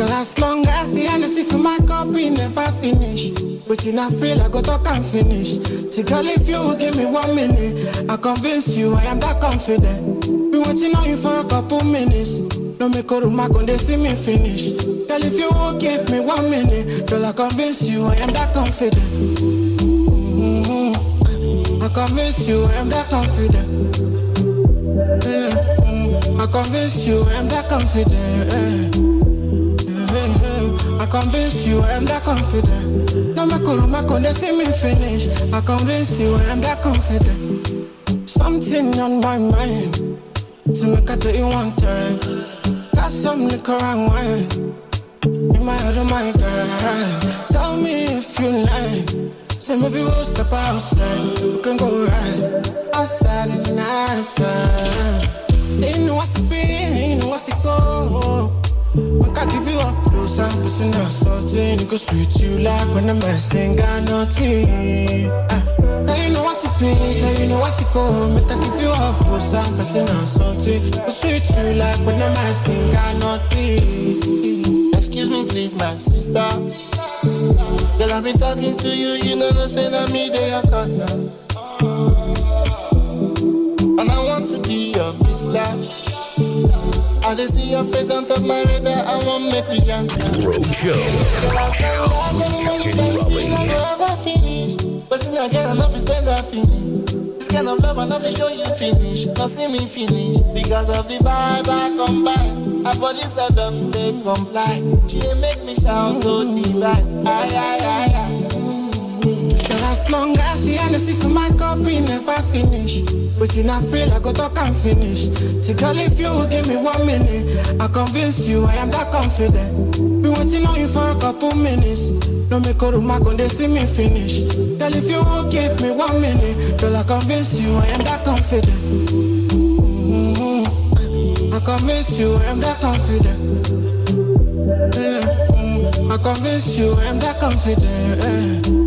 Girl, as long as the energy for my copy never finish. Within I feel I go talk and finish. See girl, if you give me one minute, I convince you I am that confident. Been waiting on you for a couple minutes. No make a room, I can they see me finish. Girl, if you give me one minute, girl, I convince you I am that confident. Mm-hmm. I convince you I am that confident. Yeah. Mm-hmm. I convince you I am that confident. Yeah. I convince you I'm that confident. No makuru makuru, they see me finish. I convince you I'm that confident. Something on my mind to make a tell you one time. Got some liquor and wine in my head, my girl. Tell me if you like. Say maybe we'll step outside. We can go right outside in the night time. Ain't no what's been, ain't no what's it go. I give you up close up, but it's not something It sweet you like when I'm messing, got no tea ah, you know what's it be, now you know what's it go Make I give you up close up, but it's not something It sweet you like when I'm messing, got nothing. Excuse me please my sister Girl I've been talking to you, you know no saying that me they are caught now And I want to be your mister I just see your face on top of my radar. I want make me young. Captain Raleigh. But it's not getting enough, it's better finish. This kind of love, I nothing show you finish. do see me finish. Because of the vibe I combine. I body seven, they comply. She make me shout, so divine. Aye, aye, aye, aye. As long as the energy for my copy never finish. But in I feel I go talk and finish. See girl, if you give me one minute, I convince you I am that confident. Been waiting on you for a couple minutes. No make a room, I can they see me finish. Girl, if you give me one minute, girl, I convince you I am that confident. Mm -hmm. I convince you I am that confident. Yeah. Mm -hmm. I convince you I am that confident. Yeah.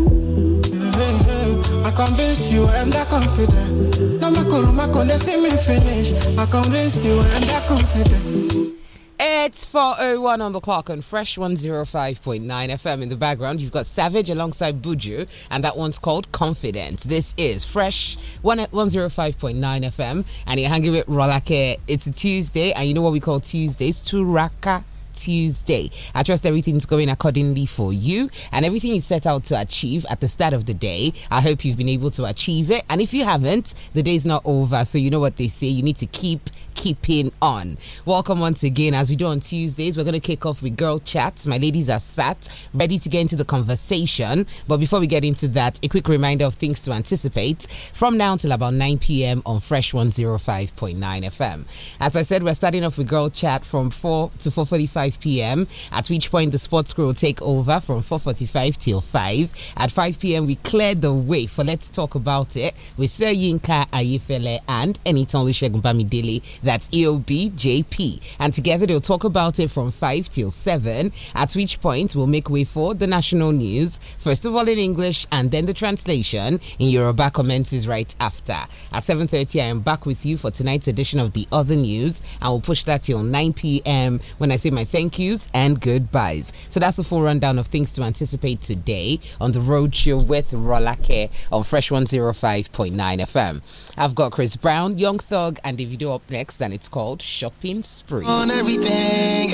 I convince you I'm that confident. No makuru makuru, they see me finish. I convince you I'm that confident. It's 4.01 on the clock on Fresh 105.9 FM. In the background, you've got Savage alongside Buju, and that one's called Confidence. This is Fresh 105.9 FM, and you're hanging with Rolake. It's a Tuesday, and you know what we call Tuesdays? Turaka Tuesday. I trust everything's going accordingly for you and everything you set out to achieve at the start of the day. I hope you've been able to achieve it. And if you haven't, the day's not over. So you know what they say, you need to keep keeping on. Welcome once again. As we do on Tuesdays, we're going to kick off with girl chats. My ladies are sat, ready to get into the conversation. But before we get into that, a quick reminder of things to anticipate from now until about 9 p.m. on Fresh 105.9 FM. As I said, we're starting off with girl chat from 4 to 4:45 5 p.m. At which point the sports crew will take over from 4:45 till 5. At 5 p.m. we clear the way for let's talk about it with Sir Yinka Ayefele and Eniton Olusegun Dili. That's EOB JP, and together they'll talk about it from 5 till 7. At which point we'll make way for the national news. First of all in English, and then the translation in Yoruba commences right after. At 7:30 I am back with you for tonight's edition of the Other News. I will push that till 9 p.m. when I say my thank yous and goodbyes. So that's the full rundown of things to anticipate today on the road show with Rolake on Fresh 105.9 FM. I've got Chris Brown, Young Thug, and the video up next, and it's called Shopping Spree. On everything.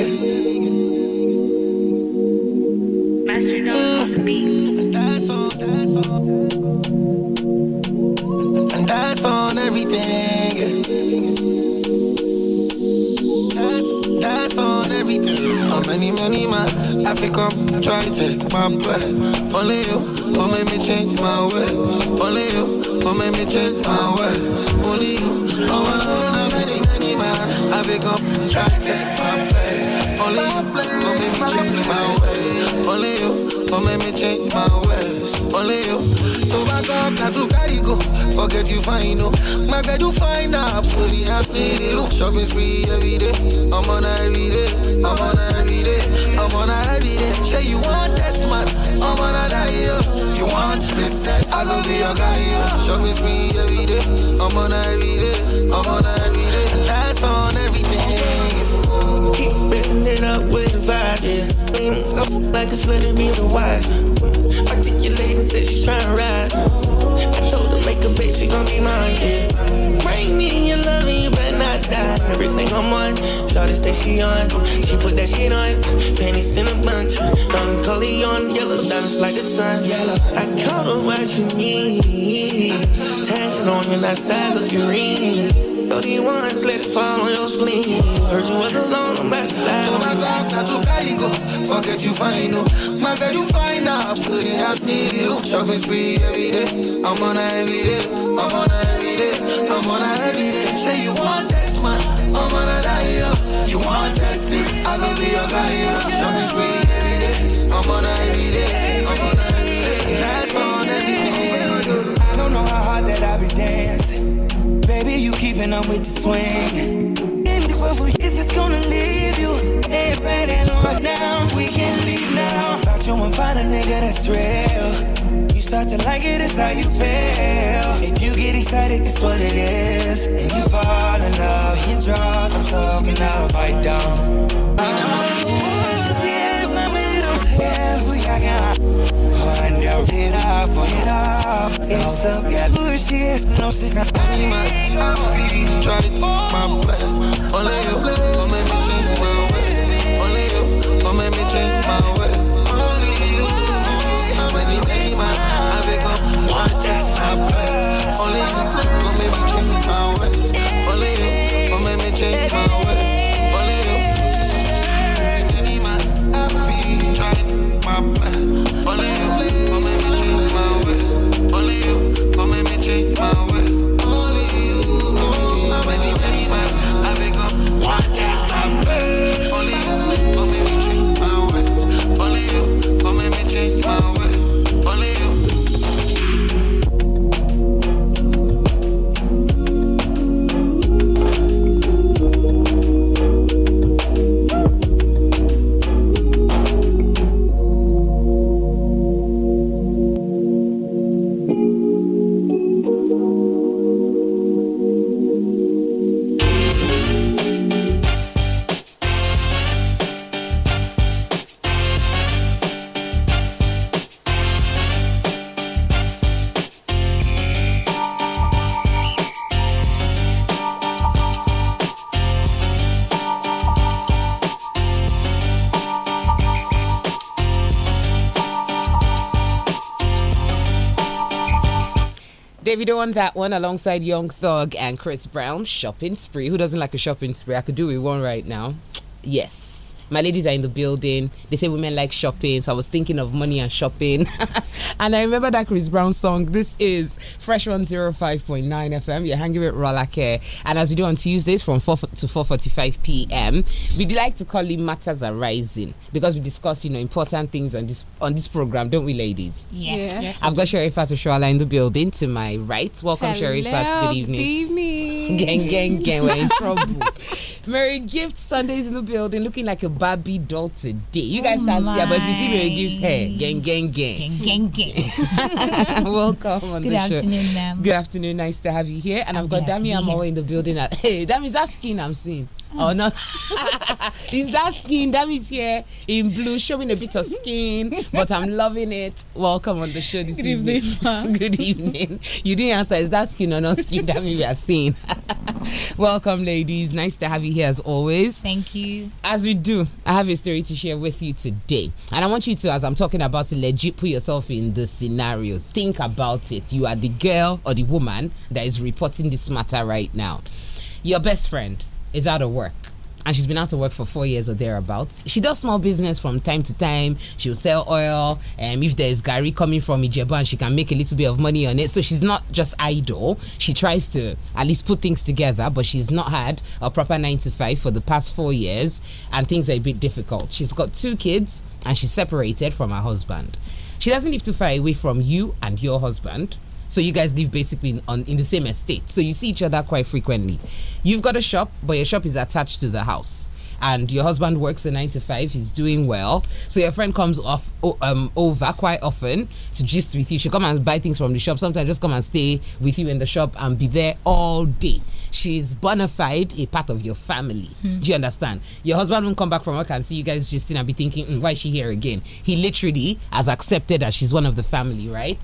Master That's on, that's on, that's on. And that's on everything. for many, many man. African, try take my place. Only you, don't make me change my ways. Only you, don't make me change my ways. Only you, I wanna, hold to many, many man. I African, try take my place. Only you gon' make me change my ways. Only you gon' make me change my ways. Only you. So my up, now to carry go. Forget you fine, no. My girl, you fine now. Pretty, I see you. Shopping spree every day. I'm on every day. I'm on every day. I'm on every day. Say you want that smart. I'm on a diet. You want this test? I gon' be your guy, yo. Shopping spree every day. I'm on every day. I'm on every day. That's on everything. I'ma keep building it up with the vibe, yeah. Made him like it's letting me the wife. Articulating, said she tryna ride. I told her, make a bitch, she gon' be mine, yeah. Bring me your love and you better not die. Everything I'm on, started say she on. She put that shit on, panties in a bunch. Don't call it on, yellow diamonds like the sun. I caught her what you need. Tatted on your last size of your ring. 31 slip fall on your spleen. Heard you was alone, I'm backslide. Oh my God, not too bad, go. Fuck it, you fine, no. My girl, you fine now. I put it, I see you. Shopping spree every day. I'm on a heavy day. I'm on a heavy day. I'm on a heavy day. Say you want this man. I'm on a diet. You want this? I going to be your guy. Shopping spree every day. I'm on a heavy day. I'm on a heavy day. That's on everything. keeping up with the swing. In the world for years, it's gonna leave you. Everybody lost down, we can't leave now. Thought you would find a nigga that's real. You start to like it, it's how you feel. If you get excited, it's what it is. And you fall in love, your draws, I'm soaking up, bite down. Uh-huh. out. Get up, get up. It's a bullshit. No, she's not funny, man. Try to take my back. Only you gon' make me change my way. Only you gon' make me change my way. Only you. I'm anything, Only you gon' make me change my ways. Only you gon' make me change my way. won that one alongside Young Thug and Chris Brown. Shopping spree. Who doesn't like a shopping spree? I could do it one right now. Yes my ladies are in the building. They say women like shopping, so I was thinking of money and shopping. and I remember that Chris Brown song. This is Fresh 105.9 FM. You're hanging with Care, And as we do on Tuesdays from 4 to 4.45 p.m., we'd like to call it Matters Arising because we discuss, you know, important things on this on this program, don't we, ladies? Yes. yes. yes. I've got Sherifa Toshoala in the building to my right. Welcome, Sherry Sherifa. Good evening. Good evening. Gang, gang, gang. We're in trouble. Merry Gift Sundays in the building looking like a Barbie doll today. You guys oh can't my. see her, but if you see me. It hair, gang, gang, gang. Gang, gang, gang. Welcome on Good the afternoon, Ma'am. Good afternoon, nice to have you here. And i have got Dami Amowe in the building. hey, that means that skin I'm seeing or not. is that skin that is here in blue showing a bit of skin? But I'm loving it. Welcome on the show this Good evening. evening Good evening. You didn't answer. Is that skin or not skin that we are seeing? Welcome, ladies. Nice to have you here as always. Thank you. As we do, I have a story to share with you today, and I want you to, as I'm talking about, legit put yourself in the scenario. Think about it. You are the girl or the woman that is reporting this matter right now. Your best friend is out of work and she's been out of work for four years or thereabouts. She does small business from time to time. She'll sell oil. Um, if there's Gary coming from Ijebu and she can make a little bit of money on it. So she's not just idle. She tries to at least put things together, but she's not had a proper nine to five for the past four years and things are a bit difficult. She's got two kids and she's separated from her husband. She doesn't live too far away from you and your husband. So you guys live basically in, on, in the same estate. So you see each other quite frequently. You've got a shop, but your shop is attached to the house and your husband works a nine to five, he's doing well. So your friend comes off um, over quite often to gist with you. she come and buy things from the shop. Sometimes just come and stay with you in the shop and be there all day. She's bona fide a part of your family. Mm. Do you understand? Your husband won't come back from work and see you guys gisting and be thinking, mm, why is she here again? He literally has accepted that she's one of the family, right?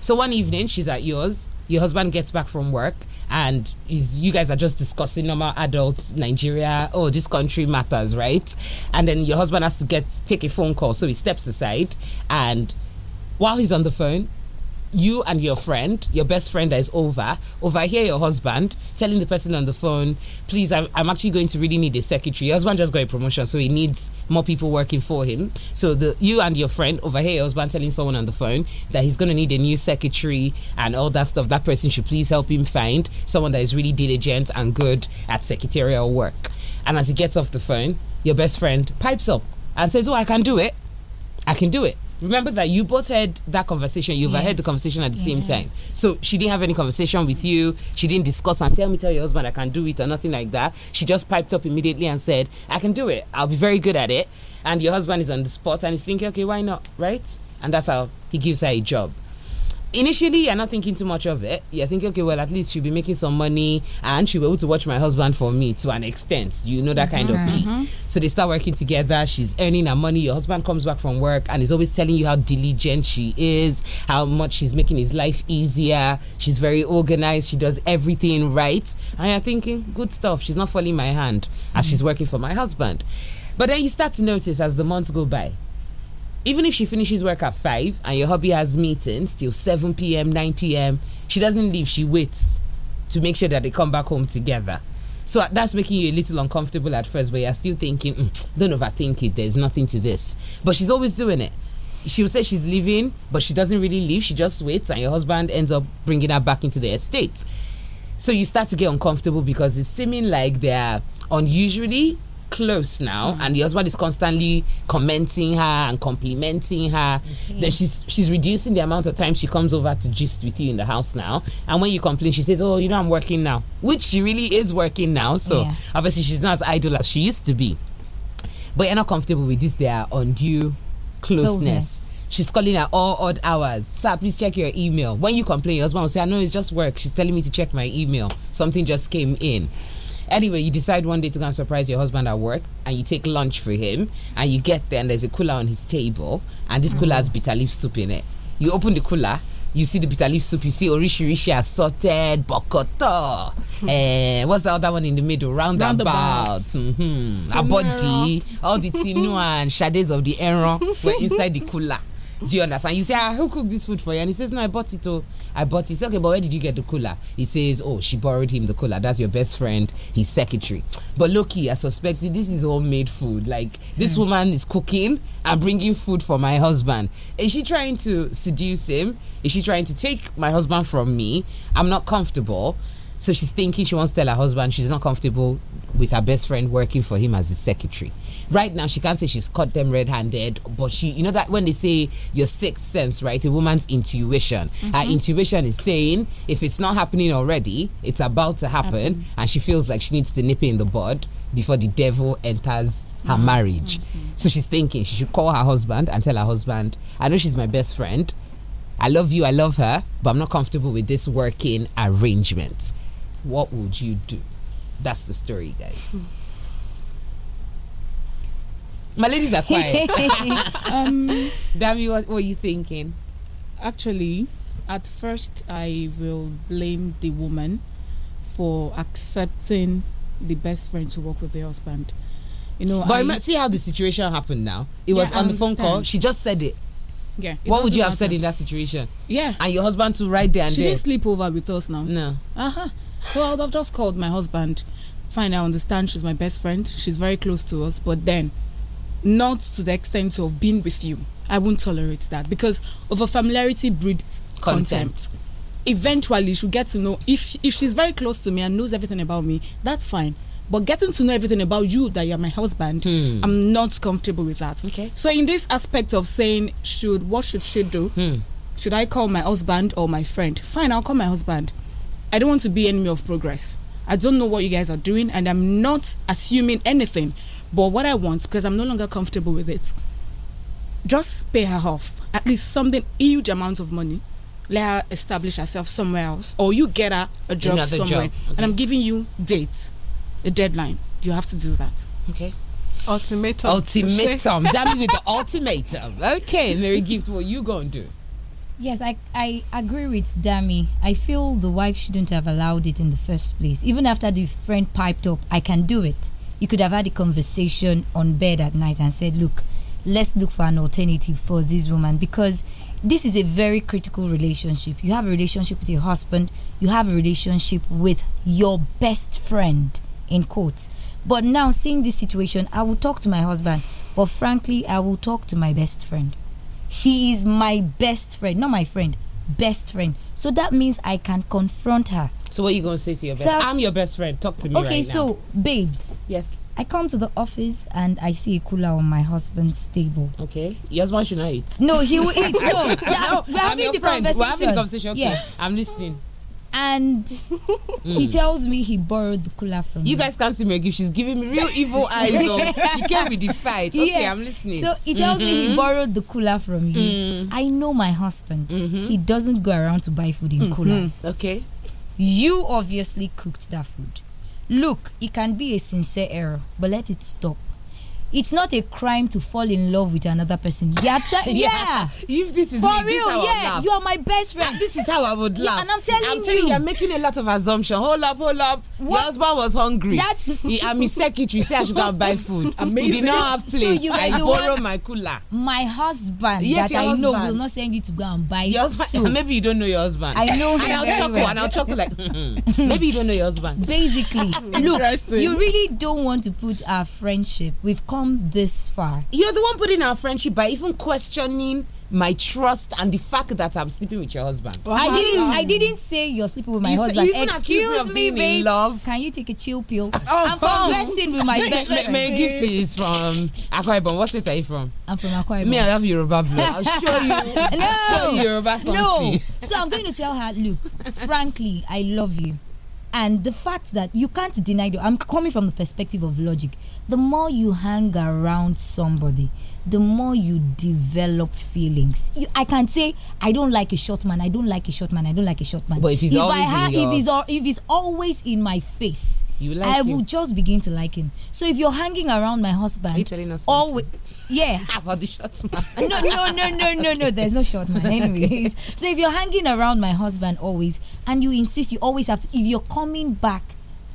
So one evening, she's at yours. Your husband gets back from work, and you guys are just discussing normal adults, Nigeria. Oh, this country matters, right? And then your husband has to get take a phone call, so he steps aside, and while he's on the phone, you and your friend, your best friend that is over, overhear your husband telling the person on the phone, please, I'm, I'm actually going to really need a secretary. Your husband just got a promotion, so he needs more people working for him. So the you and your friend overhear your husband telling someone on the phone that he's going to need a new secretary and all that stuff. That person should please help him find someone that is really diligent and good at secretarial work. And as he gets off the phone, your best friend pipes up and says, oh, I can do it. I can do it remember that you both had that conversation you overheard yes. the conversation at the same time so she didn't have any conversation with you she didn't discuss and tell me tell your husband i can do it or nothing like that she just piped up immediately and said i can do it i'll be very good at it and your husband is on the spot and he's thinking okay why not right and that's how he gives her a job initially you're not thinking too much of it. You're thinking, okay, well, at least she'll be making some money and she'll be able to watch my husband for me to an extent. You know that kind mm -hmm. of thing. Mm-hmm. Mm-hmm. So they start working together. She's earning her money. Your husband comes back from work and is always telling you how diligent she is, how much she's making his life easier. She's very organized. She does everything right. And you're thinking, good stuff. She's not falling my hand as mm -hmm. she's mm-hmm. working for my husband. But then you start to notice as the months go by even if she finishes work at 5 and your hubby has meetings till 7 p.m., 9 p.m., she doesn't leave, she waits to make sure that they come back home together. So that's making you a little uncomfortable at first, but you're still thinking, mm, don't overthink it, there's nothing to this. But she's always doing it. She'll say she's leaving, but she doesn't really leave, she just waits, and your husband ends up bringing her back into the estate. So you start to get uncomfortable because it's seeming like they're unusually close now mm. and the husband is constantly commenting her and complimenting her okay. then she's she's reducing the amount of time she comes over to gist with you in the house now and when you complain she says oh you know i'm working now which she really is working now so yeah. obviously she's not as idle as she used to be but you're not comfortable with this There undue closeness, closeness. She's calling at all odd hours. Sir, please check your email. When you complain, your husband will say, I know it's just work. She's telling me to check my email. Something just came in Anyway, you decide one day to go and surprise your husband at work, and you take lunch for him, and you get there, and there's a cooler on his table, and this cooler has mm. bitter leaf soup in it. You open the cooler, you see the bitter leaf soup, you see orishirishi assorted, bokoto. eh, what's the other one in the middle? Roundabout. Mm-hmm. Abodi. All the tinu and shadows of the era were inside the cooler. Do you understand? You say, ah, who cooked this food for you? And he says, no, I bought it. Oh, I bought it. He says, okay, but where did you get the cooler? He says, oh, she borrowed him the cooler. That's your best friend, his secretary. But Loki, I suspect this is homemade food. Like this mm. woman is cooking and bringing food for my husband. Is she trying to seduce him? Is she trying to take my husband from me? I'm not comfortable. So she's thinking she wants to tell her husband she's not comfortable with her best friend working for him as his secretary right now she can't say she's caught them red-handed, but she, you know that when they say your sixth sense, right? A woman's intuition. Mm -hmm. Her mm-hmm. intuition is saying if it's not happening already, it's about to happen, mm-hmm. and she feels like she needs to nip it in the bud before the devil enters her mm -hmm. marriage. Mm -hmm. So she's thinking she should call her husband and tell her husband, I know she's my best friend. I love you, I love her, but I'm not comfortable with this working arrangement. What would you do? That's the story, guys. My ladies are quiet. um, Dami, what were you thinking? Actually, at first, I will blame the woman for accepting the best friend to work with the husband. You know, but I, remember, see how the situation happened now. It yeah, was on the phone call. She just said it. Yeah. It what would you have matter. said in that situation? Yeah. And your husband to right there and she there. didn't sleep over with us now. No. Uh huh. So I would have just called my husband. Fine, I understand. She's my best friend. She's very close to us. But then not to the extent of being with you. I won't tolerate that because over familiarity breeds contempt. Eventually, she'll get to know if if she's very close to me and knows everything about me. That's fine. But getting to know everything about you that you're my husband, hmm. I'm not comfortable with that. Okay. So in this aspect of saying should what should she do? Hmm. Should I call my husband or my friend? Fine, I'll call my husband. I don't want to be enemy of progress. I don't know what you guys are doing, and I'm not assuming anything but what I want, because I'm no longer comfortable with it, just pay her off at least something huge amount of money. Let her establish herself somewhere else, or you get her a job Another somewhere. Job. Okay. And I'm giving you dates, a deadline. You have to do that. Okay. Ultimatum. Ultimatum. Damn with the ultimatum. Okay, Mary Gift, what you gonna do? Yes, I, I agree with Dami. I feel the wife shouldn't have allowed it in the first place. Even after the friend piped up, I can do it you could have had a conversation on bed at night and said, look, let's look for an alternative for this woman because this is a very critical relationship. You have a relationship with your husband, you have a relationship with your best friend, in quotes. But now, seeing this situation, I will talk to my husband, but frankly, I will talk to my best friend. She is my best friend, not my friend, best friend. So that means I can confront her. So what you gonna say to your best? So, I'm your best friend. Talk to me. Okay, right so babes. Yes. I come to the office and I see a cooler on my husband's table. Okay, your husband should not eat. No, he will eat. No, no we're, having the friend. conversation. we're having the conversation. Yeah, I'm listening and he hmm. tells me he borrowed the cooler from you me. guys can't see me again she's giving me real evil eyes oh. she came with the fight yeah. okay i'm listening so he tells mm -hmm. me he mm-hmm. borrowed the cooler from you mm. i know my husband -hmm. he doesn't go around to buy food in -hmm. coolers okay you obviously cooked that food look it can be a sincere error but let it stop it's not a crime to fall in love with another person. Yeah, yeah. If this is for me, real, yeah, you are my best friend. And this is how I would laugh. Yeah, and I'm telling, I'm telling you, you, are making a lot of assumptions. Hold up, hold up. What? Your husband was hungry. That's he, I'm his secretary. Say I should go and buy food. Amazing. He did not have plate. So you I borrow one, my cooler. My husband yes, that I husband. know will not send you to go and buy. Your husband, maybe you don't know your husband. I know. him and I'll chuckle well. and I'll chuckle like maybe you don't know your husband. Basically, look, you really don't want to put our friendship. We've come come this far. You're the one putting our friendship by even questioning my trust and the fact that I'm sleeping with your husband. Wow. I didn't. I didn't say you're sleeping with my you husband. Say, Excuse me, babe. Love. Can you take a chill pill? Oh, I'm conversing with my best friend. My gift is from Akwa Ibom. What state are you from? I'm from Akwa Ibom. Me, I love Yoruba blood. I'll show you. no, I'll show you Yoruba something. No. So I'm going to tell her, look, frankly, I love you and the fact that you can't deny it i'm coming from the perspective of logic the more you hang around somebody the more you develop feelings. You, I can say I don't like a short man. I don't like a short man. I don't like a short man. But if he's if always I ha- if he's if he's always in my face, like I him. will just begin to like him. So if you're hanging around my husband, always. Yeah. About the short man. no, no, no, no, no, no. There's no short man. Anyways. okay. So if you're hanging around my husband always and you insist, you always have to, if you're coming back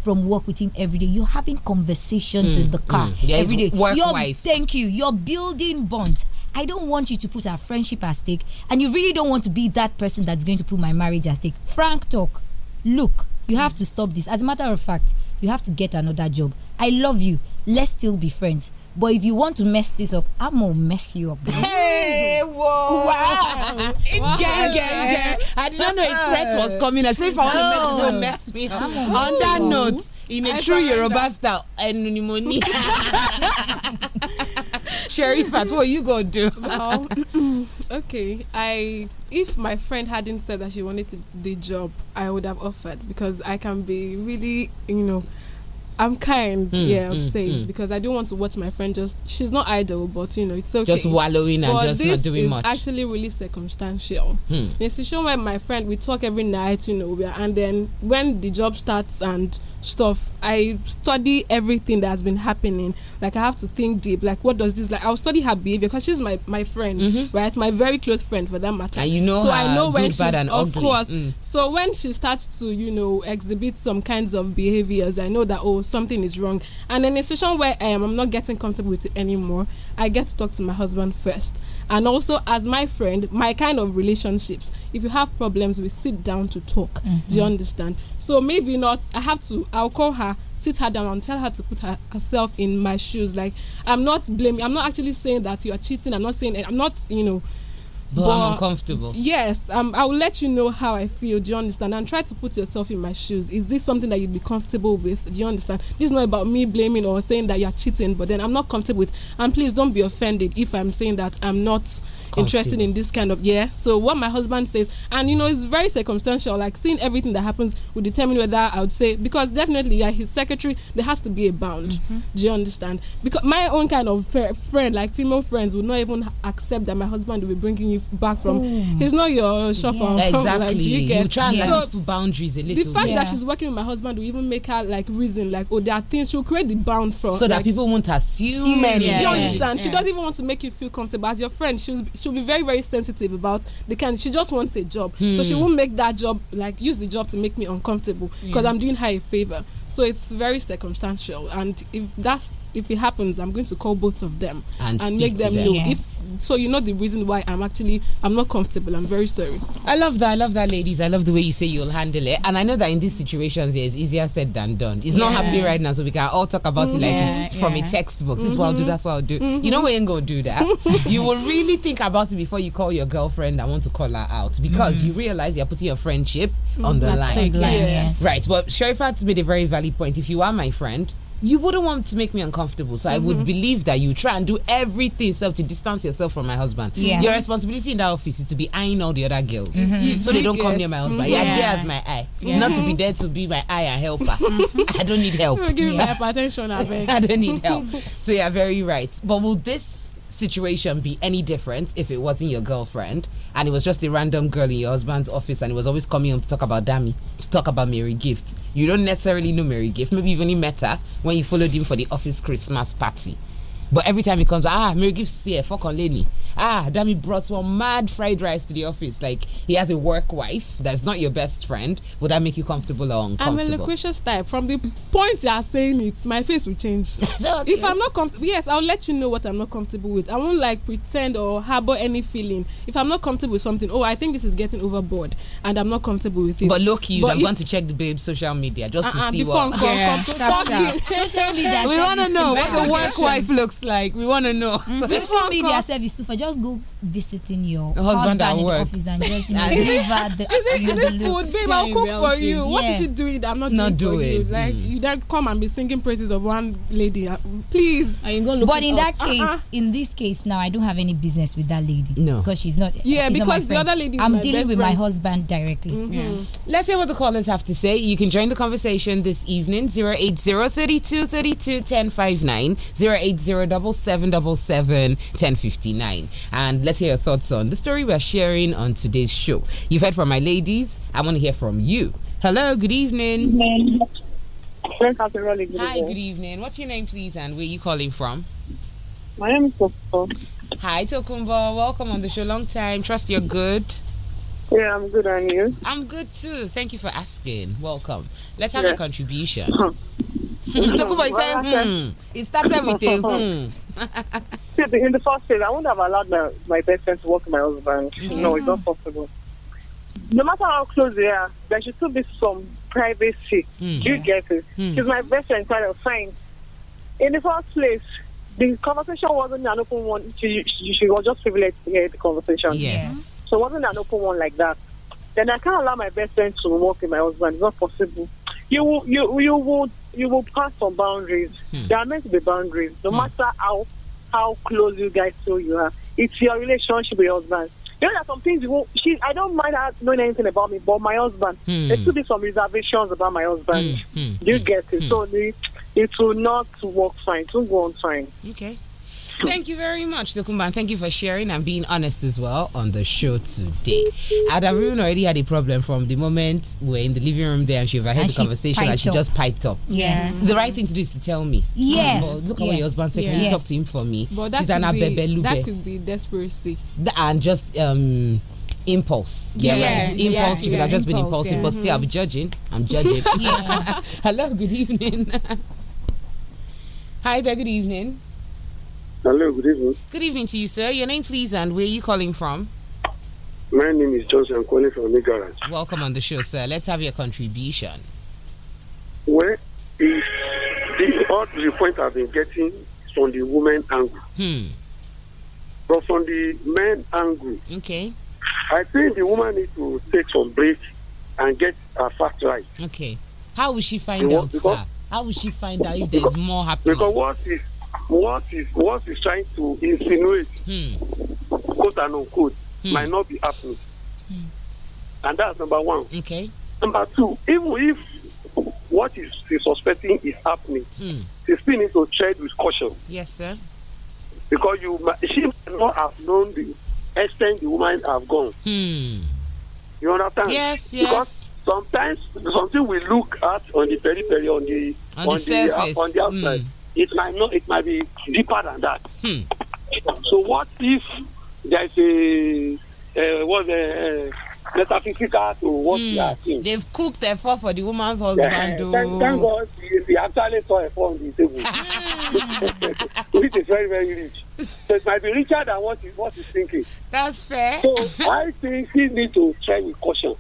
from work with him every day. You're having conversations mm, in the car mm, yeah, every day. Work you're, wife. Thank you. You're building bonds. I don't want you to put our friendship at stake, and you really don't want to be that person that's going to put my marriage at stake. Frank talk. Look, you have to stop this. As a matter of fact, you have to get another job. I love you. Let's still be friends. But if you want to mess this up, I'm gonna mess you up. Hey, whoa! Wow! gang, gang! I did not know a threat was coming. I said, if I want to mess you, will not mess me up. On that note, in a I true Yoruba style, enunimoni. Sherifat, what you gonna do? Well, okay, I if my friend hadn't said that she wanted to, the job, I would have offered because I can be really, you know I'm kind, mm, yeah, I'm mm, saying mm. because I don't want to watch my friend just she's not idle, but you know, it's okay. Just wallowing but and just not doing much. Actually really circumstantial. Mm. It's a show where my friend we talk every night, you know, we are, and then when the job starts and stuff, I study everything that has been happening. Like I have to think deep. Like what does this like I'll study her behavior because she's my, my friend, -hmm. right? My very close friend for that matter. And you know so I know when she's of ugly. course. Mm. So when she starts to, you know, exhibit some kinds of behaviors, I know that oh something is wrong. And in a situation where I am, um, I'm not getting comfortable with it anymore, I get to talk to my husband first. And also, as my friend, my kind of relationships, if you have problems, we sit down to talk. Mm -hmm. Do you mm-hmm. understand? So maybe not, I have to, I'll call her sit her down and tell her to put her, herself in my shoes. Like I'm not blaming. I'm not actually saying that you are cheating. I'm not saying. I'm not. You know but, but I'm uncomfortable. Yes, um, I'll let you know how I feel. Do you understand? And try to put yourself in my shoes. Is this something that you'd be comfortable with? Do you understand? This is not about me blaming or saying that you're cheating, but then I'm not comfortable with. And please don't be offended if I'm saying that I'm not interested in this kind of yeah. So what my husband says, and you know, it's very circumstantial. Like seeing everything that happens will determine whether I would say because definitely yeah, his secretary there has to be a bound. Mm -hmm. Do you understand? Because my own kind of friend, like female friends, would not even accept that my husband will be bringing you back from. Mm. He's not your chauffeur. Yeah. Exactly. Like, you, get? try and yeah. so boundaries a little. The fact yeah. that she's working with my husband will even make her like reason like oh there are things she'll create the bound for so like, that people won't assume. Yes. Do you understand? She doesn't even want to make you feel comfortable as your friend. She'll she'll be very very sensitive about the kind. She just wants a job, mm. so she hmm. won't make that job like use the job to make me uncomfortable because yeah. Hmm. I'm doing her a favor. So it's very circumstantial, and if that's if it happens, I'm going to call both of them and, and make them, them, know. Yes. If so, you know the reason why I'm actually I'm not comfortable. I'm very sorry. I love that. I love that, ladies. I love the way you say you'll handle it. And I know that in these situations, it's easier said than done. It's yes. not happening right now, so we can all talk about mm -hmm. it like yeah, it's from a textbook. This mm -hmm. what I'll do. Mm-hmm. That's what I'll do. Mm -hmm. You mm-hmm. know we ain't gonna do that. you will really think about it before you call your girlfriend. I want to call her out because mm-hmm. you realize you're putting your friendship on the That's line. line. Yes. Right. Well, has made a very valid point. If you are my friend you wouldn't want to make me uncomfortable. So mm -hmm. I would mm-hmm. believe that you try and do everything self to distance yourself from my husband. Yes. Your responsibility in that office is to be eyeing all the other girls mm -hmm. so they don't come near my husband. Mm-hmm. Yeah. You're there as my eye. Yeah. Not to be there to be my eye and helper. Mm-hmm. I don't need help. Give me my attention, I, beg. I don't need help. So yeah, very right. But will this situation be any different if it wasn't your girlfriend and it was just a random girl in your husband's office and it was always coming home to talk about Dammy, to talk about Mary Gift? You don't necessarily know Mary Gift. Maybe you've only met her when you followed him for the office Christmas party. But every time he comes, ah, Mary Gift's here, fuck on Lenny ah, Dami brought one mad fried rice to the office. Like he has a work wife that's not your best friend. Would that make you comfortable or uncomfortable? I'm a loquacious type. From the point you are saying it, my face will change. okay. If I'm not comfortable, yes, I'll let you know what I'm not comfortable with. I won't like pretend or harbor any feeling. If I'm not comfortable with something, oh, I think this is getting overboard, and I'm not comfortable with it. But look, you, I'm going to check the babe's social media just uh -uh, to uh-uh, see what. Yeah. social media. We want to know what a work wife looks like. We want mm-hmm. to know. Mm -hmm. so social media service too for just go visiting your the husband, husband at in work. the office and just you know, give her the is it, is it food, babe? I'll cook reality. for you. Yes. What is she doing? I'm not not doing it. You. Like mm. you don't come and be singing praises of one lady, uh, please. Are you gonna look But in that up? Uh-uh. case, uh in this case now, I don't have any business with that lady. No, because she's not. Yeah, she's because not the other lady. I'm dealing with friend. my husband directly. Mm -hmm. yeah. Let's hear what the callers have to say. You can join the conversation this evening. 08032321059 08077771059. And let's hear your thoughts on the story we're sharing on today's show. You've heard from my ladies. I want to hear from you. Hello, good evening. Good evening. Hi, good evening. What's your name, please, and where are you calling from? My name is Tokumbo. Hi, Tokumbo. Welcome on the show. Long time. Trust you're good. Yeah, I'm good, and you? I'm good too. Thank you for asking. Welcome. Let's have a contribution. Tokumbo, you well, said, hmm. It started with a hmm. See, in the first place, I wouldn't have allowed my, my best friend to work with my husband. Mm-hmm. No, it's not possible. No matter how close they are, there should still be some privacy. Mm. You get it? Mm. She's my best friend, kind of fine. In the first place, the conversation wasn't an open one. She, she, she was just privileged to hear the conversation. Yes. So it wasn't an open one like that. Then I can't allow my best friend to work with my husband. It's not possible. You you you would you will pass some boundaries. Hmm. There are meant to be boundaries, no hmm. matter how how close you guys feel you are. It's your relationship with your husband. You know, there are some things you won't. She, I don't mind her knowing anything about me, but my husband. Hmm. There could be some reservations about my husband. Hmm. Hmm. you hmm. get it? So the, it will not work fine. It won't go on fine. Okay. Thank you very much, Lukumban. Thank you for sharing and being honest as well on the show today. i have even already had a problem from the moment we are in the living room there and she overheard and the she conversation and she up. just piped up. Yes. The right thing to do is to tell me. Yes. Oh, look at yes. what your husband said. Yes. Can you talk to him for me? But that, She's could, an be, that could be desperately. And just um, impulse. Yeah, yes, right. Impulse. Yeah, she could yeah, have just been impulsive, yeah. but still, I'll be mm-hmm. judging. I'm judging. Hello, good evening. Hi there, good evening. Hello, good evening. Good evening to you, sir. Your name, please, and where are you calling from? My name is Johnson. I'm calling from Nigaraj. Welcome on the show, sir. Let's have your contribution. Where is the all the point I've been getting from the woman angle? Hmm. But from the man angle, okay. I think the woman needs to take some break and get her fast right. Okay. How will she find out, sir? How will she find out if there's more happening? Because what is what is what is trying to insinuate hmm. quote and unquote hmm. might not be happening hmm. and that's number one okay number two even if what is he suspecting is happening hmm. he still needs to tread with caution yes sir because you she might not have known the extent the woman have gone hmm. you understand yes yes because sometimes something we look at on the periphery on the on, on the, the surface. Uh, on the outside mm it might not it might be deeper than that hmm. so what if there is a uh, what's a metaphysical to what mm. we are hmm. seeing. they've cooked the efo for the woman's husband yeah. o. thank thank oh. God he, he actually saw efo on the table hmm. which is very very rich so it might be richer than what he what he's thinking. that's fair. so I think she need to tread with caution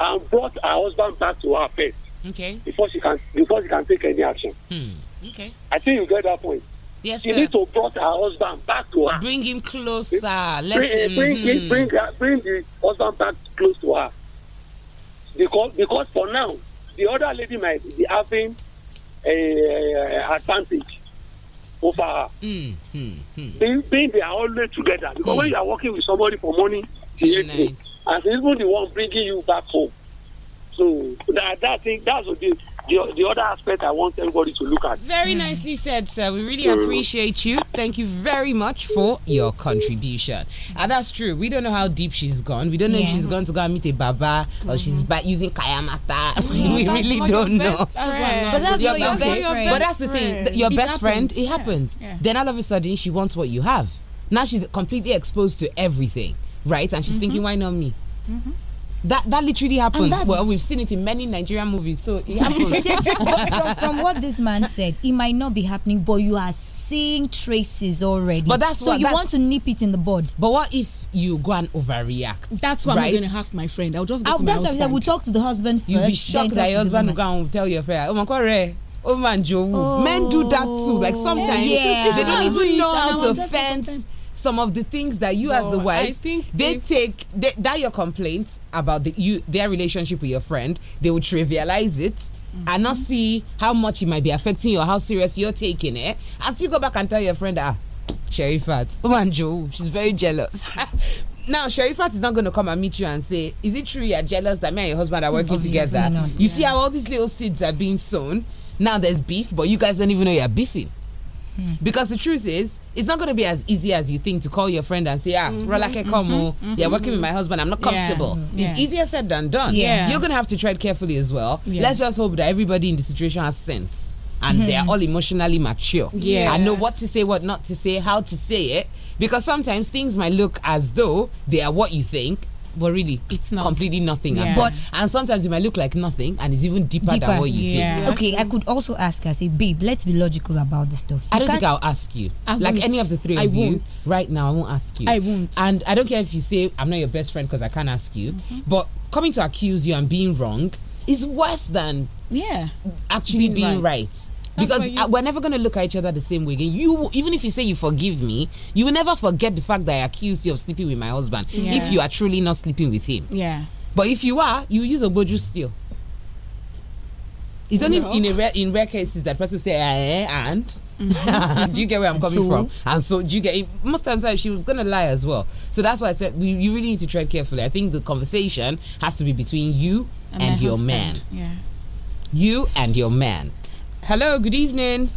and brought her husband back to her first. okay. before she can before she can take any action. Hmm. Okay. I think you get that point. Yes, she sir. needs to brought her husband back to her. Bring him closer. Let bring, him bring, him, bring, her, bring the husband back close to her. Because because for now, the other lady might be having a, a advantage over her. Mm, mm, mm. Being, being they are always together. Because mm. when hmm. you are working with somebody for money, she And even the one bringing you back home. So that that thing that's what they the, the other aspect I want everybody to look at. Very nicely said, sir. We really appreciate you. Thank you very much for your contribution. And that's true. We don't know how deep she's gone. We don't know if she's gone to go and meet a baba or she's mm-hmm. using kayamata. Yeah, we really don't know. But that's your, your best But that's the thing. Your it best happens. friend. It yeah. happens. Then all of a sudden, she wants what you have. Now she's completely exposed to everything, right? And she's mm -hmm. thinking, why not me? Mm -hmm That that literally happens. Well, we've seen it in many Nigerian movies, so it happens. from, from what this man said, it might not be happening, but you are seeing traces already. But that's so what, you that's, want to nip it in the bud. But what if you go and overreact? That's what right? I'm going to ask my friend. I'll just go I'll, to my that's husband. That's talk to the husband first. You'll be shocked that your husband will go and tell your friend, "Oh my god, eh, oh man, Joe." Men do that too. Like oh, sometimes yeah. they don't even know how to fence. some of the things that you no, as the wife I think they take they, that your complaints about the you their relationship with your friend they will trivialize it mm -hmm. and not mm-hmm. see how much it might be affecting you or how serious you're taking it and still go back and tell your friend ah Sherifat Joe, she's very jealous now Sherifat is not going to come and meet you and say is it true you're jealous that me and your husband are working Obviously together not, you see how all these little seeds are being sown now there's beef but you guys don't even know you're beefing Hmm. Because the truth is, it's not going to be as easy as you think to call your friend and say, ah, mm-hmm, Rolake Komo, mm-hmm, you're mm-hmm. working with my husband, I'm not comfortable. Yeah, mm-hmm. it's yeah. easier said than done. Yeah. You're going to have to tread carefully as well. Yes. Let's just hope that everybody in the situation has sense and mm-hmm. they're all emotionally mature. Yeah. And know what to say, what not to say, how to say it. Because sometimes things might look as though they are what you think, but really it's not completely nothing yeah. But, and sometimes it might look like nothing and it's even deeper, deeper. than what you yeah. think. Okay, I could also ask I say, babe, let's be logical about this stuff. You I don't think I'll ask you. I like any of the three I of won't. you right now, I won't ask you. I won't. And I don't care if you say I'm not your best friend because I can't ask you. Mm -hmm. But coming to accuse you and being wrong is worse than yeah actually being, being right. right because I, uh, we're never going to look at each other the same way again. You, even if you say you forgive me, you will never forget the fact that I accused you of sleeping with my husband yeah. if you are truly not sleeping with him. Yeah. But if you are, you use a boju still. It's no. only in rare, in rare cases that person say eh, eh and. Mm-hmm. do you get where I'm coming so? from? And so do you get? Most times she was gonna lie as well. So that's why I said we, you really need to tread carefully. I think the conversation has to be between you and, and your husband. man. Yeah. You and your man. Hello, good evening.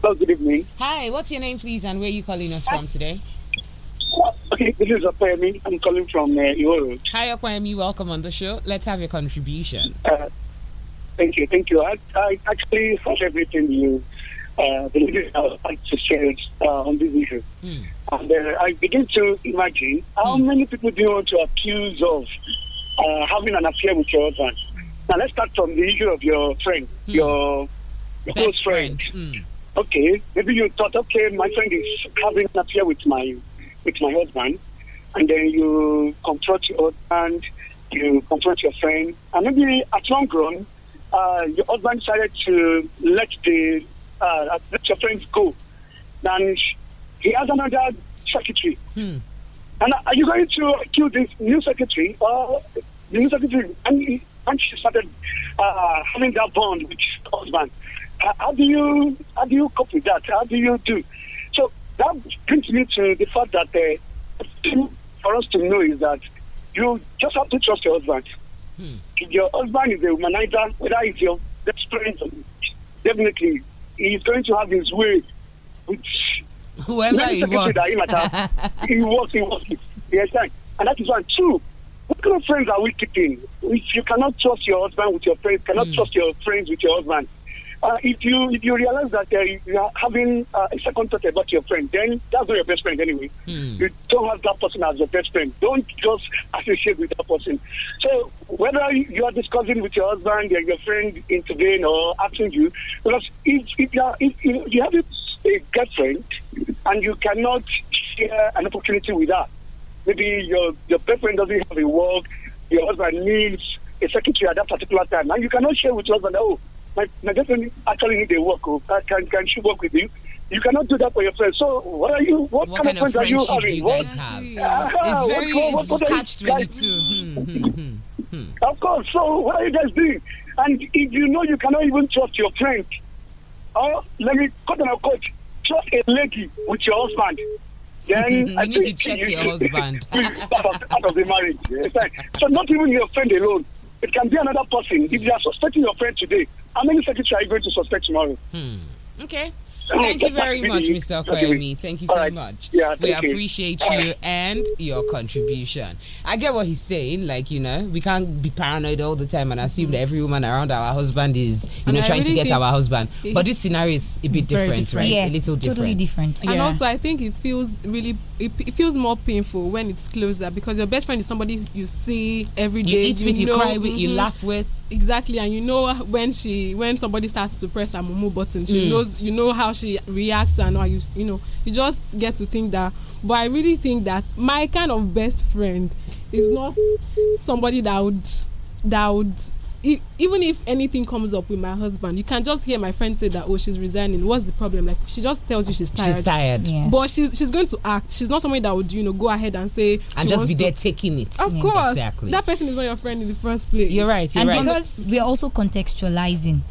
Hello, good evening. Hi, what's your name, please, and where are you calling us from today? Okay, this is Okwemi. I'm calling from uh, Hi, Okwemi. Welcome on the show. Let's have your contribution. Uh, thank you, thank you. I, I actually first everything you, uh, the ladies I like to share uh, on this issue. Mm. And uh, I begin to imagine how mm. many people do you want to accuse of uh, having an affair with your husband? Now let's start from the issue of your friend, mm. your, your close friend. friend. Mm. Okay, maybe you thought, okay, my friend is having an affair with my with my husband, and then you confront your husband, you confront your friend, and maybe at long run, uh, your husband decided to let the uh, uh let your friend go, and he has another secretary. Mm. And are you going to kill this new secretary or the new secretary? And when she started uh, having that bond with her husband, uh, how do you how do you cope with that? How do you do? So that brings me to the fact that uh, for us to know is that you just have to trust your husband. Hmm. If your husband is a womanizer, whether it's your best friend, definitely he's going to have his way with whoever he wants. That he, have, he works, He wants Yes, and that is one. Two, what kind of friends are we keeping? If you cannot trust your husband with your friends, cannot mm. trust your friends with your husband. Uh, if you if you realize that uh, you are having uh, a second thought about your friend, then that's not your best friend anyway. Mm. You don't have that person as your best friend. Don't just associate with that person. So whether you are discussing with your husband and uh, your friend intervene or asking you, because if if you, are, if, you have a, a girlfriend and you cannot share an opportunity with her, Maybe your, your boyfriend doesn't have a work, your husband needs a secretary at that particular time. And you cannot share with your husband, oh, my, my girlfriend actually needs a work. Oh, can, can she work with you? You cannot do that for your friends. So what are you? What, what kind, kind, of friends are you having? You what? Have? Yeah. it's very catch hmm, hmm, hmm, Of course. So what are you guys doing? And if you know you cannot even trust your friend, or let me cut on a coach, trust a lady with your husband. Then you I need to check you, your husband. out, of, the marriage. Eh? So not even your friend alone. It can be another person. If you are suspecting your friend today, how many seconds are you going to suspect tomorrow? Hmm. Okay. Thank you very much, Mr. Kwame. Thank you so much. we appreciate you. and your contribution. I get what he's saying. Like, you know, we can't be paranoid all the time and assume that every woman around our husband is, you know, trying really to get our husband. But this scenario is a bit different, different, right? Yes, a little different. Totally different. Yeah. And also, I think it feels really, it, it, feels more painful when it's closer because your best friend is somebody you see every day. You eat you with, know, you cry with, mm -hmm. you mm-hmm. laugh with. Exactly. And you know when she, when somebody starts to press that mumu button, she mm. knows, you know how she reacts and how you you know you just get to think that but i really think that my kind of best friend is not somebody that would that would even if anything comes up with my husband, you can just hear my friend say that, oh, she's resigning. What's the problem? Like, she just tells you she's tired. She's tired. But she's, she's going to act. She's not somebody that would, you know, go ahead and say. And just be there taking it. Of course. Exactly. That person is not your friend in the first place. You're right. You're and right. because we're also contextualizing,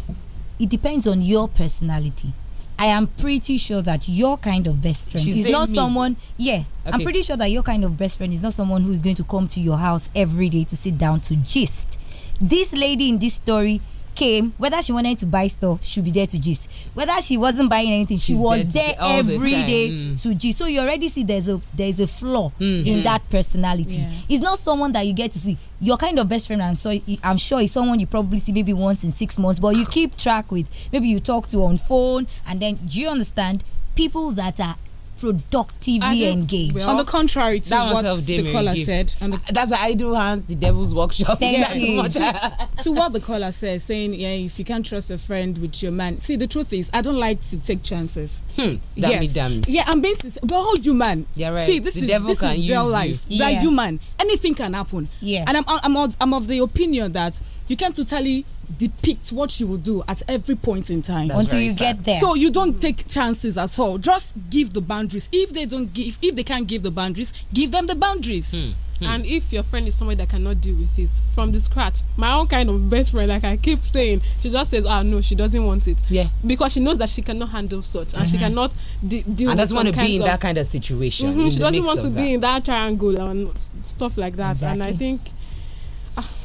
it depends on your personality. I am pretty sure that your kind of best friend She's is not me. someone. Yeah, okay. I'm pretty sure that your kind of best friend is not someone who is going to come to your house every day to sit down to gist. This lady in this story came, whether she wanted to buy stuff, she'll be there to gist. Whether she wasn't buying anything, she She's was there, there every the day mm. to gist. So you already see there's a there's a flaw mm. in that personality. Yeah. It's not someone that you get to see. Your kind of best friend, and so I'm sure it's someone you probably see maybe once in six months, but you keep track with. Maybe you talk to on phone, and then do you understand? People that are productively engaged. on the contrary to what the caller said, that's why I do hands the devil's workshop. Thank you. To, to what the caller says, saying, yeah, if you can't trust a friend with your man. See, the truth is, I don't like to take chances. Hmm. yes. damn me. Yeah, I'm being But how man? Yeah, right. See, this the is, this is real life. You. Yeah. Like human, anything can happen. Yeah. And I'm, I'm, I'm of the opinion that you can totally depict what you will do at every point in time That's until you fact. get there so you don't take chances at all just give the boundaries if they don't give if they can't give the boundaries give them the boundaries hmm. Hmm. And if your friend is somebody that cannot deal with it from the scratch, my own kind of best friend, like I keep saying, she just says, oh, no, she doesn't want it." Yeah. Because she knows that she cannot handle such, and mm -hmm. she mm-hmm. cannot deal. And doesn't want to be in that kind of situation. Mm -hmm, she doesn't want to that. be in that triangle and stuff like that. Exactly. And I think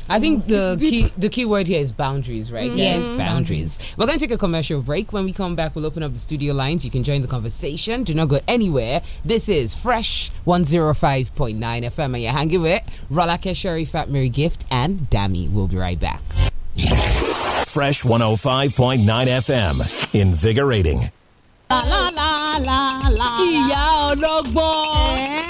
I think the key the key word here is boundaries, right? Mm Yes, boundaries. We're going to take a commercial break. When we come back, we'll open up the studio lines. You can join the conversation. Do not go anywhere. This is Fresh 105.9 FM, and you're hanging with Rolake Sherry, Fat Mary Gift, and Dammy. We'll be right back. Fresh 105.9 FM, invigorating. La la la la la. la. Ìyá ọlọ́gbọ́n. Eh.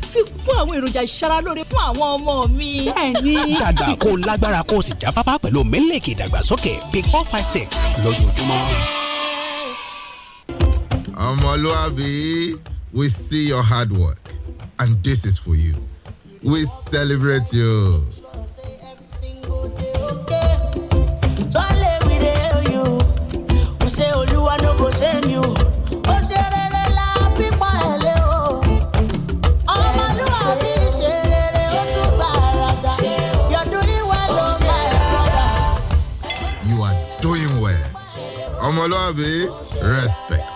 pé fi kún àwọn èròjà ìṣaralóore fún àwọn ọmọ mi. bẹ́ẹ̀ni dàgbà kó lágbára kó o sì jáfáfá pẹ̀lú mílíkì ìdàgbàsókè big four five six lójoojúmọ́. ọmọlúwàbí we see your hard work and this is for you we celebrate you. ọmọlúwàbí respect.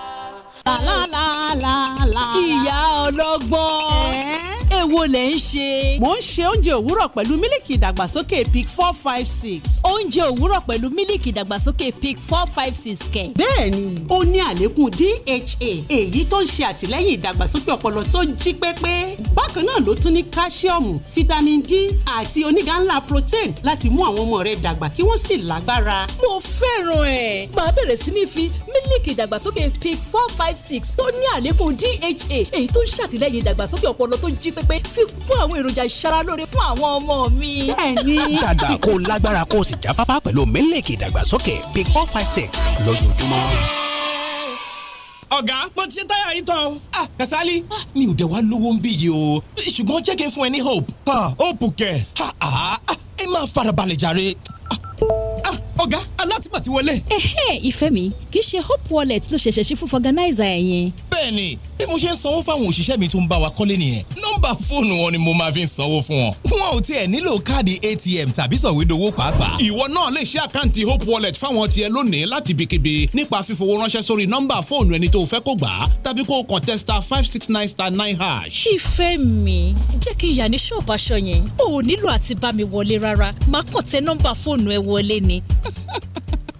ìyá ọlọ́gbọ́n eh? èwo lẹ̀ ń ṣe. mo ń ṣe oúnjẹ òwúrọ̀ pẹ̀lú mílìkì ìdàgbàsókè pic four five six oúnjẹ òwúrọ̀ pẹ̀lú mílíkì ìdàgbàsókè pic four five six kẹ̀. bẹ́ẹ̀ni ó ní àlékún DHA èyí tó ń ṣe àtìlẹ́yìn ìdàgbàsókè ọpọlọ tó jí pépé bákan náà ló tún ní káṣíọ̀mù fítámìn D àti oníga ńlá protein láti mú àwọn ọmọ rẹ dàgbà kí wọ́n sì lágbára. mo fẹ́ràn ẹ̀ máa bẹ̀rẹ̀ sí ní fi mílíkì ìdàgbàsókè pic four five six tó ní àlékún DHA èyí tó ń ṣàtìlẹ́yìn ìdàgbàsókè ọpọlọ tó jí pépé fi kún àwọn èròjà ìṣaralóore fún àwọn ọmọ mi. bẹ́ẹ̀ni dàgbà kó lágbára kó sì jáfáfá pẹ̀lú mílíkì ìdàgbàsókè big four five six lójoojúmọ́ ọ̀gá mo ti ṣe táyà yìí tán o. ah Kasali mi ò dẹ̀ wá lówó ń bí yìí o ṣùgbọ́n jẹ́ kí n fún ẹ ní hope. Ah, ha hope kẹ. ha ha ẹ máa farabalẹ̀ jàre. Ah, ah, ọ̀gá alátìmọ̀ ti wọlé. ẹ̀hẹ́ ìfẹ́ mi kì í ṣe hope wallet ló ṣẹ̀ṣẹ̀ ṣe fún fọganáìzà ẹ̀ yẹn. bẹ́ẹ̀ni bí mo ṣe ń sanwó fáwọn òṣìṣẹ́ mi tó ń bá wa kọ́lé nìyẹn nọ́mbà fóònù wọn ni mo máa fi ń sanwó fún wọn. wọn ò tiẹ̀ nílò káàdì atm tàbí sọ̀wédowó pàápàá. ìwọ náà lè ṣe àkáǹtì hope wallet fáwọn tiẹ̀ lónìí láti ibikíbi nípa fífowó ránṣẹ́ sórí nọ́mbà fóònù ẹni tó fẹ́ kó gbà á tàbí kó kọ̀ǹtẹ́ star five six nine star nine hash. ìfẹ́ mi jẹ́ kí n yà ní ṣọ́ọ̀bù aṣọ yẹn o ò nílò àti bá mi wọlé rárá màá kàn tẹ nọ́mbà fóònù ẹ wọlé ni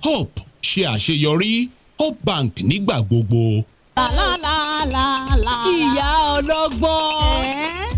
hope ṣe àṣeyọrí hope bank nígbà gbogbo. la la la la la ìyá ọlọ́gbọ́n. Eh?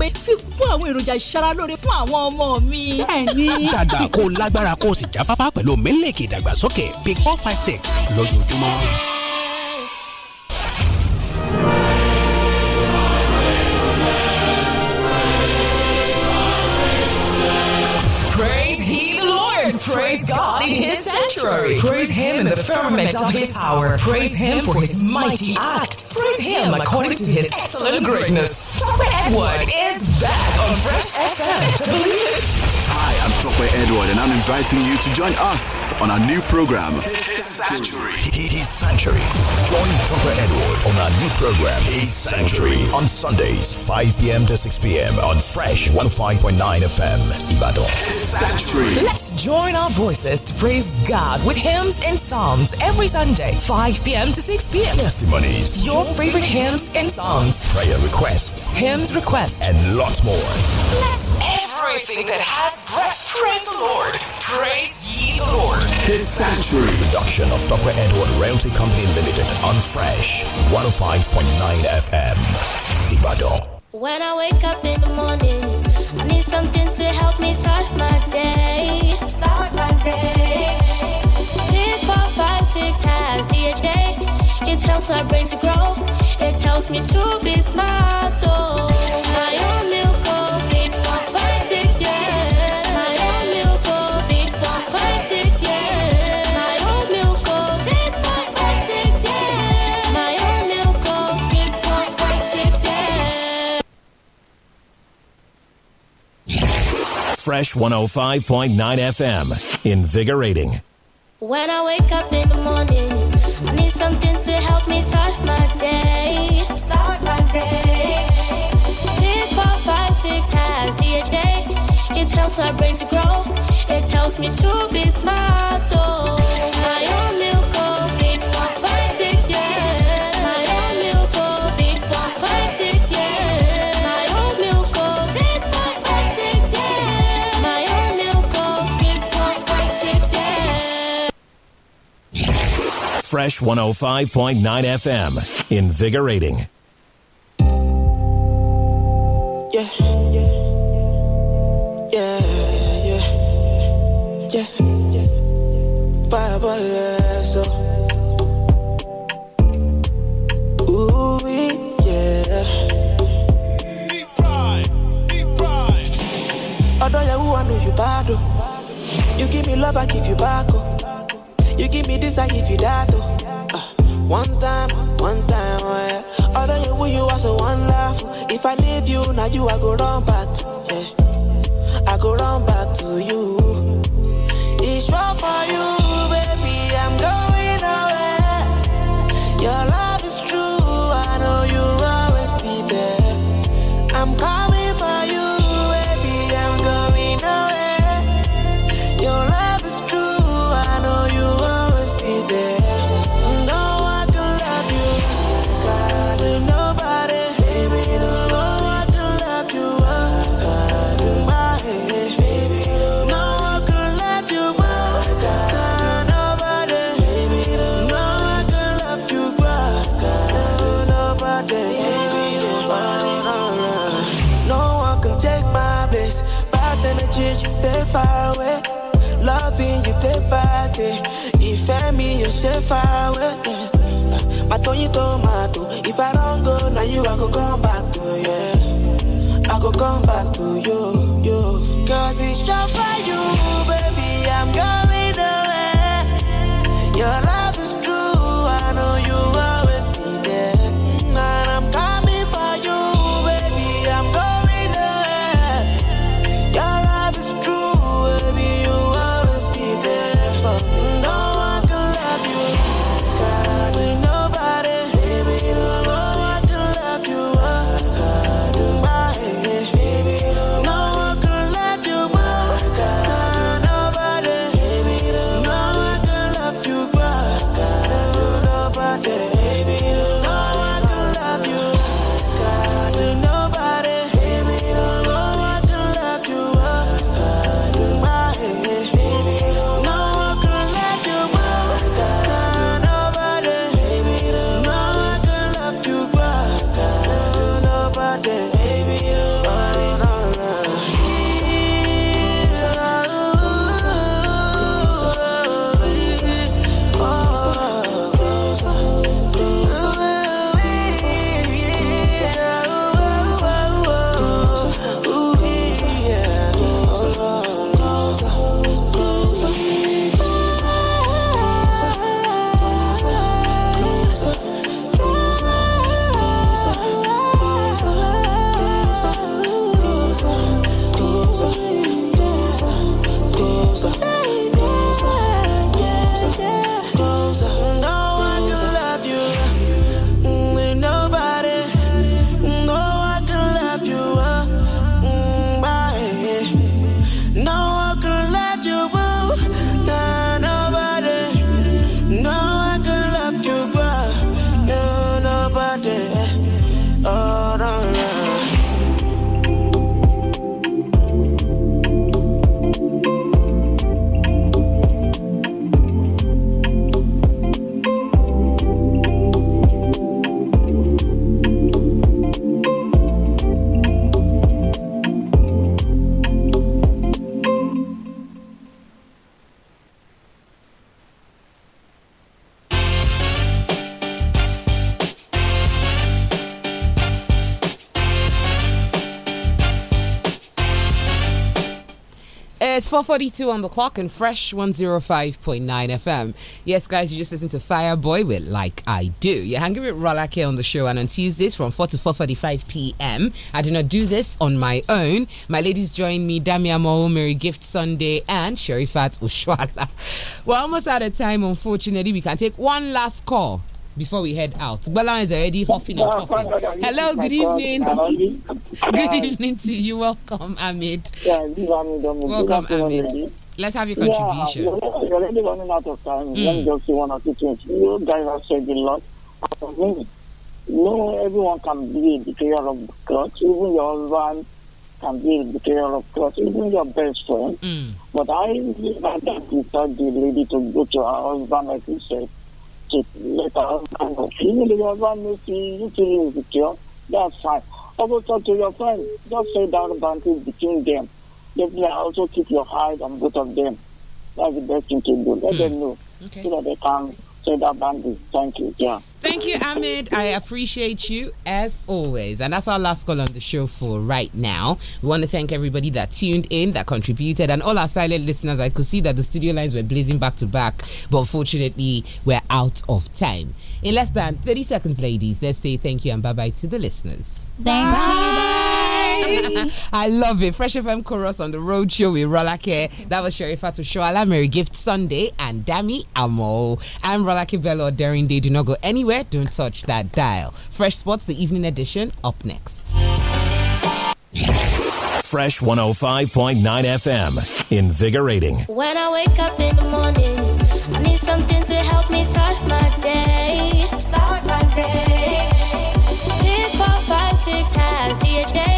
pé fi kún àwọn èròjà ìṣaralóore fún àwọn ọmọ mi. bẹ́ẹ̀ni. dàgbà kó lágbára kó o sì jáfáfá pẹ̀lú mílíkì ìdàgbàsókè big four five six lójoojúmọ́. Praise the Lord. Praise God in His contrary, praise him in the firmament of his power. Praise him for his mighty act. Praise him according to his excellent greatness. Topper Edward is back on Fresh FM. Believe it. Hi, I'm Topper Edward, and I'm inviting you to join us on our new program. Sanctuary. His Sanctuary. Join Dr. Edward on our new program, His Sanctuary, on Sundays, 5 p.m. to 6 p.m. on Fresh 105.9 FM, Ibadan. Sanctuary. Let's join our voices to praise God with hymns and psalms every Sunday, 5 p.m. to 6 p.m. Testimonies. Your favorite hymns and psalms, Prayer requests. Hymns requests. And lots more. Let everything that has breath praise the Lord. Praise Meet the His Sanctuary. Production of Dr. Edward Realty Company Limited on Fresh 105.9 FM. Ibado. When I wake up in the morning, I need something to help me start my day. Start my day. Pick four, five, six has DHA. It helps my brain to grow. It helps me to be smart. Oh, I only. Fresh 105.9 FM. Invigorating. When I wake up in the morning, I need something to help me start my day. Start my day. Pick four, five, six has DHA. It helps my brain to grow. It helps me to be smart. Oh. Fresh 105.9 FM. Invigorating. Yeah. Yeah. Yeah. Yeah. Fire, boy, yeah. So. Ooh, yeah. Deep pride. Deep pride. you, I know you oh. You give me love, I give you back. Oh. You give me this, I give you that. Oh. Uh, one time, one time, oh yeah. Other you, who you are, so one If I leave you now, you I go run back. To, yeah. I go run back to you. It's wrong for you. if I were there. My Tony tomato. If I don't go, now you I go come back to yeah. I go come back to you, you. Cause it's just for you, baby. I'm gone. 4:42 on the clock and Fresh 105.9 FM. Yes, guys, you just listen to Fireboy with Like I Do. You're hanging with here on the show, and on Tuesdays from 4 to 4:45 p.m. I do not do this on my own. My ladies join me, Damia, Amoro, Mary Gift Sunday, and Sherifat Ushwala. We're almost out of time, unfortunately. We can take one last call before we head out. Bala is already huffing and puffing. Hello, good evening. Good evening to you. Welcome, Ahmed. Welcome, Ahmed. Let's have your contribution. Yeah, you're already running out of time. Mm. Let me just say one or two things. You guys have said a lot. For me, no, everyone can be a betrayer of God. Even your husband can be a betrayer of God. Even your best friend. Mm. But I rather tell the lady to go to her husband, like you said, even if you're missing, you can use the job. That's fine. Also talk to your friends. Just say down the boundaries between them. Let me also keep your eyes on both of them. Oh, That's the best thing to do. Let mm. them know. Okay. So that they can say that boundaries. Thank you. Yeah. Thank you, Ahmed. I appreciate you as always. And that's our last call on the show for right now. We want to thank everybody that tuned in, that contributed, and all our silent listeners. I could see that the studio lines were blazing back to back, but fortunately, we're out of time. In less than 30 seconds, ladies, let's say thank you and bye bye to the listeners. Thank bye. you. Bye. I love it. Fresh FM chorus on the road show with Rolake. That was Sherifa to show Mary Gift Sunday and Dami Amo. I'm Rolake velo during day. Do not go anywhere. Don't touch that dial. Fresh Sports, the evening edition, up next. Fresh 105.9 FM. Invigorating. When I wake up in the morning, I need something to help me start my day. Start my day. four, five, six has DHA.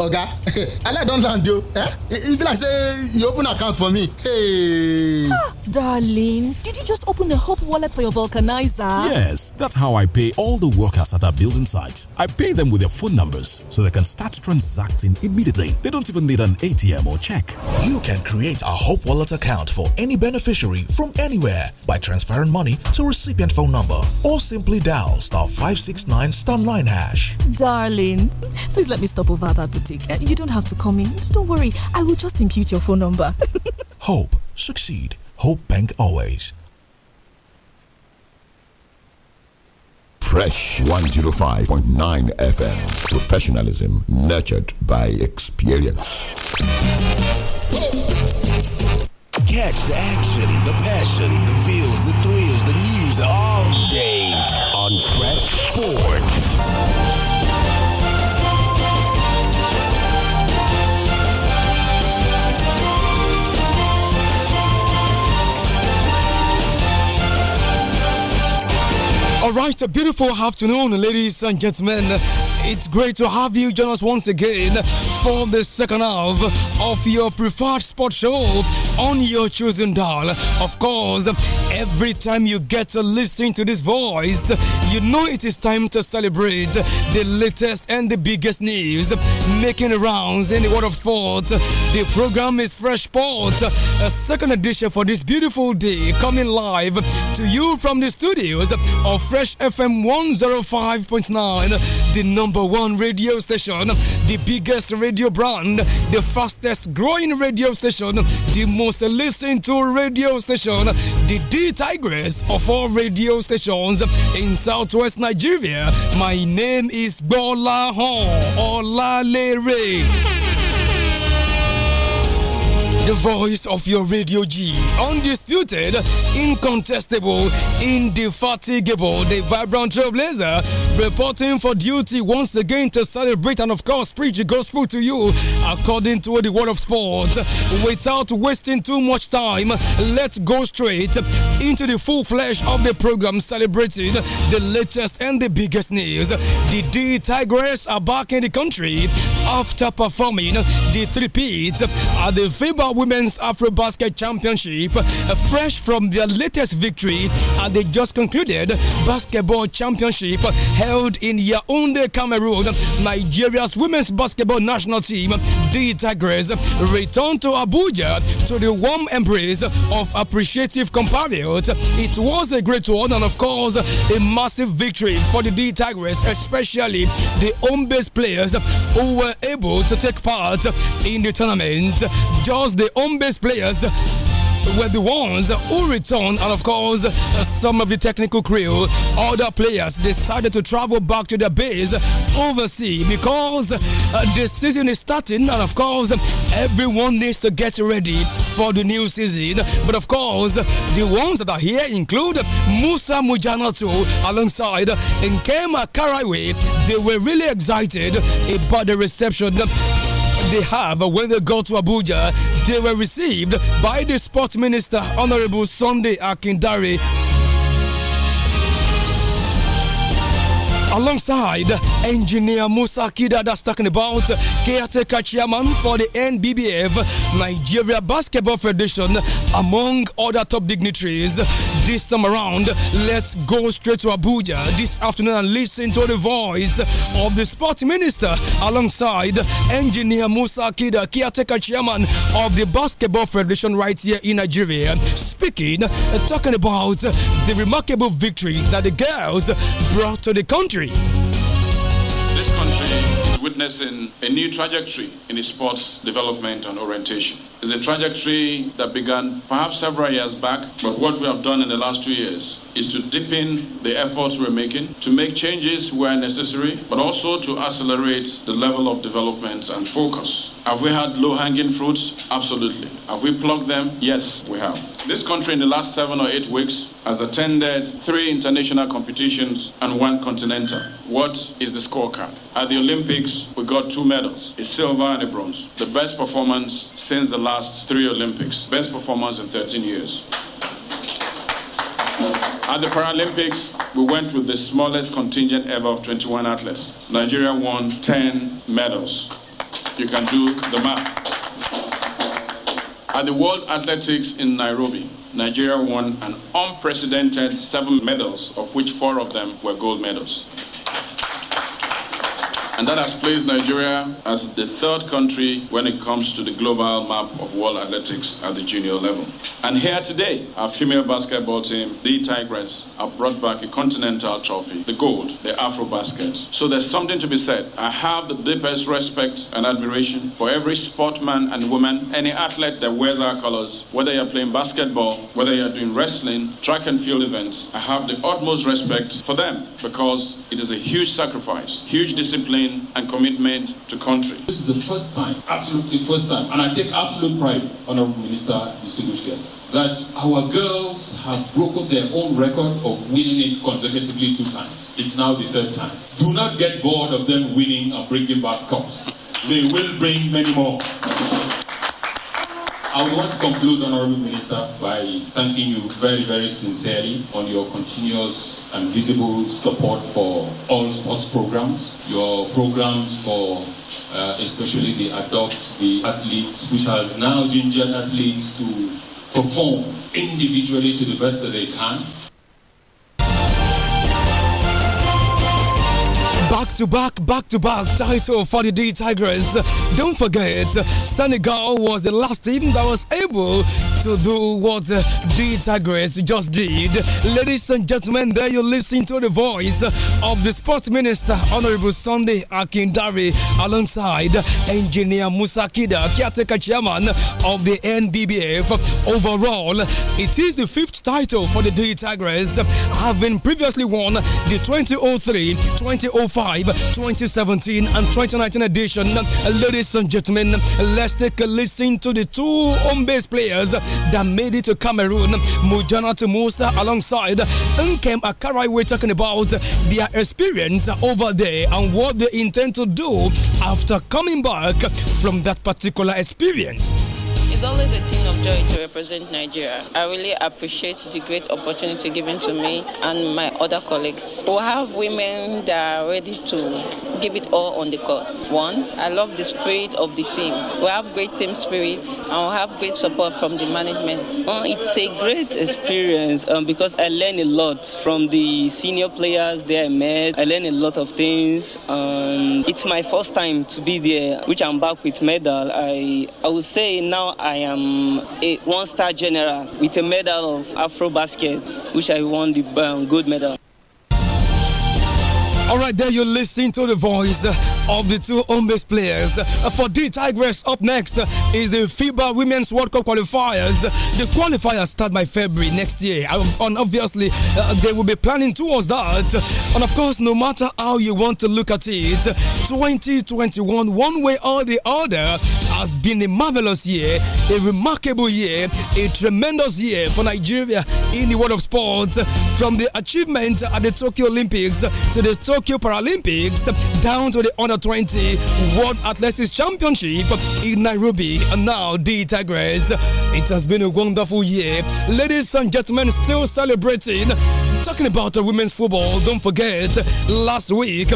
oga i don land you eh? be like say you open account for me hey ah darling did you just open a hope wallet for your vulcanizer yes that's how i pay all the workers at our building site i pay them with their phone numbers so they can start transacting immediately they don't even need an atm or check you can create a hope wallet account for any beneficiary from anywhere by transferring money to recipient phone number or simply dial star 569 star 9 hash darling please let me stop over that with you don't have to come in. Don't worry. I will just impute your phone number. Hope. Succeed. Hope Bank always. Fresh 105.9 FM. Professionalism nurtured by experience. Catch the action, the passion, the feels, the thrills, the news all day on Fresh Sports. All right, a beautiful afternoon, ladies and gentlemen. It's great to have you join us once again for the second half of your preferred sports show on your chosen dial. Of course, every time you get to listen to this voice, you know it is time to celebrate the latest and the biggest news making rounds in the world of sport. The program is Fresh Sport, a second edition for this beautiful day, coming live to you from the studios of Fresh FM 105.9, the number number one radio station, the biggest radio brand, the fastest growing radio station, the most listened to radio station, the D Tigress of all radio stations in southwest Nigeria. My name is Bola Hon Olalere. The voice of your Radio G. Undisputed, incontestable, indefatigable, the vibrant trailblazer reporting for duty once again to celebrate and, of course, preach the gospel to you according to the world of sports, Without wasting too much time, let's go straight into the full flesh of the program celebrating the latest and the biggest news. The D Tigress are back in the country after performing the three peats at the FIBA Women's AfroBasket Championship, uh, fresh from their latest victory at the just concluded Basketball Championship held in Yaounde, Cameroon. Nigeria's Women's Basketball National Team the Tigers returned to Abuja to the warm embrace of appreciative compatriots. It was a great one and, of course, a massive victory for the D Tigers, especially the home based players who were able to take part in the tournament. Just the home based players were the ones who returned, and of course, uh, some of the technical crew, other players decided to travel back to their base overseas because uh, the season is starting, and of course, everyone needs to get ready for the new season. But of course, the ones that are here include Musa Mujanatu alongside Nkema Karaiwe. They were really excited about the reception they have when they got to Abuja, they were received by the Sports Minister, Honorable Sunday Akindare Alongside engineer Musa Kida that's talking about caretaker chairman for the NBBF, Nigeria Basketball Federation, among other top dignitaries. This time around, let's go straight to Abuja this afternoon and listen to the voice of the sports minister alongside engineer Musa Kida, caretaker chairman of the Basketball Federation right here in Nigeria, speaking, uh, talking about the remarkable victory that the girls brought to the country country. This country is witnessing a new trajectory in its sports development and orientation is a trajectory that began perhaps several years back, but what we have done in the last two years is to deepen the efforts we're making, to make changes where necessary, but also to accelerate the level of development and focus. Have we had low hanging fruits? Absolutely. Have we plucked them? Yes, we have. This country in the last seven or eight weeks has attended three international competitions and one continental. What is the scorecard? At the Olympics, we got two medals, a silver and a bronze, the best performance since the last last three Olympics. Best performance in 13 years. At the Paralympics, we went with the smallest contingent ever of 21 athletes. Nigeria won 10 medals. You can do the math. At the World Athletics in Nairobi, Nigeria won an unprecedented seven medals, of which four of them were gold medals and that has placed Nigeria as the third country when it comes to the global map of world athletics at the junior level. And here today, our female basketball team, the Tigress, have brought back a continental trophy, the gold, the Afro basket. So there's something to be said. I have the deepest respect and admiration for every sportman and woman, any athlete that wears our colors, whether you're playing basketball, whether you're doing wrestling, track and field events. I have the utmost respect for them because it is a huge sacrifice, huge discipline and commitment to country. This is the first time, absolutely first time, and I take absolute pride, Honourable Minister, distinguished guests, that our girls have broken their own record of winning it consecutively two times. It's now the third time. Do not get bored of them winning or bringing back cups. They will bring many more. I would want to conclude, Honorable Minister, by thanking you very, very sincerely on your continuous and visible support for all sports programs, your programs for uh, especially the adults, the athletes, which has now gingered athletes to perform individually to the best that they can Back to back, back to back title for the D Tigers. Don't forget, Senegal was the last team that was able to do what uh, the Tigress just did. Ladies and gentlemen, there you listen to the voice of the Sports Minister, Honorable Sunday Akindari, alongside Engineer Musa Kida, caretaker chairman of the NBBF. Overall, it is the fifth title for the Dita Tigress, having previously won the 2003, 2005, 2017, and 2019 edition. Ladies and gentlemen, let's take a listen to the two home base players that made it to Cameroon. Mujana to Musa alongside Nkem Akarai. We're talking about their experience over there and what they intend to do after coming back from that particular experience. It's always a thing of joy to represent Nigeria. I really appreciate the great opportunity given to me and my other colleagues. We have women that are ready to give it all on the court. One, I love the spirit of the team. We have great team spirit and we have great support from the management. Well, it's a great experience um, because I learn a lot from the senior players there I met. I learn a lot of things. Um, it's my first time to be there, which I'm back with medal. I, I would say now I am a one-star general with a medal of Afro basket, which I won the um, gold medal. All right, there you listen to the voice of the two home base players. For the Tigress, up next is the FIBA Women's World Cup qualifiers. The qualifiers start by February next year, and obviously uh, they will be planning towards that. And of course, no matter how you want to look at it, 2021, one way or the other, has been a marvelous year, a remarkable year, a tremendous year for Nigeria in the world of sports. From the achievement at the Tokyo Olympics to the Tokyo Tokyo Paralympics down to the under 20 World Athletics Championship in Nairobi. And now, the Tigress, it has been a wonderful year. Ladies and gentlemen, still celebrating. Talking about women's football, don't forget, last week.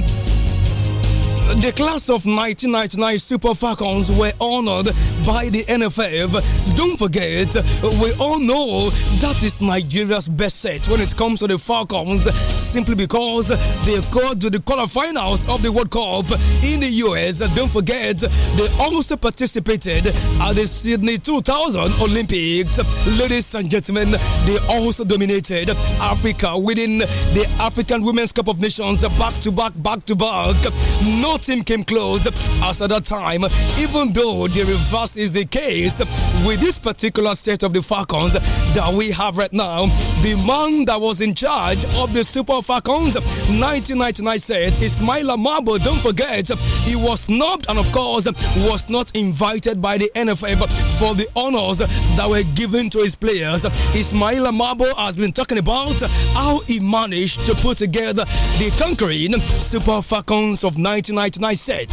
The class of 1999 Super Falcons were honored by the NFF. Don't forget, we all know that is Nigeria's best set when it comes to the Falcons, simply because they got to the quarterfinals of the World Cup in the US. Don't forget, they also participated at the Sydney 2000 Olympics. Ladies and gentlemen, they also dominated Africa within the African Women's Cup of Nations back to back, back to back. No team came close as at that time, even though the reverse is the case with this particular set of the Falcons that we have right now. The man that was in charge of the Super Falcons 1999 set, Ismaila Mabo, don't forget, he was snubbed and, of course, was not invited by the NFF for the honors that were given to his players. Ismaila Mabo has been talking about how he managed to put together the conquering Super Falcons of 1999. Tonight, tonight's set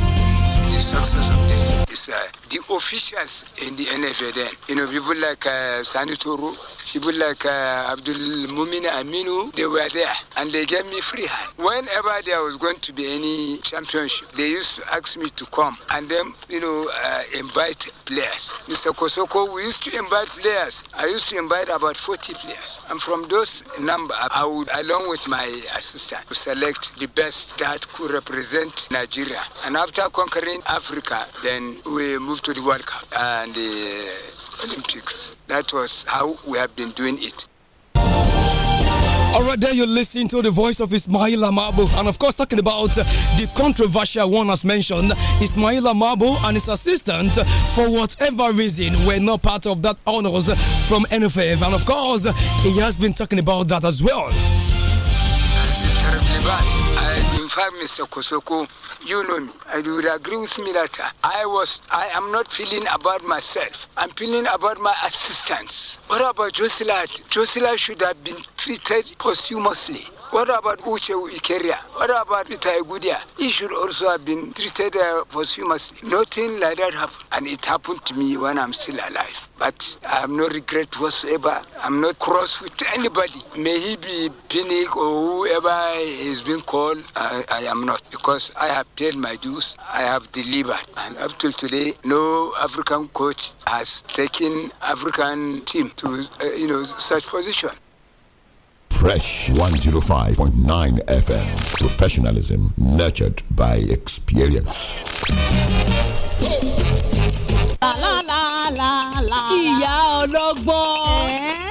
is uh, the officials in the NFADN. You know, people like uh, Sani Toro, people like uh, Abdul Mumin Aminu, they were there and they gave me free hand. Whenever there was going to be any championship, they used to ask me to come and then, you know, uh, invite players. Mr. Kosoko, we used to invite players. I used to invite about 40 players. And from those number, I would, along with my assistant, select the best that could represent Nigeria. And after conquering Africa, then we moved to the World Cup and the uh, Olympics. That was how we have been doing it. All right, there you're listening to the voice of Ismail Amabu. And of course, talking about uh, the controversial one as mentioned, Ismail Amabu and his assistant, for whatever reason, were not part of that honors from NFF. And of course, he has been talking about that as well confirm, Mr. Kosoko, you know me, and you will agree with me that I was, I am not feeling about myself. I'm feeling about my assistants. What about Josila? Josila should have been treated posthumously. What about Uche Ikeria? What about Itaigudia? He should also have been treated uh, posthumously. Nothing like that happened. And it happened to me when I'm still alive. But I have no regret whatsoever. I'm not cross with anybody. May he be Pinnick or whoever is being called. I, I am not. Because I have paid my dues. I have delivered. And up till today, no African coach has taken African team to, uh, you know, such position. Fresh 105.9 FM. Professionalism nurtured by experience. La la la la la. Ìyá ọlọ́gbọ́n. Eh?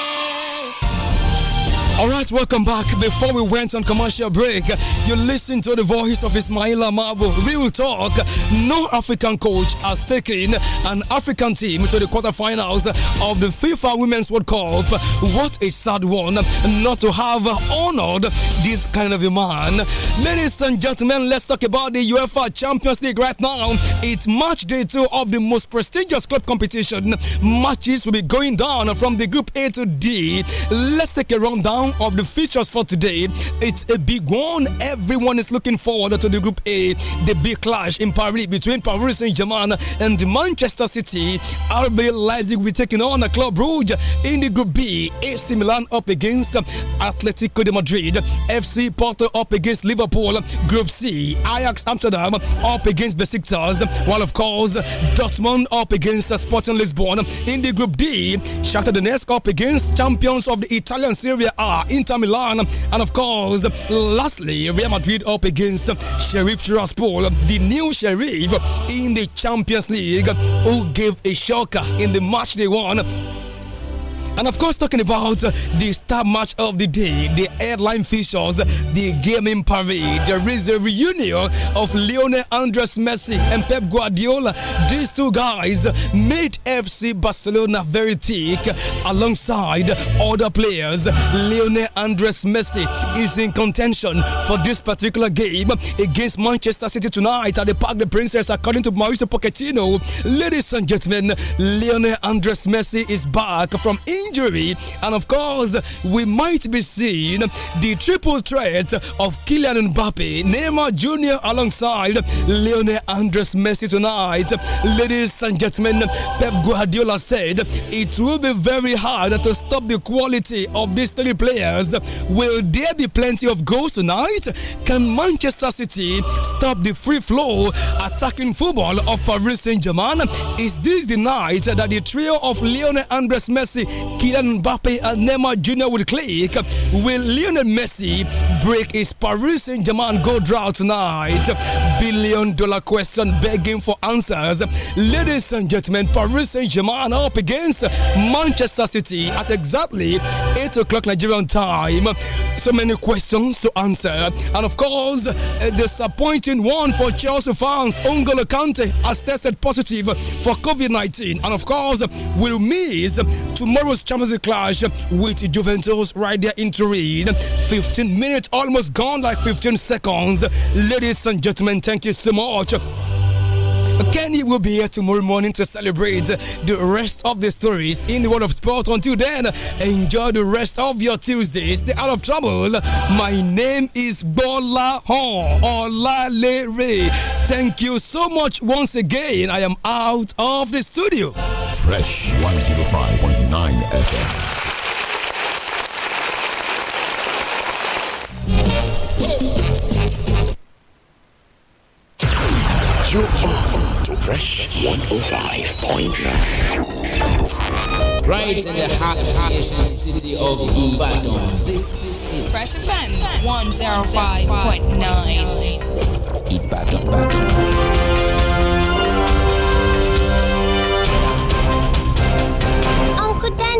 All right, welcome back. Before we went on commercial break, you listened to the voice of Ismaila Mabo. Real talk. No African coach has taken an African team to the quarterfinals of the FIFA Women's World Cup. What a sad one not to have honored this kind of a man. Ladies and gentlemen, let's talk about the UEFA Champions League right now. It's match day two of the most prestigious club competition. Matches will be going down from the group A to D. Let's take a rundown of the features for today. It's a big one. Everyone is looking forward to the Group A, the big clash in Paris between Paris Saint Germain and Manchester City. RB Leipzig will be taking on a Club Rouge in the Group B. AC Milan up against Atletico de Madrid. FC Porto up against Liverpool. Group C, Ajax Amsterdam up against Besiktas. While of course, Dortmund up against Sporting Lisbon. In the Group D, Shakhtar Donetsk up against champions of the Italian Serie A. Inter Milan, and of course, lastly, Real Madrid up against Sheriff Tiraspol, the new Sheriff in the Champions League, who gave a shocker in the match they won. And of course, talking about uh, the star match of the day, the headline features the gaming parade. There is a reunion of Lionel Andres Messi and Pep Guardiola. These two guys made FC Barcelona very thick alongside other players. Lionel Andres Messi is in contention for this particular game against Manchester City tonight at the Park the Princess, according to Mauricio Pochettino. Ladies and gentlemen, Lionel Andres Messi is back from England injury. And of course, we might be seeing the triple threat of Kylian Mbappe, Neymar Jr. alongside Lionel Andres Messi tonight. Ladies and gentlemen, Pep Guardiola said it will be very hard to stop the quality of these three players. Will there be plenty of goals tonight? Can Manchester City stop the free flow attacking football of Paris Saint Germain? Is this the night that the trio of Lionel Andres Messi, Kylian Mbappe and Neymar Jr. will click. Will Lionel Messi break his Paris Saint Germain goal drought tonight? Billion dollar question begging for answers. Ladies and gentlemen, Paris Saint Germain up against Manchester City at exactly 8 o'clock Nigerian time. So many questions to answer. And of course, a disappointing one for Chelsea fans. Ongolo Kante has tested positive for COVID 19. And of course, will miss tomorrow's Champions League clash with Juventus right there in Turin. 15 minutes almost gone, like 15 seconds. Ladies and gentlemen, thank you so much Kenny will be here tomorrow morning to celebrate the rest of the stories in the world of sport. Until then, enjoy the rest of your Tuesday. Stay out of trouble. My name is Bola Hon Ray. Thank you so much once again. I am out of the studio. Fresh 105.9 FM. You are Fresh 105.9. Right in the heart of the city of Ibadan. This is Fresh Offense 105.9. Ibadan. Ibadan. Uncle Dad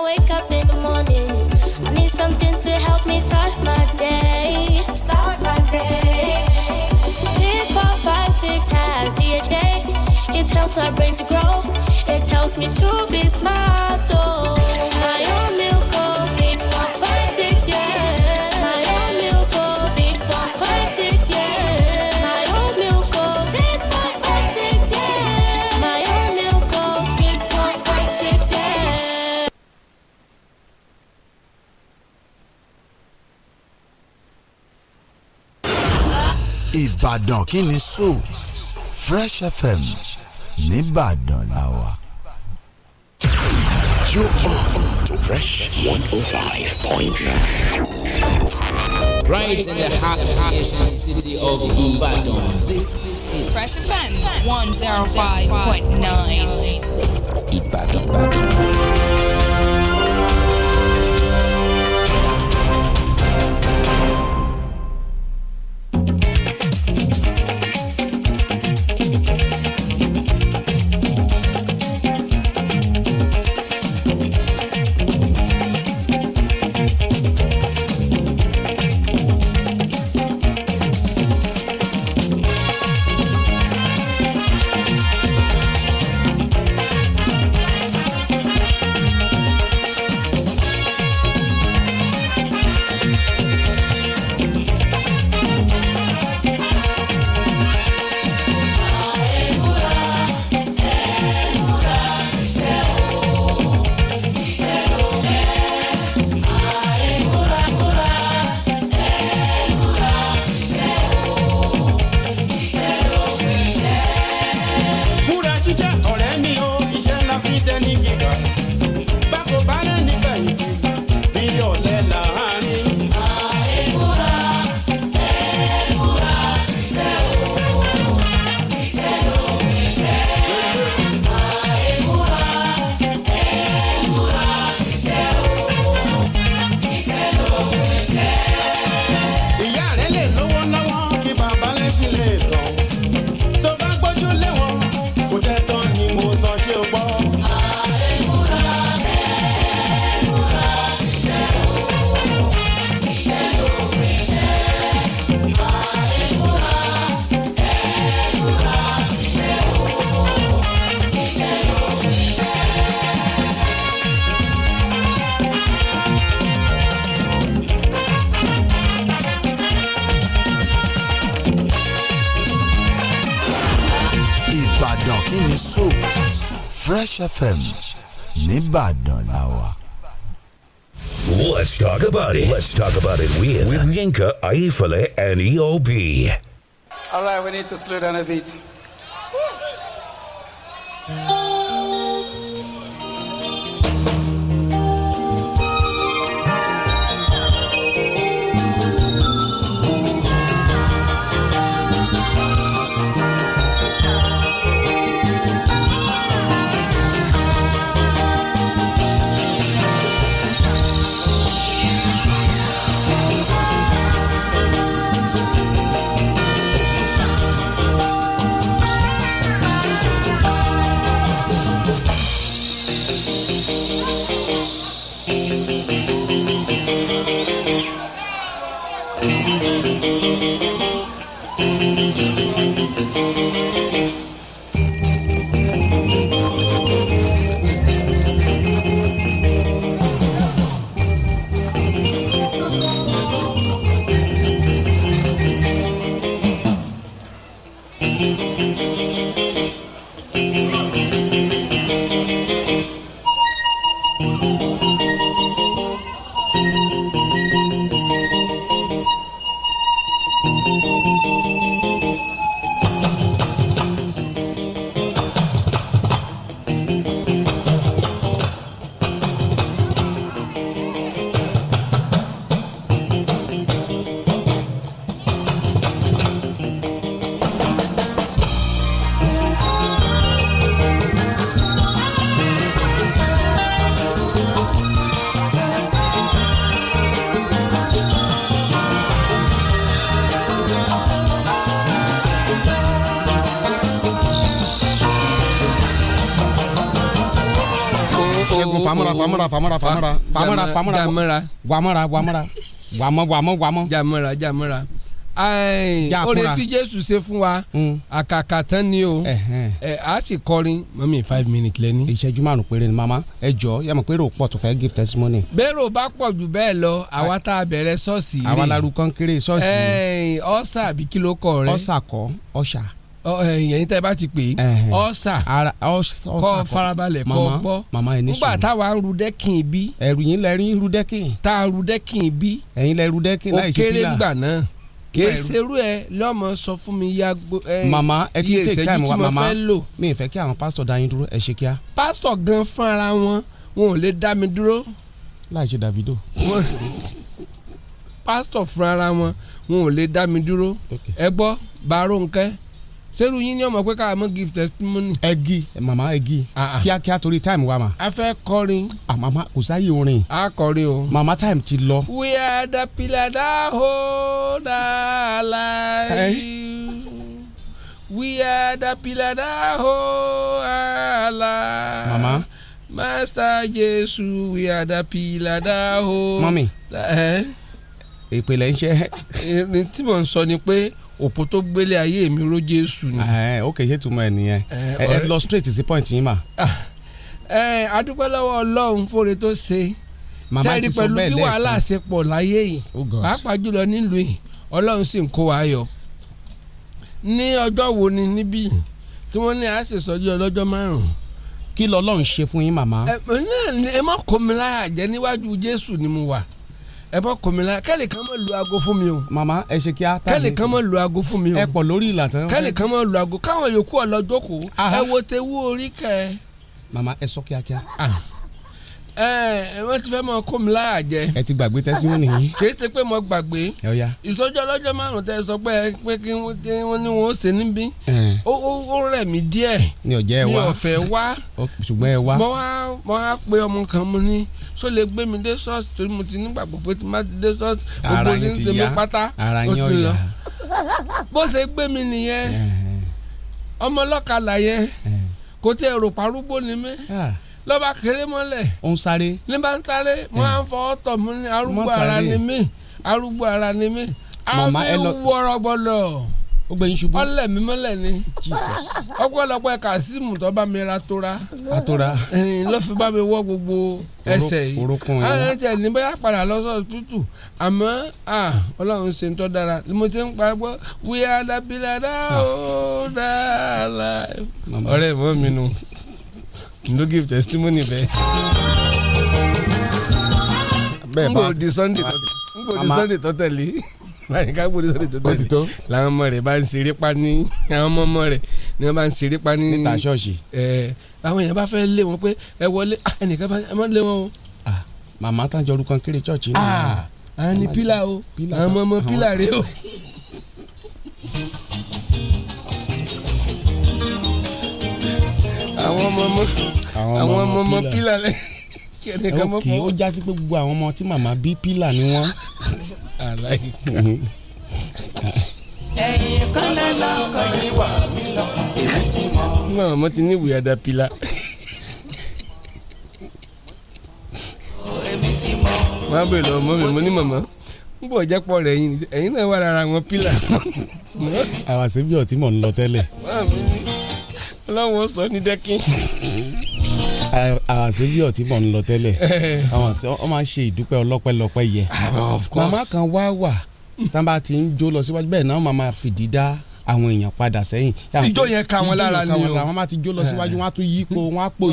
I wake up in the morning, I need something to help me start my day. Start my day. Big four, five, six has DHA. It helps my brain to grow. It helps me to be smart. Oh, my own. Ìbàdàn kí ni so Fresh FM nìbàdàn la wà. You are to Fresh 105.9. Right in the heart of the city of Ibadan. Fresh offense 105.9. Ibadan. Ibadan. fm nìbàdàn let let's talk about it let's talk about it with, with yinka ayifale and eob. all right we need to slow down a bit. ṣẹ́gun oh, oh, oh. famara famara famara famara famara famara jamara wamara wamara wamọ wamọ wamọ. jamara jamara oore tí jésù ṣe fún wa mm. àkàkà tán ni o a sì kọrin mọ́mí five minutes lẹ́ni. ìṣẹ́jú márùn-ún péré ni mama ẹ jọ yà mọ̀ pé èrò pọ̀ tó fẹ́ give testimony. bẹ́ẹ̀rù bá pọ̀ jù bẹ́ẹ̀ lọ àwa tá a bẹ̀rẹ̀ ṣọ́ọ̀ṣì rè àwa larú kọ́ńkéré ṣọ́ọ̀ṣì rè ọ̀sà àbí kí ló kọ rẹ. ọ̀sà kọ ọ̀sà yẹn tẹ́ bá ti pè é ọ̀sà kọ́ farabalẹ̀ kọ́ gbọ́ nígbà táwa ru dẹ́kìn bí. ẹ̀rù yín lẹ́rìn ru dẹ́kìn. tá a ru dẹ́kìn bí. ẹ̀yin lẹ́ ru dẹ́kìn láì ṣe pílà. ó kéré gbà náà kìí ṣerú ẹ lọ́mọ sọ fún mi ya ẹ mama ẹ ti take time wa mama mi ì fẹ́ kí àwọn pásítọ̀ dá yín dúró ẹ ṣe kíá. pásítọ̀ gan fúnra wọn wọn ò lè dá mi dúró. láì ṣe Davido. pásítọ̀ fúnra wọn wọn ò lè dá mi dúró ẹ gbọ́ bàárò ńkẹ́ sẹ́rù yín ni ọmọ pé ká mọ give testimony. ẹgi mama ẹgi ah, ah. kíákíá torí time wa ma. a fẹ́ kọrin. a ah, mama kò sáyé orin. a kọrin o. mama time ti lọ. we are the pillar that hold our life. Eh? we are the pillar that hold our life. mama. master jesu we are the pillar that hold. mami. Eh? ìpìlẹ̀ ń ṣe. ní tí mò ń sọ ni pé òpó tó gbélé ayé mi ró jésù ni. ok ṣé túmọ̀ ẹ nìyẹn ẹ lọ straight sí point yín mà. Ah, ẹ adúpẹ́ lọ́wọ́ ọlọ́run fóore tó ṣe sẹ́ẹ̀rí pẹ̀lú bí wàhálà ṣe pọ̀ láyé yìí oh pàápàá jùlọ nílùú yìí ọlọ́run sì ń kó wa yọ. ní ọjọ́ wo ni níbí tí wọ́n ní àṣìṣọ́jú ọlọ́jọ́ márùn-ún kí lọ́lọ́run ṣe fún yín màmá. ẹ má kó mi láyà jẹ́ níwájú jésù ni mo wà ẹ bọ kò mí la kẹ́lì kan mọ̀ lu aago fún mi o. màmá ẹ ṣe kí a ta mi. kẹ́lì kan mọ̀ lu aago fún mi o. ẹ pọ̀ lórí ìlà tán. kẹ́lì kan mọ̀ lu aago káwọn yòókù ọlọ́jọ́kù ẹ wo te wú orí kẹ. màmá ẹ sọ kíákíá. ẹ ẹ wọ́n ti fẹ́ mọ kó mi láyà jẹ. ẹ ti gbàgbé tẹ́sí wọn nìyí. kìí ṣe pé mo gbàgbé. ìsọjọ́ ọlọ́jọ́ márùn-ún tẹ sọ pé pé kí wọ́n ní wọ́n ṣe níbí. ó rẹ̀ mí díẹ̀. mi ò jẹ́ ẹ wá mi ò fẹ́ wá. ṣùgbọ́n ẹ wá. mo wá mo wá pe ọmọ kan mo ní ṣó lè gbé mi dé ṣọ́ọ̀ṣì torí mo ti nígbàgbọ́ pé tí má ti dé ṣọ́ọ̀ṣì gbogbo ní ti mi pátá ó ti lọ bó ṣe gbé mi nìyẹn ọmọ ọlọ́kadà yẹn kò tẹ rò parúgbó ni mí ah. lọ́ba kéré mọ́lẹ̀ ń sáré ní mo máa ń fọwọ́ tọ̀ mí arúgbó ara ni mí arúgbó ara ni mí àfi wọ̀rọ̀ gbọ́dọ̀ ó gbẹ̀yìn ṣubú. ọlẹ mi mọlẹ ni ọ̀pọ̀lọpọ̀ kazeem tó bá mi ra tora atora ló fi bá mi wọ gbogbo ẹsẹ̀ yìí orúkún yìí àwọn ẹsẹ̀ ní bóyá padà lọ sọ tútù àmọ́ Ọlọ́run ṣe ń tọ́ dára mo ti ń pa gbọ́ wíyá dábìlà dáhùn dáhàlà ọ̀rẹ́ ìwọ mi nu no give testimony bẹ́ẹ̀. bẹ́ẹ̀ bá n kò di Sunday tó báyìí ká gbòdì sórí tó tẹ̀lé làwọn ọmọ rẹ̀ bá ń ṣeré pa ní àwọn ọmọ ọmọ rẹ̀ ni wọ́n bá ń ṣeré pa ní. níta ṣọ́ọ̀ṣì. ẹ àwọn èèyàn bá fẹ́ lé wọn pé ẹ wọlé ah, ẹnìkan bá ẹ má lé wọn o. Ah, màmá tán jọ orúkọ kéré ṣọ́ọ̀ṣì náà. àwọn ni ah, pílà o àwọn ọmọ ọmọ pílà rẹ o. àwọn ọmọ ọmọ àwọn ọmọ ọmọ pílà lẹ. ok ó jásí pé gbogbo àwọn ọmọ tí màmá bí pílà ni wọ́n aláìka. ẹ̀yin kọ́lá lọ́kọ̀ yìí wà mí lọ́kàn èmi ti mọ̀. náà mo ti ní ìwé adapila. èmi ti máa bèèrè lọ mọ́ mi mo ní màmá n bọ̀ jẹ́ pọ̀ rẹ̀ yín ẹ̀yin náà wà lára wọn pílà. àwa ṣebí ọtí mò ń lọ tẹ́lẹ̀. ọlọ́run sọ ní dẹ́kin àṣebíọ̀ tí mò ń lọ tẹ́lẹ̀ àwọn tí wọ́n ṣe ìdúpẹ́ ọlọ́pẹ́lọpẹ́ yẹ ah, màmá kan wá wà tán bá ti ń jó lọ síwájú bẹ́ẹ̀ náà màmá fìdí dá àwọn èèyàn padà sẹ́yìn. ìjó yẹn ka wọn lára ni o ìjó yẹn ka wọn lára wọn máa ti jó lọ síwájú wọn á tún yípo wọn á pò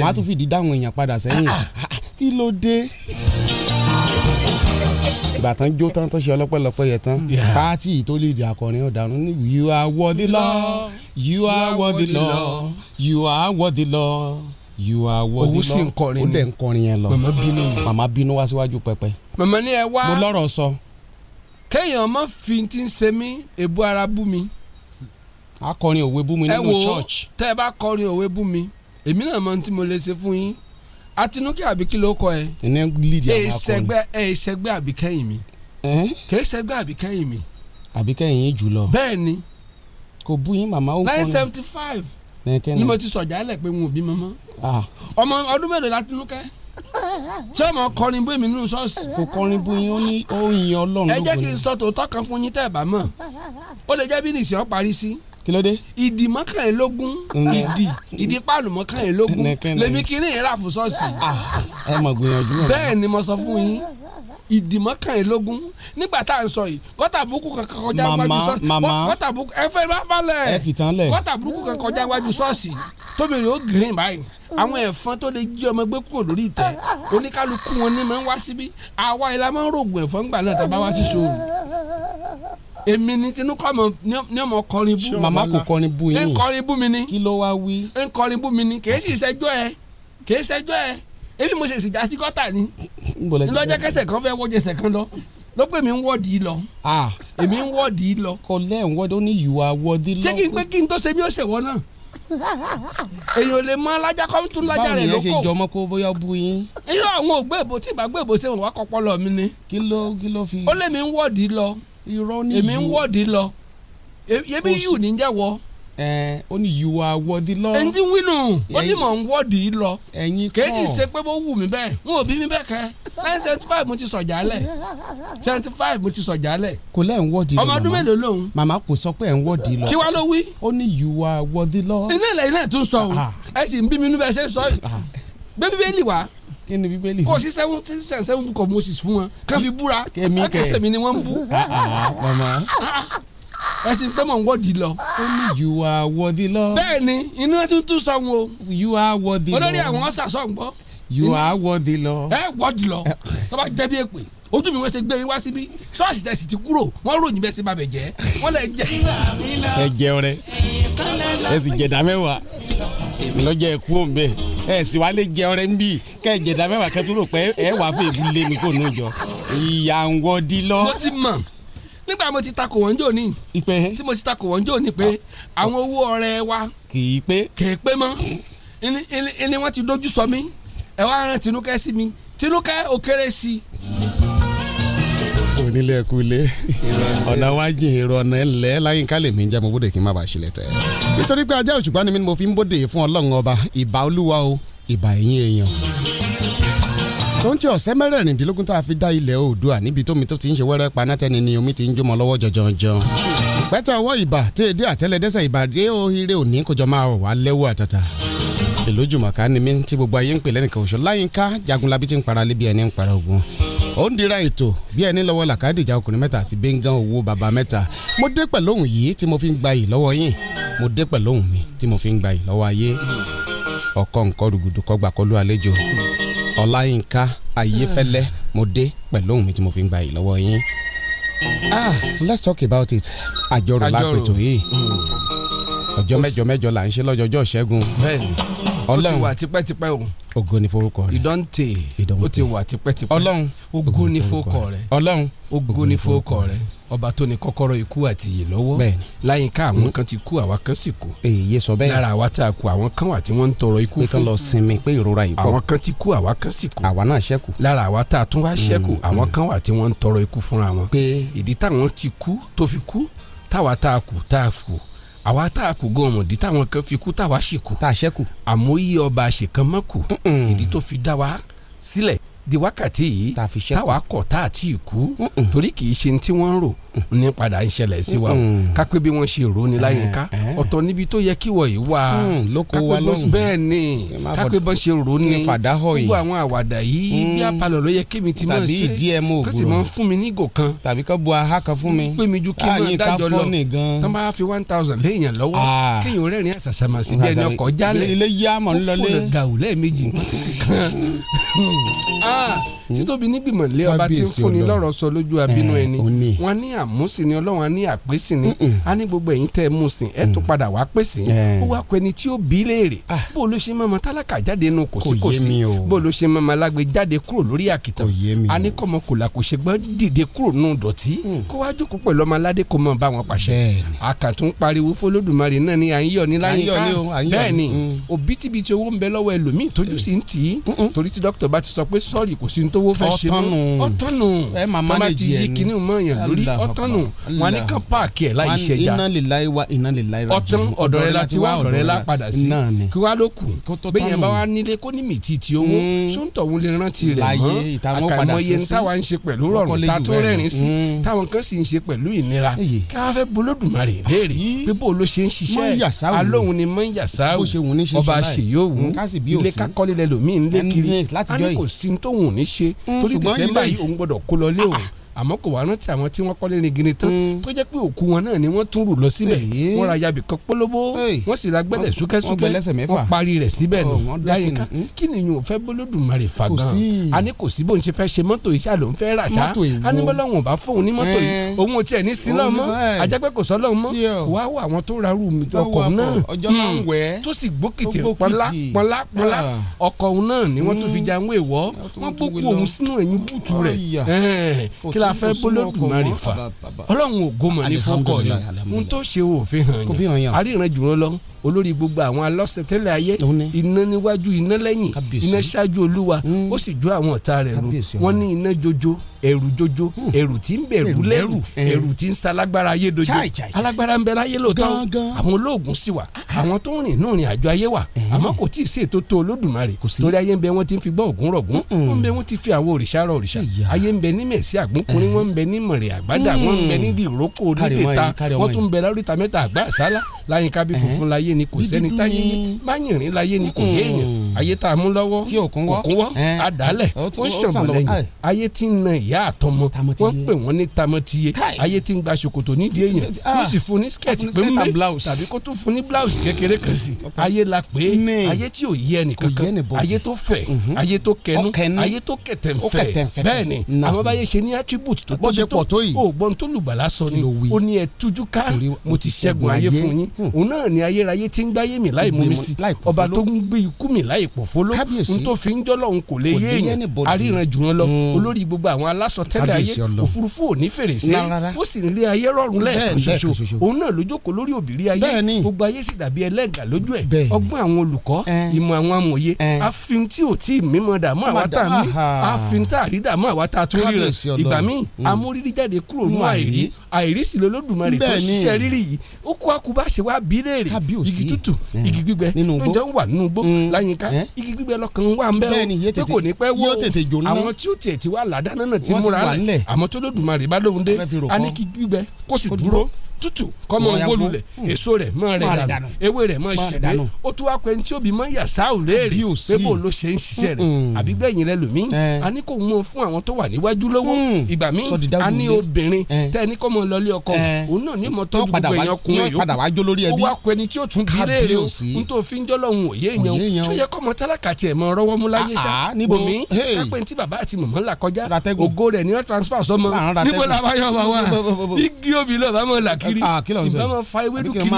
wọn á tún fìdí dá àwọn èèyàn padà sẹ́yìn ah, ah, kí ló dé ìbátan jó tán tó ṣe ọlọ́pẹ́lọpẹ́ yẹn tán pàtì tó lè di akọrin ọ̀daràn ní you are worthy Lord you are worthy Lord you are worthy Lord you are worthy lọ òun sì ń kọrin ni ó dẹ̀ ń kọrin yẹn lọ màmá bínú màmá bínú wá síwájú pẹpẹ. màmá ni ẹ wá mo lọ́rọ̀ sọ. kéèyàn má fi ti ń ṣe mí èbú ara bú mi. a kọrin òwe bú mi nínú church. ẹ wo tẹ́ ẹ bá kọrin òwe bú mi èmi náà mọ tí mo lè ṣe fún yín Àtinúkẹ́ àbíkí ló kọ ẹ. ẹnẹ lídìí àwọn akọni. èsẹgbẹ èsẹgbẹ àbíkẹ́yìn mi. kèésẹgbẹ àbíkẹ́yìn mi. àbíkẹ́yìn yín jùlọ. bẹ́ẹ̀ni. kò bú yín màmá ó kọrin. nine seventy five ni mo ti sọ̀jà lẹ̀ pé n ò bí mọ́mọ́ ah. ọmọ ọdún mélòó la ti lúkẹ́ ṣé ọmọ kọrin bú èmi nínú ṣọ́ọ̀ṣì. kò kọrin bú yín ó ní ó yin ọlọ́run lóko. ẹ jẹ́ kí n sọ tòótọ́ kan fún yín tẹ́ ẹ̀ bá mọ̀ ó lè jẹ́ bí nìṣẹ́ ọ parí sí kí ló dé. ìdí mọ́kànlélógún ìdí ìdí páànù mọ́kànlélógún lèmi kiri yẹn rà fún ṣọ́ọ̀ṣì. ẹ mọ̀ gbìyànjú rẹ. bẹ́ẹ̀ ni mo sọ fún yín ìdí mọ́kànlélógún nígbà tá à ń sọ yìí kọ́tà burúkú kan kọjá iwájú ṣọ́ọ̀ṣì kọ́tà burúkú ẹ fẹ́ bá falẹ̀ ẹ fìtán lẹ̀ kọ́tà burúkú kan kọjá iwájú ṣọ́ọ̀ṣì tóbi rè ó green báyìí àwọn ẹ̀fọn tó lè jí ọmọ gbé kúrò lórí ìtẹ́ oníkálukú wọn ni máa ń wá síbí àwa ìlà máa ń rògùn ẹ̀fọn gbà náà tá a bá wá sí sòrò èmi ni tinúkọ mọ ní ọmọ kọrin bú. màmá kò kọrin bú yín. nkọrin bú mi ni. kí ló wá wí. nkọrin bú mi ni kì í sì ṣẹjọ́ ẹ kì í ẹ ebi mo ṣe sì já sí gọ́tà ni ńlọ́jà kẹsẹ̀ kan fẹ́ wọ́jẹ̀ sẹ̀ kan lọ ló pé mi ń wọ́ọ̀dì lọ. èmi ń wọ́ọ̀dì lọ. kọlẹ́ ń wọ́ọ̀dì ó ní ìwà wọ́ọ̀dì lọ. ṣé kí n pé kí n tó ṣe bí ó ṣèwọ́ náà èyàn ò lè mọ alájà kọ́ tún lájà rẹ̀ lóko báwo ni ẹ ṣe jọmọ kó bóyá ó bu yín. irú àwọn ògbé ìbò tí ìbá gbé ṣe wọn wá kọpọlọ mi ni. kí ló kí ló fi. ó lé mi ń wọ́ọ̀dì lọ irọ́ ni yìí èmi ń wọ́ọ̀dì lọ e, ebi yìí ní jẹ́wọ́. ẹ ó ní yìí wà wọ́ọ̀dì lọ. ẹni tí ń wínú ó ní mọ̀ ń wọ́ọ̀dì lọ. ẹ̀yin kọ́ kèésì ṣe pé bó wù mí bẹ́ẹ̀ n ò bí mi bẹ́ẹ̀ kẹ́ nine seventy five mo ti sọ̀ jálẹ̀ seventy five mo ti sọ̀ jálẹ̀. kò lẹ́ ń wọ́ọ̀dì lọ ọmọ ọdún mélòó lòun. màmá kò sọ pé ẹ̀ ń wọ́ọ̀dì lọ. kí wá ló wí. ó ní yìí wà wọ́ọ̀dì lọ. ilé ilẹ̀ ilẹ̀ tún sọ ah. ẹ sì ń bí mi nú bẹ́ẹ̀ ṣe sọ yìí ah. gbé bíbélì wá nínú bíbélì. kò sí seven seven book of Moses fún wọn kàn fi búra akẹ́sẹ̀ mi ni wọ́n ah, ah, ah, ń bú. ẹsìn tó mọ̀ ń wọ́ọ̀dì lọ. ó ní you are worthy Lord. bẹ́ẹ̀ni inú ẹ tuntun sọ o. you are worthy Lord. olórí àwọn ọ̀sà sọ̀ ń gbọ́. you are worthy Lord. ẹ wọ́ọ̀dì lọ tọ́ba jẹ́ èpè ojú mi wọ́n ṣe gbé yín wá síbí ṣọ́ọ̀ṣì tẹ̀sí ti kúrò wọ́n ròyìn bẹ́ẹ̀ sí bàbẹ̀ jẹ́ wọ́n lẹ̀ jẹ́. ẹ jẹun rẹ ẹ sì jẹ̀dá mẹ́wàá lọ́jọ́ ẹ kú òǹbẹ ẹ sì wá lè jẹun rẹ níbí kẹ́ ẹ jẹ̀dá mẹ́wàá kẹ́ rò pé ẹ wà fún ìbúlé mi kò nù jọ ìyà ń wọ di lọ. mo ti mọ̀ nígbà mo ti takò wọ́n jò ní. ìpè tí mo ti takò wọ́n jò ní pé àwọn owó ọ̀rẹ́ wa. kì í pé. mọ́ tinúkẹ́ òkèrè sí i onílé ẹkú ilé ọ̀nà wájú èrò ọ̀nà ẹ̀lẹ́ láyínká lè mí jẹ́ mo bóde kí n má bàa ṣílẹ̀ tẹ̀. nítorí pé ajá òṣùpá ni mí ni mo fi ń bóde fún ọlọ́run ọba ìbà olúwa o ìbà ẹ̀yìn èèyàn. tó ń tẹ ọ̀sẹ̀ mẹ́rẹ̀ẹ̀rìndínlógún tá a fi dá ilẹ̀ oòdùà níbi tómi tó ti ń ṣe wẹ́rẹ́ panátẹ́ni ni omi ti ń jómọ lọ́wọ́ jọjọjọ pẹ́tẹ́ ọwọ́ ìbà tí èdè ó ń dira ètò bí ẹni lọ́wọ́ làkàdìjà ọkùnrin mẹ́ta àti bẹ́ngàn owó bàbá mẹ́ta mo dé pẹ̀lú yìí tí mo fi ń gba yìí lọ́wọ́ yín mo dé pẹ̀lú mi tí mo fi ń gba yìí lọ́wọ́ ayé ọkọ̀ nǹkan rògbòdò kọ́gbà kọlu àlejò ọláyínká ayéfẹ́lẹ́ mo dé pẹ̀lú mi tí mo fi ń gba yìí lọ́wọ́ yín ah let's talk about it àjọrò lápètò yìí hmm. ọjọ́ mẹ́jọ mẹ́jọ là ń ṣe lọ́jọ́jọ́ ṣẹ́gun bẹ́ẹ̀ ọlọ́run ó ti wà tipẹ́tipẹ́ o ògo ni forúkọ rẹ ìdọ́ǹtè ó ti wà tipẹ́tipẹ́ ọlọ́run ògo ni forúkọ rẹ ọlọ́run ògo ni forúkọ rẹ ọba tó ní kọ́kọ́rọ́ ikú àti ìyè lọ́wọ́ láyìnká àwọn hmm. kan ti kú àwa kan sì kú èyí sọ bẹ́ẹ̀ lára àwa tá a kú àwọn kan wà tí wọ́n ń tọrọ ikú fún pé kán lọ sinmi pé ìrora ìbọn àwọn kan ti kú àwa kan sì kú àwa náà ṣẹ́kù lára àwa tá a tún wá hmm. ṣẹ́kù àwọn kan wà tí wọ́n ń tọrọ ikú fúnra wọn pé ìdí táwọn ti kú tó fi kú táwa tá a kú tá a kú àwa tá a kù gan ọmọdé táwọn kan fi kú táwa ṣèkù. tá a ṣẹ́kù. àmóyí ọba àṣekàn mọ́kù. ìdí tó fi dá wa sílẹ̀ di wákàtí yìí táwa kọ̀ tá a ti kú. torí kì í ṣe ní tí wọ́n ń rò ní padà ń ṣẹlẹ̀ sí wa o mm. kápẹ́ bí wọ́n ṣe rò ní láyínká eh, eh. ọ̀tọ̀ níbi tó yẹ kí wọ̀ yìí wà mm, kápẹ́ bẹ́ẹ̀ ni kápẹ́ bọ́n ṣe rò ní gbogbo àwọn àwàdà yìí mm. bí apalọ̀ ló yẹ kémi ti máa ṣe kásì máa fún mi nígò kan tàbí kọ́ bu aha kan fún mi pé mi ju kí ah, máa dájọ́ lọ tó máa fi one thousand léèyàn lọ́wọ́ ah. kéèyàn rẹ́rìn àṣàṣàmà sí bí ẹni ọkọ̀ jálẹ̀ ilé yá mọ̀ ńlọlé ó fún gàù lẹ́ẹ̀mejì ah, títóbi nígbìmọ̀ lé ọba àmúsìn ni ọlọ́run á ní àpèsìn ni á ní gbogbo ẹ̀yin tẹ́ ẹ mú sìn ẹ tún mm. padà wá pèsìn ó wá pẹni tí ó bí léèrè ah. bó ló ṣe mọ́mọ́ tálákà jáde nu kòsíkòsí bó ló ṣe mọ́mọ́ alágbe jáde kúrò lórí àkìtàn á ní kọ́mọ kòlà kò ṣe gbọ́n dìde kúrò nù dọ̀tí mm. kó wá jókòó pẹ̀lú ọmọ aládé kó mọ̀ bá wọn pàṣẹ àkàtún pariwo fọlọ́dùmarè náà ni à ń yọ̀ ní láyínká bẹ́ẹ̀ ni mm. òbítíbitì owó ń bẹ lọ́wọ́ ẹlòmíì tójú sí ń tì í torí tí dókítà bá ti sọ pé sọ́ọ̀rì kò sí ní tówó tán nù wọn ní kan páàkì ẹ̀ láì ṣẹja iná lè láì wá iná lè láì rà jù ọtún ọ̀dọ̀ rẹ la ti wá ọ̀dọ̀ rẹ la padà sí kí wàá ló kù bẹ́ẹ̀ yẹn bá wá nílé kó ní mìtì tí owó sóńtọ̀ mm. wọn lè rántí rẹ̀ mọ́ àkàìmọye ní táwa ń ṣe pẹ̀lú rọrùn ta tó rẹ́rìn sí mm. táwọn kan sì ń ṣe pẹ̀lú ìnira kí wọ́n fẹ́ bolódùmarè léèrè pé bó ló ṣe ń ṣiṣẹ́ alóhun ni mọ́ ń yàsá o ọba mm, kiri a ní kò sí tóhun ò ní ṣe torí àmọ́ kò wá rántí àwọn tí wọ́n kọ́lé ringini tán hmm. tó jẹ́ pé òkú wọn náà ni wọ́n tún rù lọ síbẹ̀ wọ́n ra yabì kan pólóbó wọ́n sì ra gbẹ́lẹ̀ súkẹ́súkẹ́ wọ́n parí rẹ̀ síbẹ̀ nù oh, láyé ká kí nìyẹn ò fẹ́ bólódùmarè fà gan a ní kò sí bó ń ṣe fẹ́ ṣe mọ́tò iṣẹ́ ló ń fẹ́ rà ṣá a ní bọ́lá wọn ò bá fóun ní mọ́tò yìí eh. òun ò tiẹ̀ ní sílọ̀ mọ́ eh. ajẹ́pẹ́ kò sọ́lọ́ mọ́ wàá hmm. ah. ni wọ́n tún la fẹ́ bólódùmarè fa ọlọ́run ògo mọ̀ ní fọkọ yẹn ohun tó ṣe ò fi hàn yẹn àríran jùlọ lọ olórí gbogbo àwọn alọ́sẹ̀tẹ́lẹ̀ ayé iná níwájú iná lẹ́yìn iná ṣáájú olúwa hmm. ó sì jó àwọn ọ̀tá rẹ̀ lu wọ́n ní iná jojo ẹ̀rù jojo hmm. ẹ̀rù tí ń bẹ̀rù lẹ́rù eh. ẹ̀rù tí ń salágbára ayé dojo alágbára ń bẹ láyé lóòótọ́ àwọn olóògùn sì wà ah. àwọn tó ń rìn inú rìn àjọ ayé wà eh. àmọ́ kò tí ì sí ètò tó olódùmarè torí ayé ń bẹ wọ́n ti ń fi gbọ́ ògùn rọ̀gùn ó ń bẹ wọ́n ti fi àwọn òrìṣà rọ òrìṣà ayé ń bẹ nímẹ̀ sí àgbọn ọkùnrin wọn ń bẹ ní mọ̀rẹ̀ àgbàdà hmm. wọn ń bẹ ní ìrókò níbẹ̀ta wọn tún ń bẹ láríta mẹ́ta àgbà àsálà láyínká bí funfun láyé ni kò sẹ́ni táyé báyìnrín láyé ni kò yéèyàn hmm. ayé tá a mú lọ́wọ́ òkúnwọ́ àdálẹ̀ wọ́n ṣọ̀gbọ̀n lẹ́yìn ayé tí ń na ìyá àtọmọ wọ́n pè wọ́n ní tamọ́tiyé ayé tí ń gba ṣòkòtò nídìí èèyàn ah. wọ́n sì fún ní skẹ́ẹ̀tì pé mú tàbí kó tún fún ní blouse kékeré kan sí ayé la pé ayé tí ò yẹ nìkankan ayé tó fẹ̀ mhm. ayé tó kẹnu ayé tó kẹtẹ̀ǹfẹ̀ bẹ́ẹ̀ ni àwọn báyé ṣe ní bíbù tó tóbi tó o gbọ́n tó lùgbàlà sọ ni ó ní ẹ tújú ká mo ti ṣẹ́gun ayé fún yín hmm. òun náà ni ayérayé ti ń gbáyé mi láì mú mi sí ọba tó ń gbé ikú mi láì pọ̀ fóló n tó fi ń jọ́lọ̀ n kò lè yé èèyàn aríran jù wọn lọ hmm. olórí gbogbo àwọn aláṣọ tẹ́lẹ̀ ayé òfurufú ò ní fèrèsé ó sì ń lé ayé rọrùn lẹ́ẹ̀kan ṣoṣo òun náà lójókòó lórí òbírí ayé gbogbo ayé sì dàbí ẹlẹ́gà lójú ẹ̀ ọgbọ́n àwọn olùkọ́ ìmọ̀ àwọn amòye àfin tí ò tí ì mímọ̀ dààmú àwa tá míì mm. amúrírí jáde kúrò nù mm, àìrí àìrí sì lolódùmarè tó ṣiṣẹ́ rírì yìí ó kó akúbá ṣe wá bí léèrè igi tútù igi gbígbẹ ló jẹ́ ń wà nínú gbó mm. láyínká eh? igi gbígbẹ lọ́kàn wà ń bẹ́ o pé kò ní pẹ́ wó àwọn tí ó tiẹ̀ ti wá làdá náà ti múra rẹ̀ àmọ́ tó lódùmarè bá lóhun dé a ní kí gbígbẹ kó sì dúró tútù kọ́mọ wólulẹ̀ hmm. èso rẹ̀ mọ́ rẹ̀ dànù ewé rẹ̀ mọ́ ṣẹ̀dẹ̀ ó tún wá pẹ́ ní tí òbí mọ́ yàsá ò léèrè pé bó ló ṣe ń ṣiṣẹ́ rẹ̀ hmm. àbí gbẹ̀yìn rẹ lòmí eh. a ní kò mọ fún àwọn tó wà níwájú lọ́wọ́ hmm. ìgbà míì a ní obìnrin eh. tẹ́ ẹ ní kọ́ mọ lọlé ọkọ eh. òun náà ní mọ tọ́jú gbogbo èèyàn kun èyó ó wá pẹ́ ní tí ó tún bílẹ̀ rẹ o n tó fi ń jọ́ lọ́hùn òye èèyàn tó yẹ kọ́ mọ tálákà tiẹ̀ mọ rọ́wọ́ mú láyé ṣá ah, transfer sọmọ níbo làwọn yọ̀ wá wá igi obì lọ́ọ̀ bá kiri ah, ìbámu fa ewédú kiri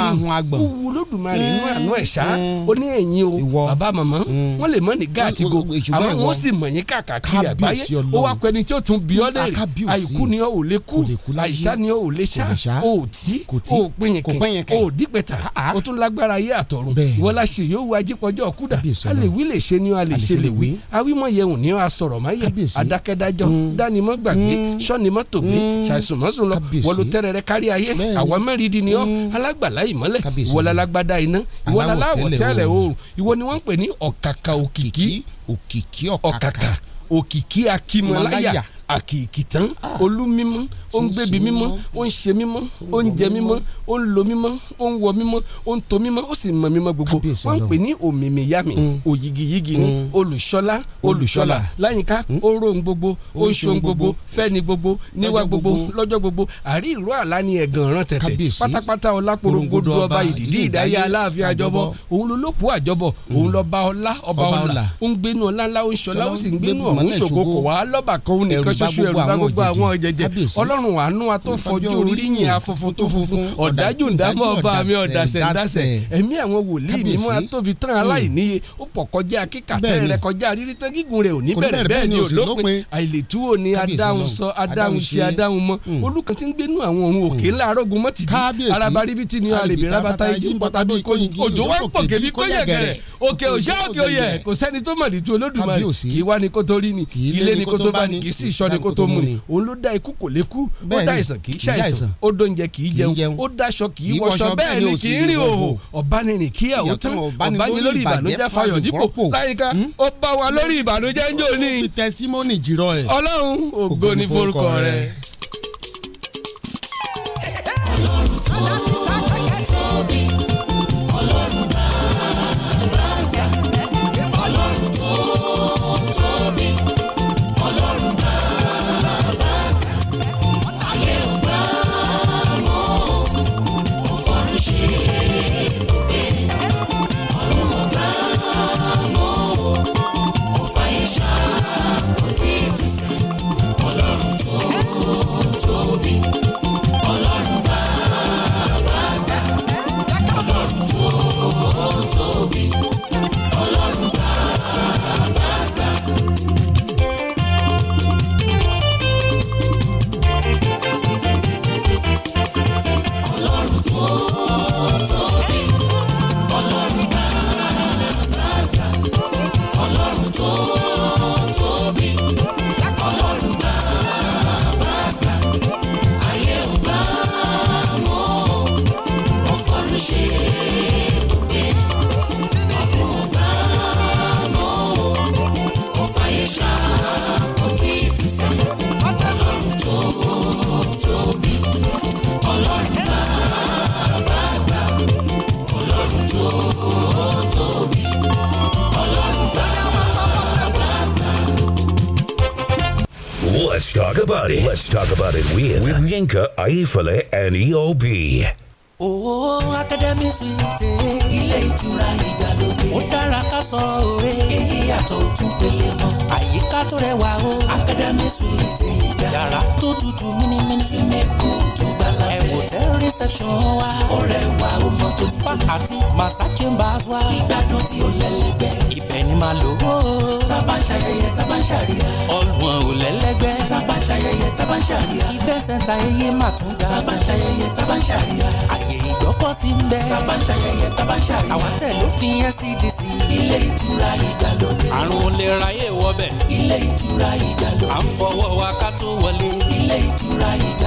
wúwo lódùmarè eh, inú àánú ẹ̀ ṣá eh, ó ní ẹ̀yìn o bàbá màmá mm. wọ́n lè mọ̀ ní gáàtì go àmọ́ wọ́n sì mọ̀ yín káàkiri àgbáyé ó wá pẹ́ni tí ó tún bí ọ́ léèrè àìkú ni ó lè kú àìsá ni ó lè ṣá ó tí ó pinyìnkì ó dípẹ̀tà ah, ah. ó tún lágbára ayé àtọ̀run wọ́n la ṣe yóò wá jípọ̀jọ́ kúdà a lè wí lè ṣe ni a lè ṣe lè wí awímọ̀ yẹun ni a sọ̀rọ̀ máa yẹ adákẹ́dájọ́ mm. dánimọ̀ gbàgbé mm. sọ́nimọ̀ tògbé ṣàìsùnmọ́sùn lọ wọ́n lo tẹ́rẹ̀rẹ́ à àwa mẹ́rìndín ni ọ́ mm. alágbàlá ìmọ́lẹ̀ ìwọ lálágbádá iná ìwọ láláwọ̀ tẹ́lẹ̀ oòrùn ìwọ ni wọ́n ń pè ní ọ̀kàkà òkìkí òkìkí ọ̀kàkà òkìkí akímọ̀láyà àkìkìtán ah. olúmímọ́ ó ń gbébi mímọ́ ó ń ṣe mímọ́ ó ń jẹ mímọ́ ó ń lo mímọ́ ó ń wọ mímọ́ ó ń to mímọ́ ó sì mọ mímọ́ gbogbo wọ́n ń pè ní òmìmìyàmì mm. òyìgìyìgì ni mm. olùṣọ́lá olùṣọ́lá láyìnká mm. ó rohun gbogbo ó ń ṣohun gbogbo fẹ́ni gbogbo níwá gbogbo lọ́jọ́ gbogbo àrí ìró àlá ni ẹ̀gàn ràn tẹ̀tẹ̀ pátápátá ọláporongodo ọba ìdìdí ìdáyà aláàfin àjọbọ òun ló lópò àjọbọ òun lọba ọlá ọba ọlà ó ń gbénu ọlá ńlá ó ń ṣọlá ó sì ń gbénu ọ̀hún ṣoṣo ẹ̀rù bá gbogbo àwọn jẹjẹ ọlọ́run àánú wa tó fọjú oríyìn afọfun tó funfun ọ̀dájú ǹdámọ́ ọba mi ọ̀dàsẹ̀ ǹdàsẹ̀ ẹ̀mí àwọn wòlíì mi mú atóbi tán aláìníye hmm. ó pọ̀ kọjá kíkàtẹ́ rẹ kọjá rírí tán gígùn rẹ ò ní bẹ̀rẹ̀ bẹ́ẹ̀ ni ò lópin àìlètúwò ni adáhùn sọ adáhùn ṣe adáhùn mọ́ hmm. olùkàn ti ń gbénú àwọn ohun hmm. òkè láàrógun mọ́ ti di arabaribí ti ni àrèbí rabata ijì ń pọ̀tà bí kóyin òjò wá pọ̀ kébí kóyẹ̀ gẹ̀rẹ̀ òkè òṣà òkè òyẹ̀ kò sẹ́ni tó mọ̀ nítorí olódùmarè kì í wá ni kó rí ni kì í lé ni kó bá ni kì í sì ṣ aṣọ ni kó tó mú ni òun ló dá ikú kò lékú ó dá ìsàn kì í ṣàìsàn ó dóúnjẹ kì í jẹun ó dáṣọ kì í wọṣọ bẹ́ẹ̀ ni kì í rìn òhò ọ̀bánirìn kí ẹ̀ ó tán ọ̀báni lórí ìbànújẹ́ fayọ̀ dípò láyìíká ó bá wa lórí ìbànújẹ́ ń jò ní. testimony jìrọ̀ ẹ̀. ọlọ́run ògo ni forúkọ rẹ̀. Yinka, Aifale, and EOB. Oh, Akademi Suite. Ilé ìtura ìgbàlódé. Ó dára ká Ato òwe. mo. yàtọ̀ òtún pélé mọ́. Àyíká tó rẹwà o. Akademi mini Yàrá tó tutù mímímí confession wa. ọ̀rẹ́ wa o mọ tó ti tó. pàtàkì massa chambers wa. ìgbádùn tí o lẹ́lẹ́gbẹ́. ibẹ̀ ni màá lò ó. tábà ń ṣayẹyẹ tábà ń ṣàríyá. ọ̀gbun ò lẹ́lẹ́gbẹ́. tábà ń ṣayẹyẹ tábà ń ṣàríyá. ìfẹ́ sẹ́ńtà ẹyẹ mà tún ga. tábà ń ṣayẹyẹ tábà ń ṣàríyá. àyè ìgbọ́kọ̀ sí ń bẹ. tábà ṣayẹyẹ tábà ń àwọn tẹ̀ ló fi NCDC. ilé ìtura ìdàlódé. àrùn lè ra yé wọbẹ̀. ilé ìtura ìdàlódé. à ń fọwọ́ wa ká tó wọlé. ilé ìtura ìdàlódé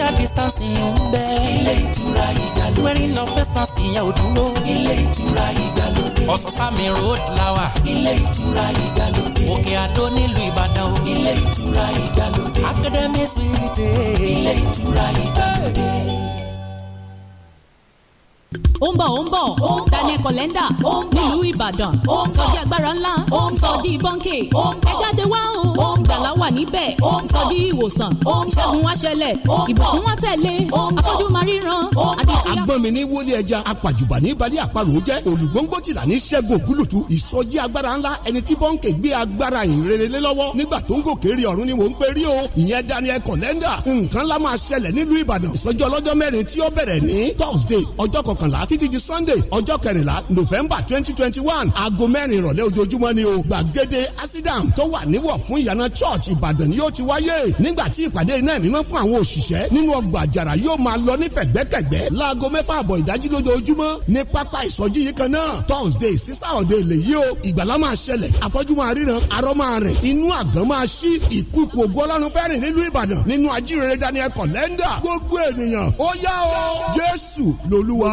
social distancing ń bẹ. ilé ìtura ìgbàlódé. wearing no face mask ìyẹn dúró. ilé ìtura ìgbàlódé. ọ̀sán road lawa. ilé ìtura ìgbàlódé. òkè àdó nílùú ìbàdàn o. ilé ìtura ìgbàlódé. academy suite. ilé ìtura ìgbàlódé ó ń bọ̀ ó ń bọ̀ Daniel Kolenda nílùú Ìbàdàn sọjí agbára ńlá sọjí bọ́ńkè ẹ jáde wá o ìgbàlá wà níbẹ̀ sọjí ìwòsàn ìṣẹ́gun wá ṣẹlẹ̀ ìbùkún wá tẹ̀lé afọ́jú máa ríran agbọ́n mi ní wọlé ẹja apàjùbà ní balẹ̀ àparò jẹ́ olùgbòǹgbò tìlà ní ṣẹ́gun ògúlùtù ìsọjí agbára ńlá ẹni tí bọ́ńkè gbé agbára ìrere lọ́wọ́ nígbà tó ń gòkè rí ọ̀run ni mò ń pè rí o ìyẹn Daniel Kolenda nǹkan lá máa ṣẹlẹ̀ nílùú Ìbàdàn sọjí ọlọ́jọ́ mẹ́rin tí ó bẹ̀rẹ̀ ní Thursday ọjọ́ kọkànlá títí di sunday ọjọ́ kẹrìnlá november twenty twenty one aago mẹ́rin ìrọ̀lẹ́ ojoojúmọ́ ni o gbàgede asidam tó wà níwọ̀ fún ìyànà church ìbàdàn ni yóò ti wáyé nígbà tí ìpàdé iná mímọ́ fún àwọn òṣìṣẹ́ nínú ọgbà àjàrà yóò máa lọ ní fẹ̀gbẹ́kẹ̀gbẹ́ láago mẹ́fà àbọ̀ ìdájí lójoojúmọ́ ní pápá ìsọjí yìí kan náà thursday sí saturday lè yí o ìgbàlá máa ṣẹlẹ̀ afọ́jú máa ríran arọ́ máa rìn inú àgàn máa ṣí ìkúkú ògo ọlọ́run fẹ́rìn nílùú ìbàdàn nínú ajíire daniel kọ̀lẹ́ndà gbogbo ènìyàn ó yá o jésù lolúwa.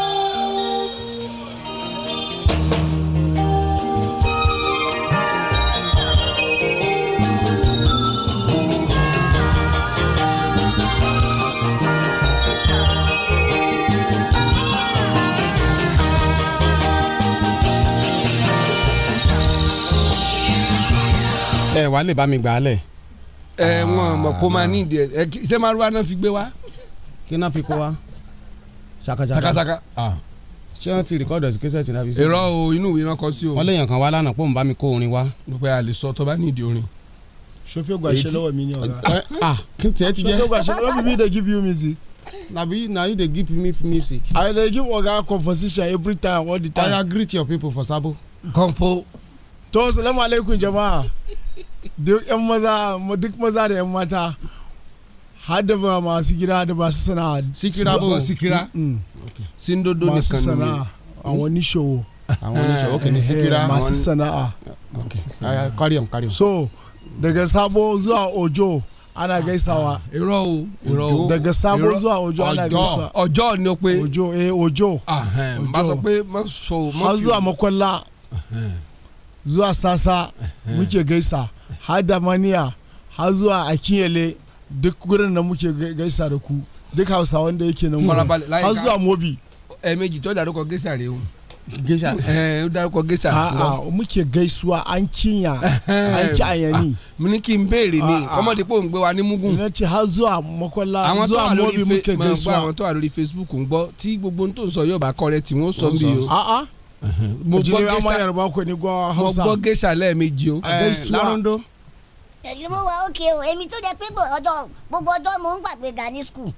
ẹ wàá lè bá mi gbà á lẹ̀. ẹ ah, wọn mọ kó máa ní ìdí ẹ ṣé márùwá náà fi gbé wa. kí náà fi kó wa ṣakaṣaka ṣakaṣaka ṣé wọn ti rìkọ́dọ̀ sí kẹsẹ̀ tí náà fi sí. èrò o inú ìwé náà kọ sí o. ọlẹ́yìn kan wá lánàá pọ̀ ń bá mi kó orin wá. mo pe àlè sọ tó bá ní ìdí orin. sofi ogba ṣe lọ́wọ́ mi ní ọ̀la. ah kí n tẹ́ ti jẹ́. sofi ogba ṣe lọ́wọ́ mi bí dey give you music. na be na you dey give me music. i dey give oga conversation every time all the time. i agree to your people for sabo. compo to salamu alaikum jama'a duk yan maza duk maza da yan mata har da ba masu gida da masu sana'a sikira ba sikira sun dodo ne masu sana'a a wani showo a wani showo ok ni sikira masu eh, sana'a ah, carry on so daga sabo zuwa ojo ana gaisawa ah, irọ́ o irọ́ o daga sabo zuwa ojo ana gaisawa ojo ni o pe ojo eh ojo ma sọ pé ma sọ ma zuwa makwalla zuwa sasa eh, eh. muke gaisa har da maniya har zuwa akinyele duk gurin da muke gaisa da ku duk hausa wanda yake nan har zuwa mobi ẹ̀ẹ̀mejì eh, tó dárúkọ gẹ́sà rèé o geisha ẹ o dárúkọ geisha. aa mo kì í gaisuwa an kiyan an kiyan ah, ni. mo ní kí n béèrè ni kọ́mọ̀dé pò ń gbé wa ní mugun. ìrìn ti ha zuwa mọ́kànlá zuwa mọ́bi mo gaisuwa. àwọn tó wà lórí facebook ń gbọ́ tí gbogbo ohun tó ń sọ yóò bá kọ́ rẹ tí wọ́n sọ o mo gbọ́ gẹ́sà ọmọ yorùbá kò ní gbọ́ hausa mo gbọ́ gẹ́sà lẹ́ẹ̀mejì o lárúndó. èyí mo wà ókè o èmi tó jẹ pé gbogbo ọjọ́ mo ń gbàgbé ga ní skul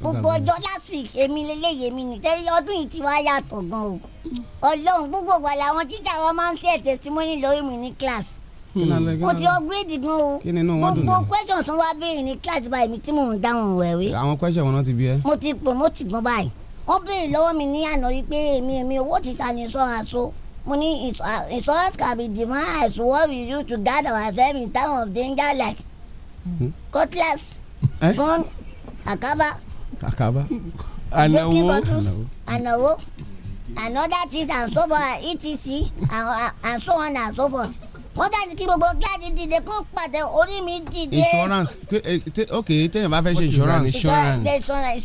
gbogbo ọjọ́ last èmi lélẹ́yìí èmi nìtẹ́ ọdún yìí ti wá yàtọ̀ gan o ọlọ́run gbogbo wa làwọn tíjà wa máa ń ṣe testimony lórí mi ní class mo ti upgrade gan o gbogbo question tó wá béèrè ní class báyìí mi tí mò ń dáhùn wẹ̀wé. àwọn question wọn náà ti bí ẹ. mo ti promote gan báyìí ó béèrè lọ́wọ́ mi ní àná wípé èmi èmi owó títa ní insurance o mo ní insurance can be demand as what we use to guard ourselves in time of danger like hmm? cutlass eh? gun akaba, breaking bottles ànáwó and other things and so forth etc and, and so on and so forth wọ́n jáde kí gbogbo gíláàdì dìde kó pàtẹ orí mi dìde. insurance eh, ok téèyàn bá fẹ́ ṣe insurance. insurance insurance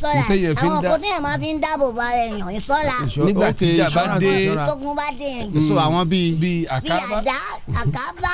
àwọn kò téèyàn máa fi ń dáàbò bá rẹ̀ yàn ìṣọ́ra. nígbà tí ìjà bá dé tókun bá dé yẹn. Mm. so àwọn bíi bíi àkàbà bíi àdá àkàbà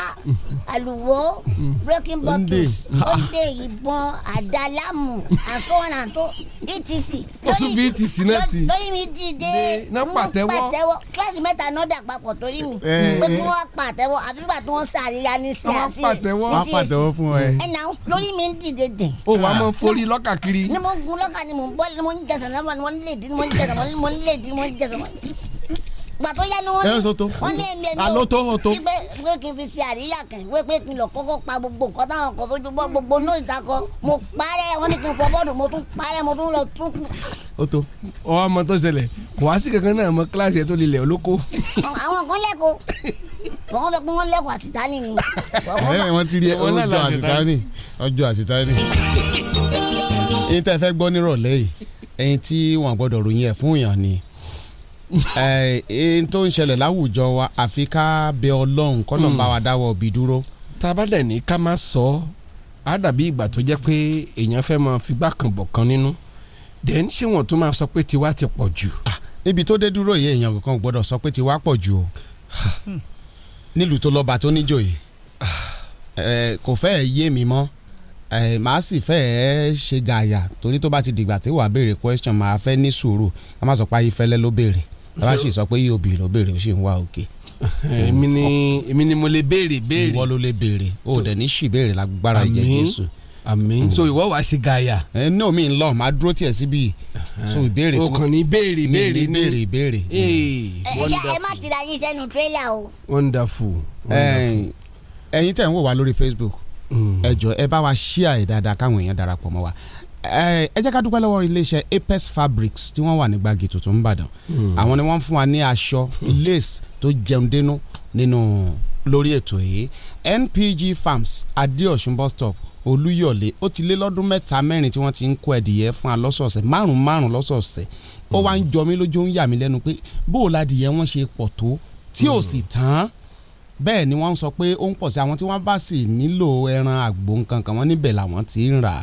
àlùwò mm. breaking bottles òǹdè ìbọn àdálámù àtọ́wọ́n àtọ́ etc. lórí etc náà ti lórí mi dìde mú pàtẹ́wọ́ kíláàsì mẹ́ta náà dà papọ̀ torí mi eh, pé kí eh. wọ́n pàtẹ́wọ́ àbí bàtú tí wọ́n sàríya ní sí àṣì. wọ́n pàtẹ́wọ́ wọ́n pàtẹ́wọ́ fún ẹ. ẹ náà lórí mi ń dìde dè. o wàá mọ forí lọ́kà kiri. ni mo gun lọ́kà ni mo ń bọ́ ni mo ń jẹsẹ̀ lọ́wọ́ ni mo ń lè dín ni mo ń jẹsẹ̀ lọ́wọ́ ni mo ń lè dín ni mo ń jẹsẹ̀ lọ́wọ́ gbàtó yá ni wọ́n ní wọ́n ní èmi èmi o pé pé kí n fi ṣe àríyá kan wé pé kí n lọ kọ́kọ́ pa gbogbo nǹkan táwọn kan sójú bọ́ gbogbo náà ìdákọ mo parẹ́ wọ́n ní kí n fọ bọ́ọ̀dù mo tún parẹ́ mo tún lọ tún o tó ọwọ́ ọmọ tó ṣẹlẹ̀ wàásì kankan náà mọ kíláàsì ẹ̀ tó lilẹ̀ olóko. àwọn kan lẹ́kọ̀ọ́ wọ́n fẹ́ pé wọ́n lẹ́kọ̀ọ́ àṣìtáni ni. ẹ wọ́n ti rí ọjọ́ àṣìtáni ọjọ́ àṣìtáni. yín tẹ́ fẹ́ gbọ́ nírọ̀lẹ́ yìí ẹ̀yin tí wọ́n gbọ́dọ̀ ròyìn ẹ̀ fún yàn ni ẹ tó ń ṣẹlẹ̀ láwùjọ wa àfi ká bẹ ọlọ́run kọ́nà bá wa dáwọ́ òbí dúró. tá a bá dẹ̀ ní ká má sọ ọ́ á dàbí ìgbà tó jẹ́ pé èèyàn fẹ́ máa fi gbàkànbọ̀ kan nínú dẹ́n ṣé wọ́n tún máa sọ pé tiwa ti pọ̀ jù. Ah, níbi tó dé dúró yìí èèyàn kan gbọ́dọ̀ sọ pé tiwa pọ̀ jù o nílùú tó lọ́ba tó níjòyè ah, kò fẹ́ẹ̀ yé mi mọ́ màá sì fẹ́ ṣe gàyà torí tó bá ti dìgbà tí wàá béèrè question màá fẹ́ ní sùúrù ká má sọ pé ayífẹ́lẹ́ ló béèrè bàbá sì sọ pé yóò bì ló béèrè ó sì ń wá òkè. èmi ni èmi ni mo lè béèrè béèrè. ìwọ ló lè béèrè o dẹ̀ ní sì béèrè lágbára ìjẹ Jésù. àmín so ìwọ wa sí gaya. ẹ ní omi ń lọ màá dúró tiẹ̀ síbi so ìbéèrè tó kàn ní béèrè béèrè ní béèrè béèrè. Hmm. ẹ má tira yín sẹ́nu tírélà o. wonderful. ẹ̀yin tẹ̀ ń wò wá lórí Facebook hmm. ẹ jọ ẹ bá wa ṣíà ẹ̀ dáadáa káwọn èèyàn darapọ̀ mọ́ wa ẹ jẹ́ ká dúpẹ́ lọ́wọ́ iléeṣẹ́ Apex Fabrics tí wọ́n wà ní gbági tuntun nìbàdàn hmm. àwọn ni wọ́n fún wa ní aṣọ hmm. lace tó jẹun dénú nínú lórí ètò yìí NPG Farms Adéọ̀sùn bus stop Olúyọ̀lé ó ti lé lọ́dún mẹ́ta mẹ́rin tí wọ́n ti ń kó ẹ̀dìyẹ fún wa lọ́sọ̀ọ̀sẹ̀ márùn-ún márùn-ún lọ́sọ̀ọ̀sẹ̀ ó hmm. wá ń jọ mí lójú ń yà mí lẹ́nu pé bóòlù adìyẹ wọn ṣe pọ̀ tó tí ò sì tán bẹ́ẹ̀ ni wọ́n sọ pé ó ń pọ̀ sí àwọn tí wọ́n bá sì nílò ẹran àgbò nǹkan kan wọ́n níbẹ̀ làwọn ti ń rà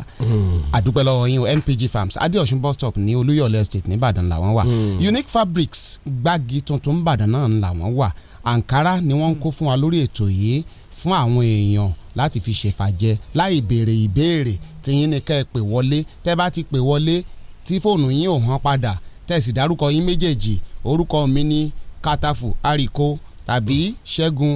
àdúpẹ́ hmm. lọ́wọ́ yín o NPG Farms Adéọ̀sùn bus stop ní Olúyọ̀lé estate nìbàdàn làwọn wà hmm. Unique Fabrics gbági tuntun nìbàdàn náà làwọn wà Ankara ni wọ́n ń kó fún wa lórí ètò yìí fún àwọn èèyàn láti fi ṣèfàjẹ láì béèrè ìbéèrè tìyín ni kẹ́ pè wọlé tẹ́ bá ti pè wọlé tí fóònù yín ò hàn padà tẹ̀sí dárúkọ yín méjèèjì orúkọ mi ní Katafu Ariko tàbí ṣẹ́gun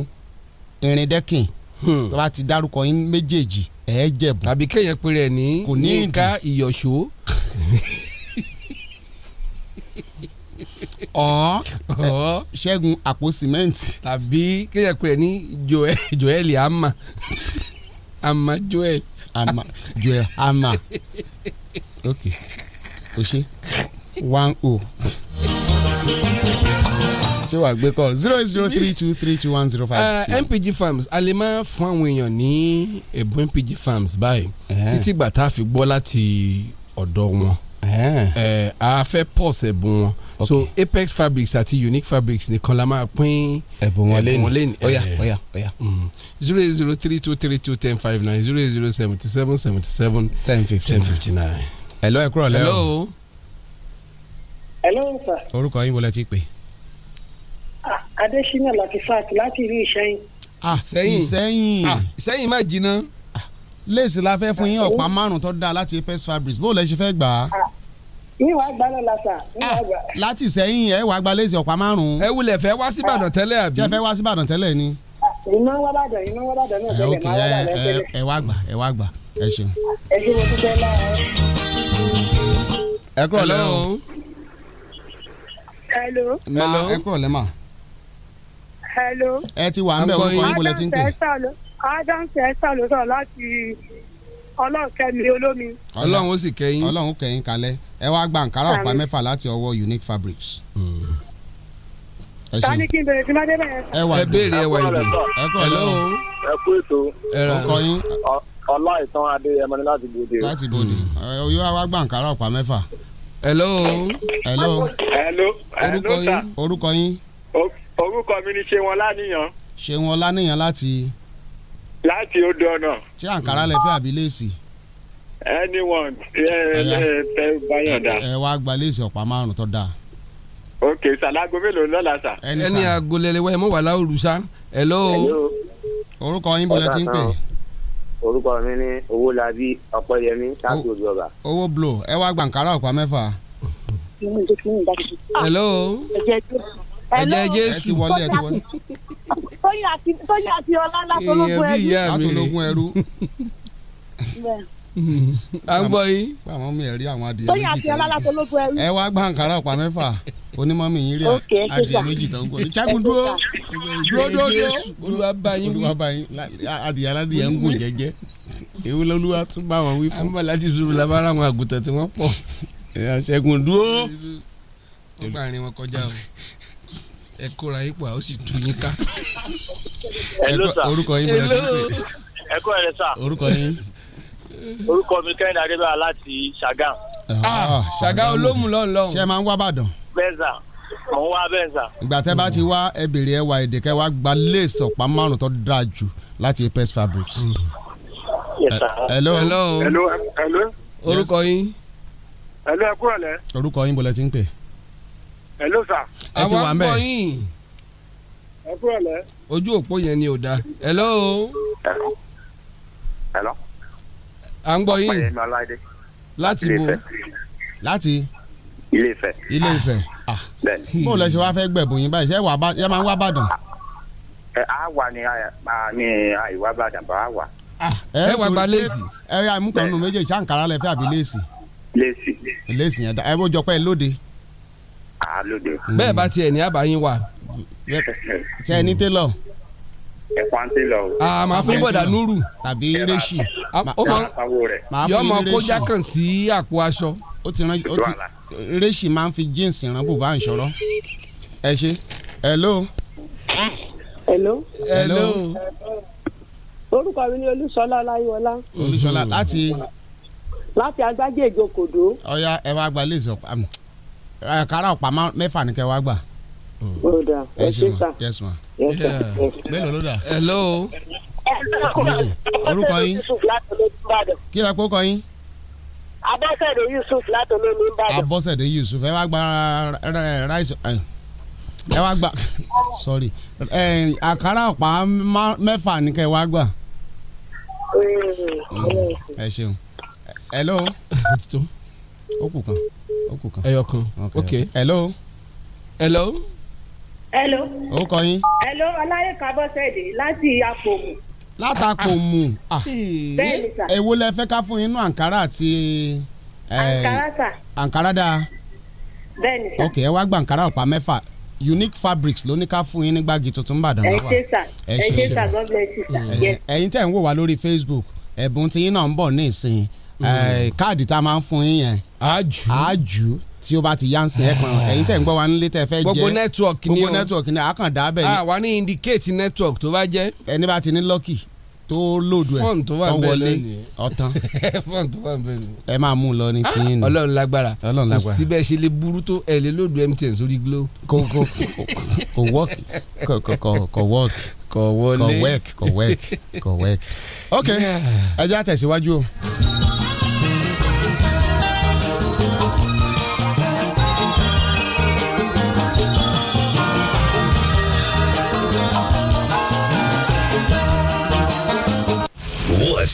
irindẹ́kìn hmm. tó bá ti dárúkọ yín méjèèjì ẹ̀ jẹ̀bù. tàbí kéèyàn pé rẹ̀ ní yínká ìyọ̀ṣó. ọ̀ ṣẹ́gun àpò sìmẹ́ǹtì. tàbí kéèyàn pé rẹ̀ ní joel ama ama joel. ama joel ama ok o ṣe one o ṣé wàá gbé call zero eight zero three two three two one zero five. Eh, MPG farms a lè máa fún àwọn èèyàn ní ẹ̀bùn MPG farms báyìí eh. títí gbà tá a fi gbọ́ láti ọ̀dọ̀ wọn eh. a fẹ́ pọ̀s ẹ̀bùn wọn so Apex Fabrics àti Unique Fabrics nìkan la máa pín ẹ̀bùn wọn lẹ́nu ọ̀yà ọ̀yà ọ̀yà zero eight zero three two three two ten five nine zero eight zero seventy seven seventy seven ten fifty nine ten fifty nine. hello ẹ lẹ́wọ̀n. hello. hello sir. orúkọ yín wọlé ti pè é adésínà latifat láti rí ìṣẹ́yìn. ìṣẹ́yìn ah, ìṣẹ́yìn hmm. ah, ìṣẹ́yìn má jìnnà. Ah, léèsì la fẹ́ fún yín ọ̀pá hmm. márùn tó dáa láti apes fabrics bó o lẹ ṣe fẹ́ gbà á. níwàá gbà lọ́la sà níwàá gbà. láti ìṣẹ́yìn ẹ wàá gba léèsì ọ̀pá márùn. ẹ wulẹ̀ fẹ́ wá síbàdàn tẹ́lẹ̀ àbí. jẹ́ fẹ́ wá síbàdàn tẹ́lẹ̀ ni. iná wá bàdàn iná wá bàdàn náà tẹ́lẹ̀ máa wá bàdàn tẹ́lẹ̀. ẹ wá gbà ẹ wá gbà ẹ ṣeun. ẹ ṣe mo ti fẹ́ láàárọ̀. ẹ kúrò lẹ́wọ̀n. hello. ẹ kúrò lẹ́wọ̀n hello. ẹ ti wà ń orúkọ yín bọlẹ tí ń pè. adam sẹ́sà ló sọ láti ọlọ́run olómi. ọlọ́run ó sì kẹ́yìn. ọlọ́run ó kẹ́yìn ẹ wá gba nkárà ọ̀pá mẹ́fà láti ọwọ́ unique fabrics. ẹ ṣe ẹ wà ìdè ẹ wà ìdè ẹ kọ́ ẹ lọ́wọ́. ẹ kú ètò ọkọ yín. ọlá adé ẹmọ láti bòde. láti bòde oyè wa wá gba nkárà ọ̀pá mẹ́fà. hello. hello. hello. orúkọ yín. orúkọ yín orúkọ mi ni ṣéwọn lánìyàn. ṣéwọn lánìyàn láti. láti odò ọ̀nà. ṣé àǹkárá lẹ fẹ́ àbí léèsì. anyone ẹ ẹ tẹ bayọ̀dà. ẹ wá gba léèsì ọ̀pá márùn-ún tó dáa. ok sàlágò mélòó lọ́la sà. ẹni agolẹ̀lẹ̀wẹ̀ mọ̀ wà láwùrúsá. hello. orúkọ yín bọ̀lẹ̀ tí ń pè orúkọ mi ní owólabí ọpẹyẹmí láti òdu ọba. owó blo ẹ wá gbàǹkárà ọ̀pá mẹ́fà. hello ẹ̀jẹ̀ jésù wọlé ẹ̀ ti wọlé. tóyìn àti ọlá látọlógún ẹrú. látọlógún ẹrú. a gbọ́ yín. àwọn mi ẹ̀rí àwọn adìyẹ méjì tán. tóyìn àti ọlá látọlógún ẹrú. ẹ wá gbà nkàrà ọ̀pá mẹ́fà onímọ̀ mi yín rí adìyẹ méjì tán gbọ́. ìṣẹ́gun dúró dúró dúró dúró. olúwa bá yín olúwa bá yín adìyẹ aládìyẹ ń gùn jẹ́jẹ́ ewu lolúwa tún bá wọn wí fún. àmọ́ láti zuru labára àwọn àgùntàn tí wọ́n pọ̀. ìṣẹ́gun dúró. ó gbà wọn kọjá o ẹ kóra yín pọ̀ àwọn sì tú yín ká. orúkọ yín bẹ̀rẹ̀ pé. ẹ kọ́ ẹ̀rẹ́ sà. orúkọ yín. orúkọ mi kẹ́hìn adébáyà láti ṣàgàm. Ah, ah, ṣàgàm olómù lọ́nlọ́hùn. ṣé máa ń wá bàdàn. bẹ́ẹ̀sà mò ń wá bẹ́ẹ̀sà. ìgbà tẹ́ bá ti wá ẹ bèrè ẹwà èdè kẹ́ wá gba léèsì ọ̀pá márùn-ún tó dáa jù láti apes fabrics. Mm. Yes, sir. hello. hello. hello. hello. orúkọ yín. hello ẹ kúrọ̀lẹ́. orúkọ yín bọ̀lẹ́ ti ń pè é hello sir. ẹ ti wà ń bẹ̀. àwọn akọyin. ẹ kúrò lẹ. ojú òpó yẹn ni ò da. hello. hello. à ń gbọ́ yín. ọ̀pọ̀ yẹn ni ọláìdé. láti bo láti. ilé Ifẹ̀. ilé Ifẹ̀. Ah. Ah. bó o lọ ṣe wá fẹ́ gbẹ̀bùn yín báyìí ṣé ẹ máa ń wá bàdàn. ẹ á wà ní àìwá bàdàn bá wà. Ah. ẹ wà gba léèsì. ẹ yà mú kan nù méjèèjì ṣàǹkárá lẹ fẹ́ àbí léèsì. léèsì. léèsì yẹn ẹ bó jọ pé lóde. àlóde. bẹ́ẹ̀ bá tiẹ̀ ní àbáyín wà ṣe ní télọ̀. ẹ̀pọ̀n télọ̀ o. a máa fún bọ̀dà núrù. tàbí rẹ́ṣì. ó máa yọ ọmọ kó jákàn sí àpò aṣọ. ó ti rán ó ti rẹ́ṣì máa ń fi jíǹsì rán bùbá ìṣòro. ẹ ṣe hello. hello. hello. orúkọ mi ni olúṣọlá ọláyíwọlá. olúṣọlá láti. láti agbájé ìjókòó. ọ̀ya ẹ wá gba léèzọ̀ àmì kárà ọ̀pá mẹ́fà ni kẹ́ wá gbà. ẹ ṣe ma yes ma. mélòó ló dà. hello. orúkọ yín. kí ló kó kọ yín. abọ́sẹ̀dé yusuf látọlómi ń bàdàn. abọ́sẹ̀dé yusuf ẹ wá gba ráìsì ẹ wá gba sorry àkàrà ọ̀pá mẹ́fà ni kẹ́ wá gbà. ẹ ṣeun hello. ó kù kan ó kù kan. ẹyọ kan ok hello. hello. hello. ó kọ yín. hello ọláyẹ̀ká bọ́sẹ̀dé láti àpòmù. látàpòmù ah. ah. bẹ́ẹ̀ni sà. èwo lẹ fẹ́ ká fún inú àǹkárá àti. àǹkárá eh, sà. àǹkárá dáa. bẹ́ẹ̀ni sà. ok ẹ wá gba àǹkárá ọ̀pá mẹ́fà unique fabrics ló ní ká fún yín ní gbági tuntun Ìbàdàn lọ́wọ́ ẹ ṣé sà ẹ ṣé sà god bless you sà. Eh, ẹ̀yin tẹ̀ ń wò wá lórí Facebook ẹ̀bùn tiyín náà ń bọ̀ ní ìsìn Eh, káàdì tá a máa ń fún yín yẹn àájú tí ó bá ti yánsìn ẹ̀ kan ẹ̀yin tẹ̀ ń gbọ́ wa nílé tẹ̀ fẹ́ jẹ́ gbogbo network ni o gbogbo network ni a kàn dá bẹ́ẹ̀ ni. àwa ní indicate network tó bá jẹ́. ẹni bá ti ní lucky tó lòdù ẹ̀ tó wọlé ọ̀tán ẹ máa mú un lọ ní ah, tiyín ni. ọlọ́run lágbára ọlọ́run lágbára kò síbẹ̀ ṣe lè burú tó ẹ lè lòdù mtn sórí glo. kò kò kò work kò kò kò work kò wọlé kò work kò work kò work ok ẹ jẹ́ àtẹ̀síwájú o.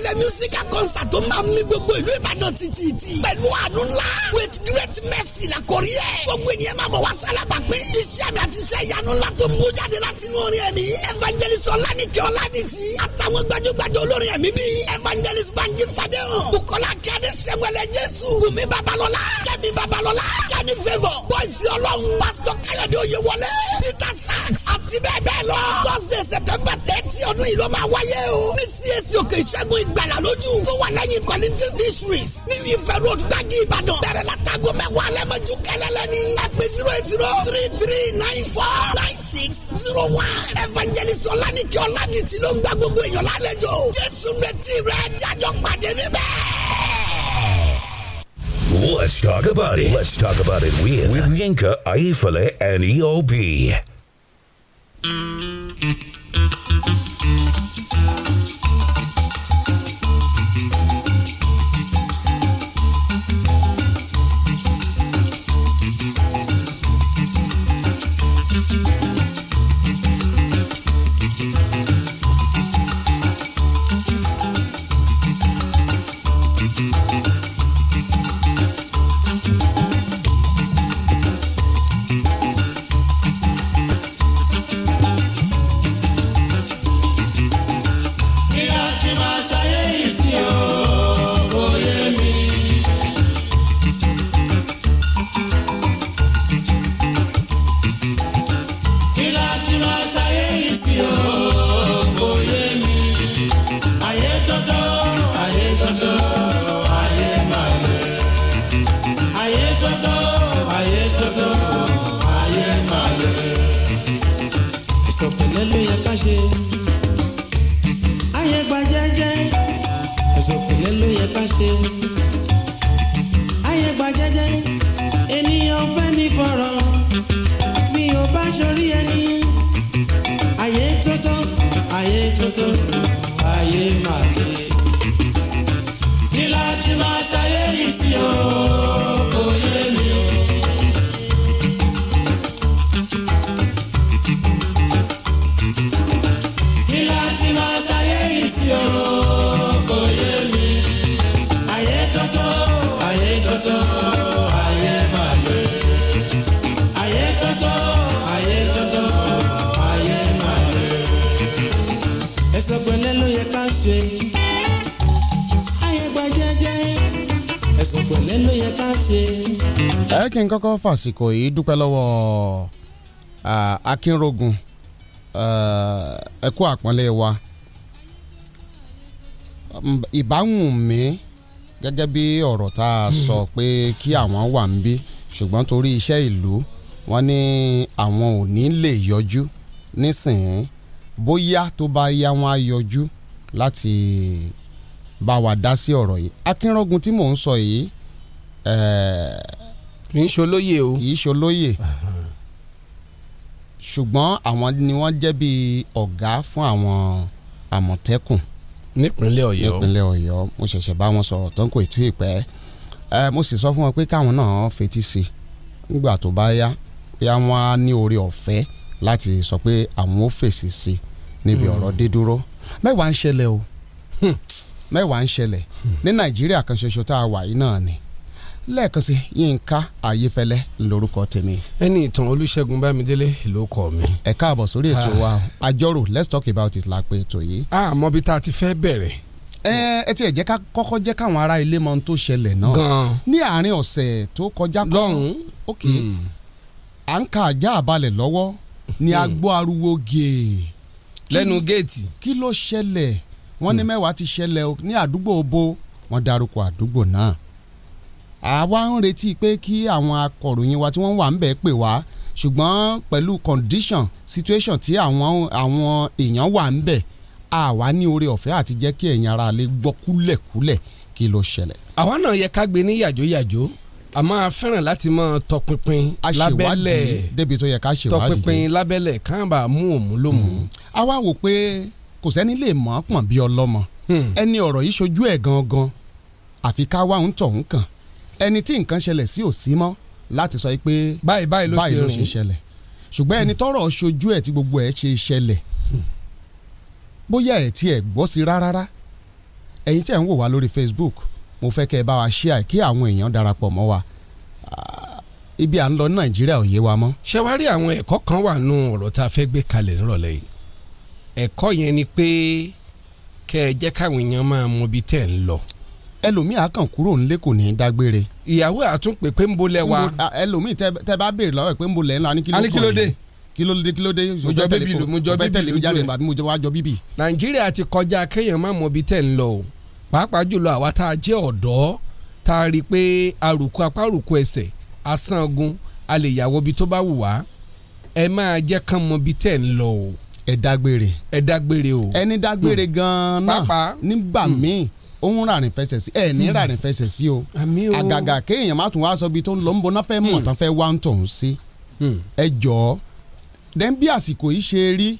alẹ́ musical concert tó máa mì gbogbo ìlú ìbàdàn títì pẹ̀lú àánú ńlá with great mercy la kọrí ẹ̀. gbogbo ènìyàn máa bọ̀ wá sálábà pé iṣẹ́ mi àti iṣẹ́ ìyanu ńlá tó ń bú jáde láti inú orin ẹ̀mí evangelist ọ̀lànìkẹ́ ọ̀lànìtì àtàwọn gbajúgbajù olórin ẹ̀mí bíi evangelist banji fadéhàn bukola kíade sẹ́wẹ̀lẹ̀ jésù wùmí babalọ́lá kẹ́mi babalọ́lá kẹ́ni favour bọ́ìsì ọlọ́run pásítọ̀ káyọ̀dé oyèwọlé peter sachs àti bẹ́ẹ̀ bẹ́ẹ̀ lọ thursday september thirty ọdún yìí ló máa wáyé o ní csc òkè ìṣẹ́gun lójú tó wà lẹ́yìn ní Ifẹ̀ road gbági Ìbàdàn bẹ̀rẹ̀ la mẹ́wàá lẹ́mọ̀jú zero zero three three nine four nine six zero one evangelist ló ń gba gbogbo èèyàn lálejò Jésù retí rẹ̀ jájọ́ pàdé níbẹ̀. Let's talk about it. Let's talk about it with, with Yinka, Aifale, and EOB. Mm-hmm. ẹ kí n kọ́kọ́ fàsìkò yìí dúpẹ́ lọ́wọ́ Akínrógun ẹ kú àpọ́nlé wa ìbáwùn mi gẹ́gẹ́ bí ọ̀rọ̀ tá a sọ hmm. pé kí àwọn wà ń bí ṣùgbọ́n torí iṣẹ́ ìlú wọ́n ní àwọn ò ní lè yọjú nísìnyí bóyá tó bá yá wọn á yọjú láti bá wa dá sí ọ̀rọ̀ yìí Akínrógun tí mò ń sọ yìí ẹ̀ẹ́ kì í ṣolóyè o kì í ṣolóyè ṣùgbọ́n àwọn ni wọ́n jẹ́ bí ọ̀gá fún àwọn àmọ̀tẹ́kùn nípínlẹ̀ ọ̀yọ́ nípínlẹ̀ ọ̀yọ́ mo ṣẹ̀ṣẹ̀ bá wọn sọ̀rọ̀ tán kò tí ì pẹ́ ẹ mo sì sọ fún wọn pé káwọn náà fetí sí nígbà tó bá yá yá wọn á ní oore ọ̀fẹ́ láti sọ pé àwọn ò fèsì sí níbi hmm. ọ̀rọ̀ dídúró mẹ́wàá ń ṣẹlẹ̀ o hmm. mẹ́wàá ń ṣẹlẹ̀ ní nàìjíríà kan ṣoṣo tá a wà yìí náà ni lẹ́ẹ̀kan sí yínká ayéfẹ́lẹ́ lórúkọ tèmi. ẹni ìtàn olúṣẹ́gun bámidélé ló kọ mi. ẹ káàbọ̀ sórí ètò ah. wa àjọrò let's talk about it la pé ètò yìí. a mọ bí tá a ti fẹ́ bẹ̀rẹ̀. ẹ ẹ tiẹ̀ jẹ́ ká kọ́kọ́ jẹ́ káwọn ará ilé mọ ohun tó ṣẹlẹ̀ náà. gan-an ní àárín ọ̀sẹ̀ tó kọjá kọ́ lọ́hùn-ún ok hmm. à ń ka àjá àbalẹ̀ lọ́wọ́ ni hmm. a gbọ́ ariwo gèè. lẹ́nu géètì. kí ló ṣẹlẹ̀ wọ́n ní hmm. mẹ́wàá ti ṣẹlẹ̀ ní àdúgbò bo wọ́n darúkọ àdúgbò náà àwa ń retí pé kí àwọn akọ̀ròyìn wa tí wọ́n wà ń bẹ̀ pè wá ṣùgbọ́n pẹ̀lú condition situation tí àwọn àwọn èèyàn wà ń bẹ̀ àwa ní oore ọ̀fẹ́ àti jẹ́ kí ẹ̀yin ara lè gbọ́ kúlẹ̀kúlẹ̀ kí ló ṣẹlẹ̀. àwa náà yẹ ká gbé ní yàjóyàjó a máa fẹ́ràn láti máa tọpinpin lábẹ́lẹ̀ débi tó yẹ ká ṣèwádìí tọpinpin lábẹ́lẹ̀ káàbà mú òmù ló mú. Hmm. àwa wò pé kò sẹ́ni lè mọ̀ ọ́n pọ̀n bí ọlọ́mọ hmm. ẹni ọ̀rọ̀ yìí ṣojú ẹ̀ gangan àfi ká wá ń tọ̀hún kàn ẹni tí nǹkan ṣẹlẹ̀ sí ò sí mọ́ láti sọ pé báyìí báyìí ló ṣe ṣẹlẹ̀ ṣùgbọ́n ẹni tọ́rọ̀ ṣojú ẹ̀ tí gbogbo ẹ̀ ṣe ṣẹlẹ̀ hmm. bóyá ẹ̀ tiẹ̀ gbọ́ sí rárá ẹ̀yin tí ẹ̀ ń wò wá lórí Facebook mo fẹ́ kẹ́ ẹ bá wa share kí àwọn èèyàn darapọ̀ mọ́ wa ah, ibi à ń lọ Nàìjíríà ò yé wa mọ́. ṣé wàá rí àwọn ẹ̀kọ́ kan wà nù ọ̀rọ̀ tá a fẹ́ gbé kalẹ̀ nírọ̀lẹ́ yìí ẹ̀kọ́ yẹn ni pé kẹ́ ẹ jẹ́ káwọn èèyàn máa mọ ibi tẹ́ ẹ ń lọ ẹlòmíì àkàn kúrò nílé kò ní í dágbére. ìyàwó àtúnpè pé ń bolẹ̀ wa. ẹlòmíì tẹ bá béèrè lọ́wọ́ pé ń bolẹ̀ ńlá ní kílódé kílódé kílódé mojọ bíbí mojọ bíbí tẹlẹ mi jáde àbí mojọ wájọ bíbí. nàìjíríà ti kọjá kéèyàn má mọ ibi tẹ̀ ń lọ o pàápàá jùlọ àwa tá a jẹ́ ọ̀dọ́ tá a rí i pé arùkù apá arùkù ẹsẹ̀ asangun a lè yàwó ibi tó bá wù wá ẹ máa jẹ́ kán mọ ibi tẹ̀ ń lọ o. ẹ dágbére. ẹ dágbére o. ẹni dágbére hmm. gan-an náà nígbà hmm. míì òun ràrìn fẹsẹ̀ sí ẹ̀ ní hmm. ràrìn fẹsẹ̀ sí o àgàgà kéèyàn má tún wá sọ ibi tó ń lọ ń bọ náà fẹ́ mọ̀ hmm. tán fẹ́ wá ń tọ̀hún sí hmm. ẹ jọ̀ọ́ dẹ́n bí àsìkò yìí ṣe rí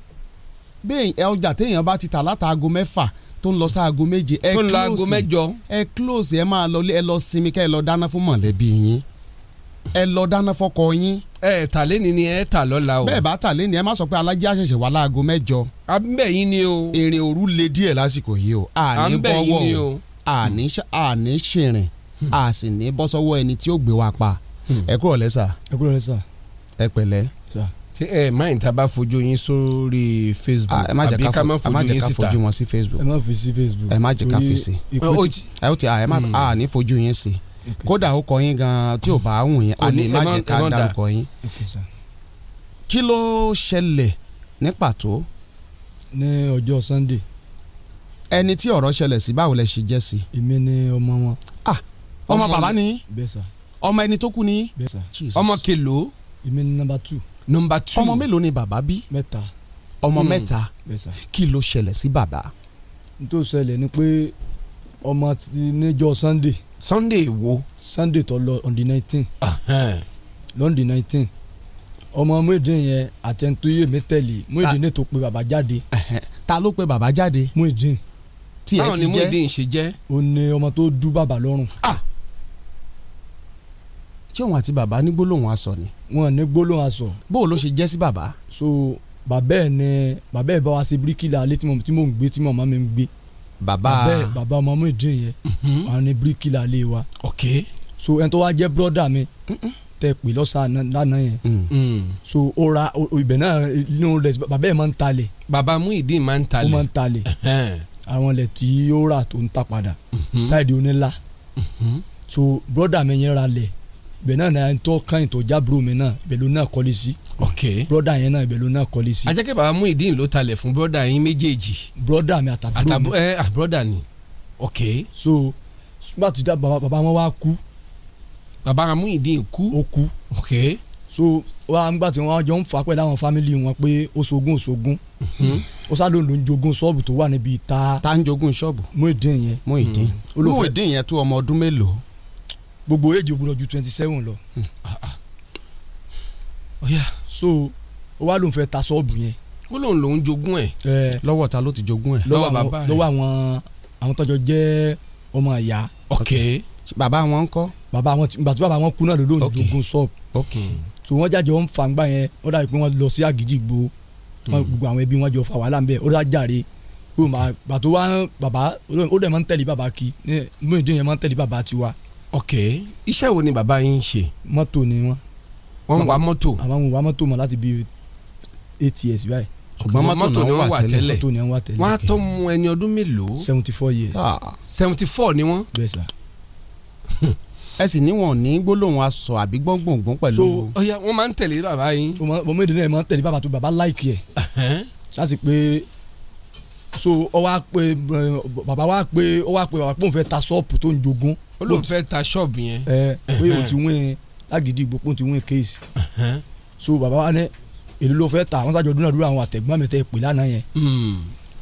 bẹ́ẹ̀ ọjà téèyàn bá ti tà látàago mẹ́fà tó ń lọ sáago méje ẹ close e. ẹ close e, ẹ máa lọ ẹ lọ sinmi ká ẹ lọ dáná fún mọ̀lẹ́bí yín ẹ lọ dáná fọkọ yín ẹ tà lẹ́ni ni ẹ tà lọ́la o. bẹ́ẹ̀ bá tà lẹ́ni ẹ má sọ pé alájẹ́ àṣẹ̀ṣẹ̀ wà láago mẹ́jọ. à ń bẹ̀ yín ni o. ìrìn òru le díẹ̀ lásìkò yìí o. à ń bẹ̀ yín ni o. ṣìrìn hmm. a sì ní bọ́ sọ́wọ́ ẹni tí ó gbé wa pa. Hmm. ẹ kúrò lẹ́sà. ẹ kúrò lẹ́sà. ẹ pẹ̀lẹ́. ṣé ẹ máa ń ta bá fojú yín sórí facebook àbí ká má fojú yín ká fojú wọn sí facebook. ẹ má fi sí facebook. ẹ má jẹ́ ká fi sí. ẹ ó ti à hmm. ní fojú yín sí kódà ó kọ yín gan tí ò bá wùn yín a lè má jẹ́ ká dárúkọ yín kí ló ṣẹlẹ̀ ní pàtó. ní ọjọ́ sunday. ẹni tí ọ̀rọ̀ ṣẹlẹ̀ sí báwo lẹ ṣe jẹ́ sí. èmi ni ọmọ wọn. ah ọmọ bàbá ni. bẹ́ẹ̀ sà. ọmọ ẹni tó kú ni. bẹ́ẹ̀ ọmọ kelo. èmi ni number two. number two. ọmọ mélòó ni bàbá bí. mẹ́ta. ọmọ hmm. mẹ́ta. bẹ́ẹ̀ sà. kí ló ṣẹlẹ̀ sí bàbá. n tó ṣẹlẹ̀ ni pé ọmọ ti níjọ sunday. sunday wo. sunday tó lọ on the nineteen. lọ́n the nineteen ọmọ Muyideen yẹn àtẹnutúyè mi tẹ̀lé Muyideen ah. ní tó pe bàbá jáde. ta ló pe bàbá jáde. Muyideen. tí ẹ ti jẹ́ báwo ni Muyideen ṣe jẹ́. o ní ọmọ tó dú bàbá lọ́rùn. Ah. ṣé òun àti bàbá ní gbólóhùn aṣọ ni. wọn ní gbólóhùn aṣọ. bó o ló ṣe jẹ́ sí bàbá. so bàbá ẹ̀ ni bàbá ẹ̀ bá wa ṣe bíríkìlà alẹ́ tí mo ń gbé tí màmá mi ń gbé. Baba, Baba, ọmọ mi dín yẹn wọn mhm. ni bíríkìlà lé wa ok so ẹni tó wá jẹ́ brọ́dà mi tẹ pè lọ́sàn-án lánàá yẹn mm. Mm. so ó ra ibẹ̀ náà inú rẹ̀ bàbá ẹ̀ máa ń talẹ̀ bàbá Muideen máa ń talẹ̀ ó máa ń talẹ̀ àwọn ilẹ̀ tí ó rà tó ń ta padà mhm. ṣáìdì onílà mhm. so brọ́dà mi yẹn ra lẹ̀ bẹ́ẹ̀ náà náà tó kàn tó jábúrò mi náà ibẹ̀ náà kọ́lé sí. ok broda yẹn náà ibẹ̀ náà kọ́lé sí. ajẹ́kẹ́ bàbá Muyideen ló talẹ̀ fún broda yín méjèèjì. broda mi àtàbúrò mi ẹ broda ni ok. so nígbà tó dá bàbá bàbá wọn wá kú. bàbá Muyideen kú. ó kú ok. so wa nígbà tí wọn jọ ń fà pẹ́ láwọn fámìlì wọn pé ó sogún sogún mhm. ó sá ló ń jogún ṣọ́ọ̀bù tó wà níbi ta. ta ń jogún ṣọ́ọ̀bù. Muyideen yẹn gbogbo èjì ògbúdọ̀ ju twenty seven lọ. Hmm. Ah, ah. Oh, so ó wá lóun fẹ́ ta sọ́ọ̀bù yẹn. ó lóun lòún jogún ẹ̀. lọ́wọ́ ta ló ti jogún ẹ̀. lọ́wọ́ bàbá rẹ̀ lọ́wọ́ àwọn àwọn tọ́jọ́ jẹ́ ọmọ ìyá. ok bàbá wọn ń kọ́. bàbá wọn ìgbà tí bàbá wọn kú náà ló lóun jogún sọ́ọ̀bù. ok so wọ́n jáde wọn fà ń gbà yẹn wọ́n dàbí pé wọ́n lọ sí àgídìgbò hmm. gbogbo àwọn ẹbí wọn jọ fà wàhálà ń bẹ̀ ó dá jàre gbogbo bàtó wa bàbá ó dẹ̀ máa ń tẹ̀lé bàbá kí ok iṣẹ́ wo ni bàbá yín ń ṣe. mọ́tò ni wọ́n. wọ́n ń wa mọ́tò. àwọn ń wa mọ́tò mọ́ láti bíi eight years báyìí. ṣùgbọ́n mọ́tò ni wọ́n wà tẹ́lẹ̀ mọ́tò ni wọ́n wà tẹ́lẹ̀. wọ́n á tó mu ẹni ọdún mélòó. seventy four years. Ah, seventy four ni wọ́n. bẹ́ẹ̀ sà. ẹ sì ní wọn ní gbólóhùn aṣọ àbí gbọ́ngbọ̀ngbọ̀n pẹ̀lú. so ọya wọn máa ń tẹ̀lé bàbá yín. mo mọ̀ ìdílé máa ń tẹ̀lé bàbá tó bàbá láìkì ẹ̀. sásì pé so ọ wá pé bàbá wá pé ọ wá pé bàbá pé òun fẹ́ ta ṣọ́ọ̀pù tó ń jogún ó lóun fẹ́ ta ṣọ́ọ̀bù yẹn. ẹ pé o ti wín Lágídígbò pé o ti wín kéèsì so bàbá wa ní èlò ló fẹ́ ta àwọn sájọ dúnàdúrà àwọn àtẹ̀gbọ́n mẹ́tẹ́ pè lánàá yẹn hmm.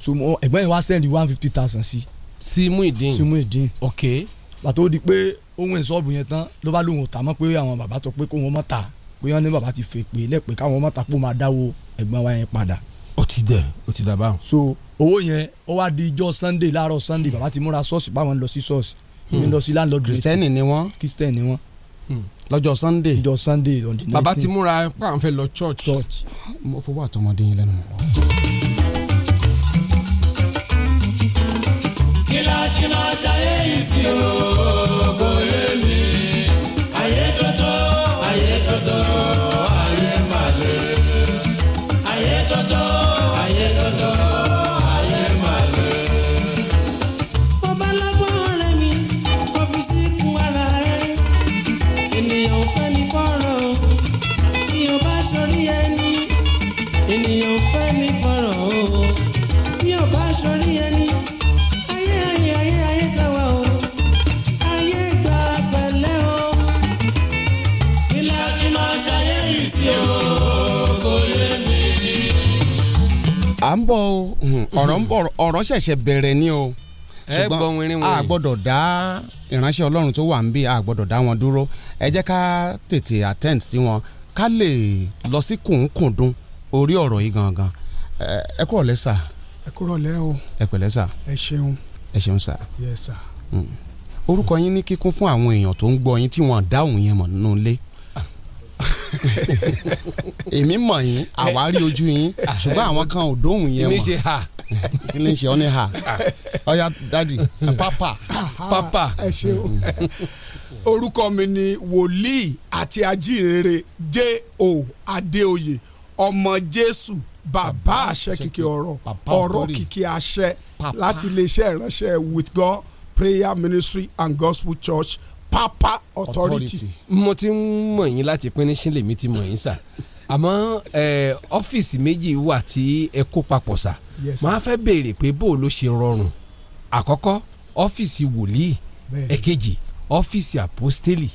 so ẹ̀gbọ́n yẹn wá sẹ́ndì one fifty thousand sí. sí Muyideen sí Muyideen ok. pàtó di pé ohun ìṣọ́ọ̀bù yẹn tán ló bá lóun ò ta mọ́ pé àwọn bàbá tó pé kó wọn mọ́ ta pé wọn ní bàbá ti fè pé lẹ́pẹ́ káwọn mọ́ ta pé ó máa dáwọ́ ẹ̀gbọ́n wa yẹn padà. ó ti dẹ̀ ó ti dà báwọn. so owó yẹn ó wá di ijọ́ Sunday láàárọ̀ Sunday bàbá ti múra ṣọ́ọ̀ṣì báwọn lọ sí ṣọ́ọ̀ṣì Hmm. èmi lọ sí landlord greeting kristẹni ni wọn kristẹni ni wọn hmm. lọ́jọ́ sunday lọ́jọ́ sunday on the nineteen baba ti múra pa n fẹ́ lọ church church mo fọwọ́ àtọmọdé yín lẹ́nu. kí la ti máa ṣayé yìí sí o. ènìyàn fẹ́ mi fọ̀rọ̀ o bí ò bá sọrí ẹni ayé ayé ayé ayé tá wà o ayé gba pẹ̀lẹ́ o. kí la ti máa ṣayé yìí sí o kò yé mi. à ń bọ̀ o hmm, ọ̀rọ̀ ṣẹ̀ṣẹ̀ bẹ̀rẹ̀ ni o ṣùgbọ́n a gbọ́dọ̀ dá ìránṣẹ́ ọlọ́run tó wà ń bí a gbọ́dọ̀ dá wọn dúró ẹ jẹ́ ká tètè attend sí wọn ká lè lọ sí kùnkùndún. Si orí ọ̀rọ̀ yìí gangan ẹ kúrọ̀ lẹ́ sà. ẹ kúrọ̀ lẹ́ o. ẹ pẹ̀lẹ́ sà. ẹ ṣeun. ẹ ṣeun sà. yẹ sà. Mm. orúkọ yín ní kíkún fún àwọn èèyàn tó ń gbọ́ yín tí wọ́n dáhùn yẹn mọ̀ nínú ilé èmi mọ̀ yín àwárí ojú yín ṣùgbọ́n àwọn kan ò dóhùn yẹn wọn kí ni ṣe ọ́ ní ha ọ̀ya dadi pápá. pápá ẹ ṣe o orúkọ mi ni wòlíì àti ajíhìnrere J.O. Adéoyè ọmọ jésù bàbá àṣẹ kìkì ọ̀rọ̀ ọ̀rọ̀ kìkì àṣẹ láti iléeṣẹ́ ìránṣẹ́ with God prayer ministry and gospel church papa authority. mo ti ń mọ̀ yín láti pín ní sílẹ̀ mi ti mọ̀ yín sà àmọ́ ọ́fíìsì méjì wà tí ẹ kó papọ̀ sà máa fẹ́ béèrè pé bó ló ṣe rọrùn àkọ́kọ́ ọ́fíìsì wòlíì ẹ̀kejì ọ́fíìsì àpọ́stélì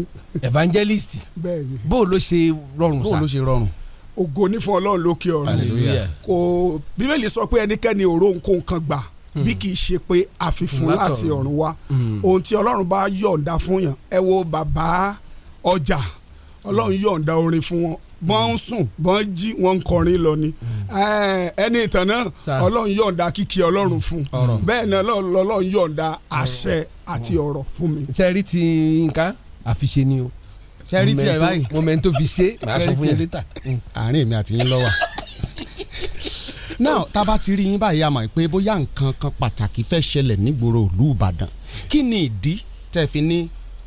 evangelist bó ló ṣe rọrùn sà ògo nífọ̀ ọlọ́run lókè ọ̀run kò bíbélì sọ pé ẹnikẹ́ni òró nǹkan kan gbà hmm. bí kì í ṣe pé àfìfún hmm. láti ọ̀run wá hmm. ohun tí ọlọ́run bá yọ̀ǹda fún yàn ẹ wo bàbá ọjà ọlọ́run yọ̀ǹda orin fún wọn bọ́n ń sùn bọ́n ń jí wọ́n ń kọrin lọ ni ẹni ìtàn náà ọlọ́run yọ̀ǹda kíkì ọlọ́run fún bẹ́ẹ̀ náà lọ́lọ́run yọ̀ǹda àṣẹ àti ọ̀rọ̀ fún mi. sẹ́ẹ̀rì ti nǹkan àfiṣe ni o sẹ́rí tiẹ̀ báyìí mọ̀mẹ́ntò fi ṣe màá sọ fún yín lẹ́tà. Mm. àárín èmi àti yín ló wà. now tá a bá ti rí yín báyìí a mọ̀ pé bóyá nǹkan kan pàtàkì fẹ́ ṣẹlẹ̀ nígboro ìlú Ìbàdàn kí ni ìdí tẹ̀ fi ní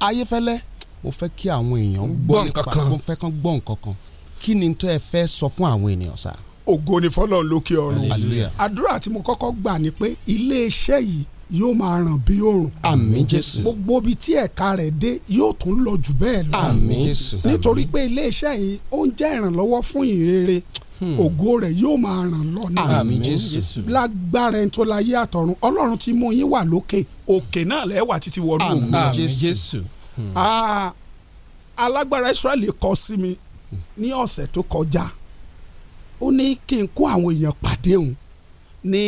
Ayéfẹ́lẹ́ mo fẹ́ kí àwọn èèyàn gbọ́ nǹkan mo fẹ́ kán gbọ́ nǹkan kan kí ni tó ẹ fẹ́ sọ fún àwọn ènìyàn sá. ògo ni fọlọ́run lókè ọ̀run àdúrà tí mo kọ́kọ́ gbà ni pé iléeṣẹ́ yìí yóò máa ràn bí òrùn. àmín jésù. gbogbo ibi tí ẹ̀ka rẹ̀ dé yóò tún lọ jù bẹ́ẹ̀ lọ. àmín jésù. nítorí pé iléeṣẹ́ yìí ó ń jẹ́ ìrànlọ́wọ́ fún ìrere hmm. ògo rẹ̀ yóò máa ràn lọ ní. àmín jésù. lágbára ẹni tó la yé àtọ̀run ọlọ́run ti mú yín wà lókè. òkè náà lẹ́wà títí wọnú òkú. àmín jésù. Hmm. alágbára israẹli kọ sí mi ní ọ̀sẹ̀ tó kọjá ó ní kí n kó àwọn èèyàn pàdé òun ní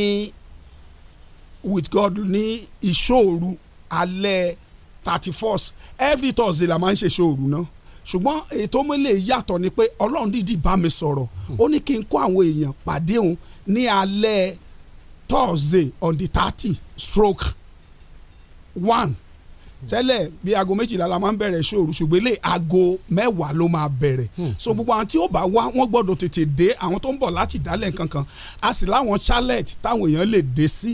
with God ní ìṣòru alẹ́ thirty first every Thursday la máa ń ṣe ìṣòru náà ṣùgbọ́n ètò mọ́lẹ̀ yàtọ̀ ni pé Ọlọ́run dídì bá mi sọ̀rọ̀ hmm. ó ní kí n kó àwọn èèyàn pàdé òun ní alẹ́ Thursday on the thirty stroke one hmm. tẹ́lẹ̀ bí aago méjìlá la máa ń bẹ̀rẹ̀ ṣòru ṣùgbọ́n ilé aago mẹ́wàá ló máa bẹ̀rẹ̀ hmm. so gbogbo àwọn tí ó bá wá wọ́n gbọ́dọ̀ tètè dé àwọn tó ń bọ̀ láti dálẹ̀ kankan a sì láwọn chalet táwọn èèyàn lè dé sí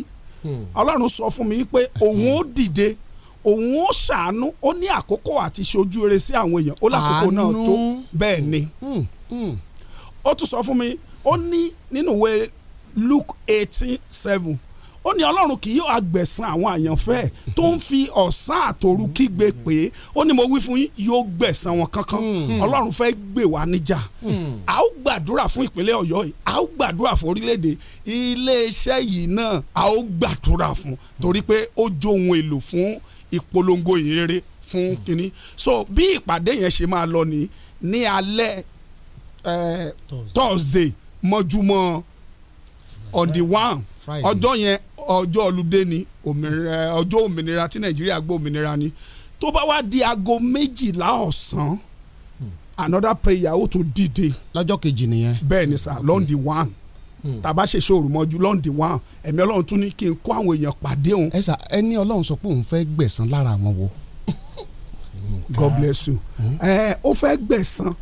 ọlọ́run sọ fún mi pé òun ó dìde òun ó ṣàánú ó ní àkókò àti ṣojú rere sí àwọn èèyàn ó lákòókò náà tó bẹ́ẹ̀ ni hmm, hmm. ó tún sọ fún mi ó ní nínú ìwé Luke eighteen seven ó ní ọlọ́run kì yóò agbẹ̀san àwọn àyànfẹ́ tó ń fi ọ̀sán àtòru kígbe pé ó ní mo wí fún yín yóò gbẹ̀san wọn kankan hmm. ọlọ́run fẹ́ gbè wá níjà hmm. a ó gbàdúrà fún ìpínlẹ̀ ọ̀yọ́ yìí a ó gbàdúrà fún orílẹ̀-èdè iléeṣẹ́ yìí náà a ó gbàdúrà fún torí pé ó jó ohun èlò fún ìpolongo ìrere fún kínní so bí ìpàdé yẹn ṣe máa lọ ní ní alẹ́ eh, tọ́sídẹ̀ẹ́ mọ́júmọ́ on the one ọjọ́ yẹn ọjọ́ olùdé ni ọjọ́ òmìnira tí nàìjíríà gbọ́ òmìnira ni tó bá wá di aago méjìlá ọ̀sán hmm. another prayer ó tún dìde. lọ́jọ́ kejì nìyẹn. bẹ́ẹ̀ ni sà lọ́ndì one hmm. tàbá ṣe ṣòro mọ́jú lọ́ndì one ẹ̀mí ọlọ́run tún ní kí n kó àwọn èèyàn pàdé òun. ẹ sà ẹni ọlọ́run sọ pé òun fẹ́ gbẹ̀san lára àwọn wo. God bless you. Hmm. ẹ ó fẹ́ gbẹ̀san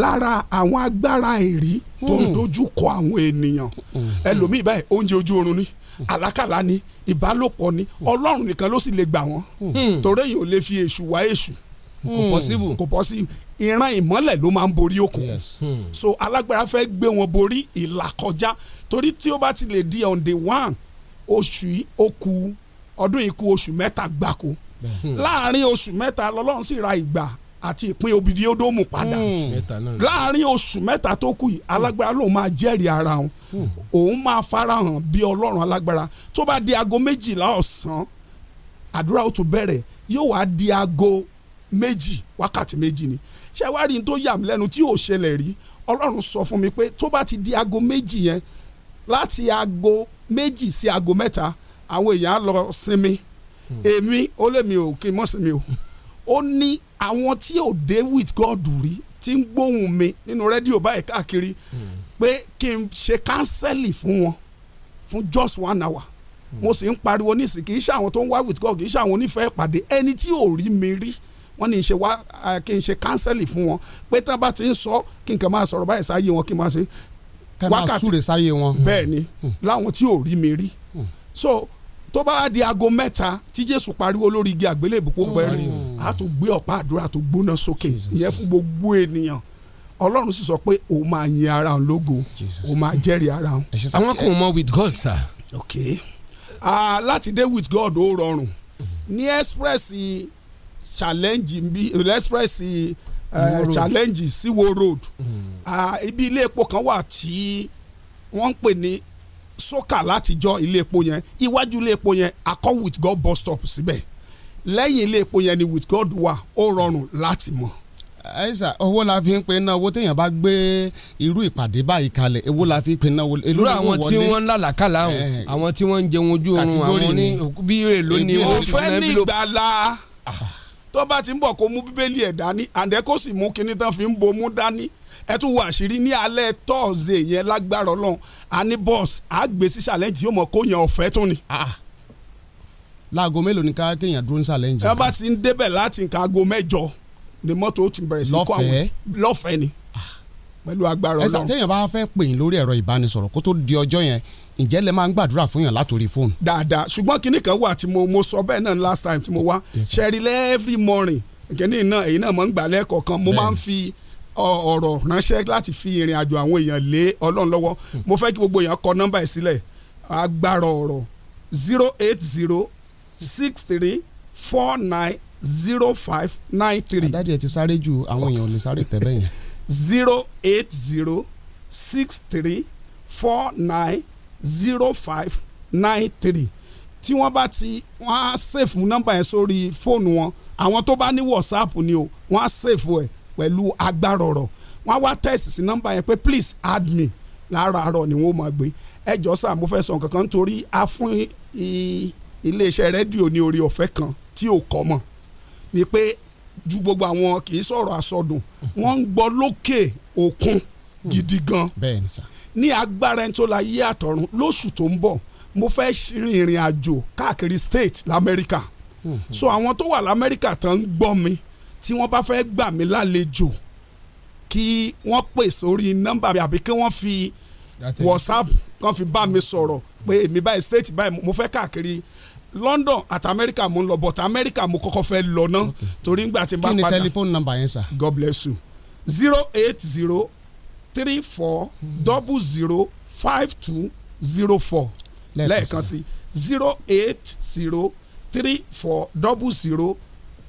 lára àwọn agbára èrí tó ń hmm. dojú kọ àwọn ènìyàn hmm. ẹlòmíì báyìí oúnjẹ ojú oorun ni hmm. àlákàlà ni ìbálòpọ̀ ni ọlọ́run nìkan ló sì lè gbà wọ́n torí èyí ò lè fi èṣù wá èṣù kò pọ́síbù kò ìran ìmọ́lẹ̀ ló máa ń borí òkùnkùn so alágbára fẹ́ gbé wọn borí ìlàkọjá torí tí ó bá ti lè di on the one oṣù okù ọdún yìí kù oṣù mẹ́ta gbáko láàárín oṣù mẹ́ta lọ́lọ́run sì ra ìgbà àti ìpín obìnrin odòmù padà hmm. láàrin oṣù mẹ́ta tó kù yìí alágbára lòun máa jẹ́rìí ara wọn hmm. òun máa farahàn bí ọlọ́run alágbára tó bá di aago méjìlá ọ̀sán àdúrà ó tún bẹ̀rẹ̀ yóò wá di aago méjì wákàtí méjì ni ṣé wàá rí n tó yà mí lẹ́nu tí yóò ṣẹlẹ̀ rí ọlọ́run sọ fún mi pé tó bá ti di aago méjì yẹn láti aago méjì sí aago mẹ́ta àwọn èèyàn á lọ sinmi hmm. èmi ó lè mi ò kí n mọ̀ sinmi o. ó ní àwọn tí ò dé with God rí tí ń gbóhùn mi nínú rédíò báyìí káàkiri pé kí n ṣe kánsẹ́lì fún wọn fún just one hour hmm. mo sì ń pariwo nísìn kì í ṣe àwọn tó ń wá with God kì í ṣe àwọn onífẹ̀ẹ́ ìpàdé ẹni tí ò rí mi rí wọ́n ní ṣe wá kí n ṣe kánsẹ́lì fún wọn pé tá a bá ti ń sọ kí n kàn máa sọ̀rọ̀ báyìí sáyé wọn kí n máa ṣe wákàtí bẹ́ẹ̀ ni hmm. Hmm. láwọn tí ò rí mi rí so tó bá di aago mẹ́ta tí jésù pariwo lórí igi àgbélébù kó pẹ́ rí a tún gbé ọ̀pá àdúrà tó gbóná sókè ìyẹn fún gbogbo ènìyàn ọlọ́run sì sọ pé òun máa yin ara òun lógo òun máa jẹ́rìí ara òun. àwọn kò mọ with God sir. ok uh, láti dé with God ó rọrùn ní express challenge bí express uh, challenge sí wo road hmm. ibi ilé epo kan wà tí wọ́n ń pè ní sókà látijọ́ ilé epo yẹn iwájú ilé epo yẹn akọ́ with god bus stop síbẹ̀ lẹ́yìn ilé epo yẹn ni with god wà ó rọrùn láti mọ̀ àìsà owó la fi ń pe iná owó téèyàn bá gbé irú ìpàdé báyìí kalẹ̀ owó la fi ń pe iná owó lórí owó wọlé. àwọn tí wọ́n ń làlàkàlà ọ̀hún àwọn tí wọ́n ń jẹun ojú oorun àwọn ní bí èrè ló ní owó ti fún ẹbí tó bá ti ń bọ̀ kó mú bíbélì ẹ̀ dání àǹdẹ́ mú kinní tán fi ń bomú dání ẹ tún wo àṣírí ní alẹ́ tọ́ọ̀sì yẹn lágbára ọlọ́run a ní bọ́ọ̀sì a gbé sí challenge yóò mọ̀ kó yẹn ọ̀fẹ́ tún ni. Ah. láago mélòó ni ká kéèyàn dúró ní challenge. ẹ bá ti ń débẹ̀ láti nǹkan aago mẹ́jọ ni mọ́tò ó ti bẹ̀rẹ̀ sí kó àwọn lọ́fẹ̀ẹ́ ni ah. pẹ̀lú agbára ọlọ́run. ẹ̀sà téèyàn bá fẹ́ pè yín lórí ẹ̀rọ ìbánisọ̀rọ̀ kó tó di ọjọ́ yẹn ǹjẹ́ lẹ máa ń gbàdúrà fún yàn látòrí fóònù. dáadáa ṣùgbọ́n kinní kan wà tí mo mo sọ bẹ́ẹ̀ náà last time tí mo wá ṣẹ́rí lẹ́ẹ́fì mọ́rin kìnìún náà èyí náà mọ̀ ń gbà lẹ́ẹ̀kọ̀ọ̀kan mo máa ń fi ọ̀rọ̀ ránṣẹ́ láti fi ìrìn àjò àwọn èèyàn lé ọlọ́run lọ́wọ́ mo fẹ́ kí gbogbo èèyàn kọ nọ́mbà ẹ̀ sílẹ̀ agbára ọ̀rọ̀ zero eight zero six three four nine zero five nine three. àdájọ́ ẹ ti sáré ju àwọn èèyàn ò lè sáré tẹ́ bẹ́yẹn. zero eight zero six three four nine zero five nine three tí wọ́n bá ti wọ́n á ṣèfù nọ́mbà yẹn sórí fóònù wọn àwọn tó bá ní whatsapp ni o wọ́n á ṣèfù ẹ̀ pẹ̀lú agbára ọ̀rọ̀ wọ́n á wá tẹ̀sì sí nọ́mbà yẹn pé please add me láàárọ̀ àárọ̀ ni wọ́n máa gbé ẹ jọ sà mo fẹ́ sọ nǹkan kan nítorí a fún iléeṣẹ́ rédíò ní orí ọ̀fẹ́ kan tí ò kọ́ mọ̀ ni pé ju gbogbo àwọn kì í sọ̀rọ̀ àsọdùn wọ́n ń gbọ́ lókè òkun gidi gan ní agbára ẹni tó la yé àtọ̀run lóṣù tó ń bọ̀ mo fẹ́ rin ìrìn àjò káàkiri state lamẹ́ríkà hmm. so àwọn tó wà lamẹ́ríkà tán ń gbọ́ mi tí wọ́n bá fẹ́ gbà mí lálejò kí wọ́n pè sórí nọ́mbà mi àbí kí wọ́n fi whatsapp kan fi bá mi sọ̀rọ̀ pé èmi báyìí state báyìí mo fẹ́ káàkiri London àti America mo ń lọ but America mo kọ́kọ́ fẹ́ lọ ná torí ngbà tí n bá padà kí ni telephone number yẹn sà. God bless you zero eight zero three four double zero five two zero four lẹ́ẹ̀kan sí zero eight zero three four double zero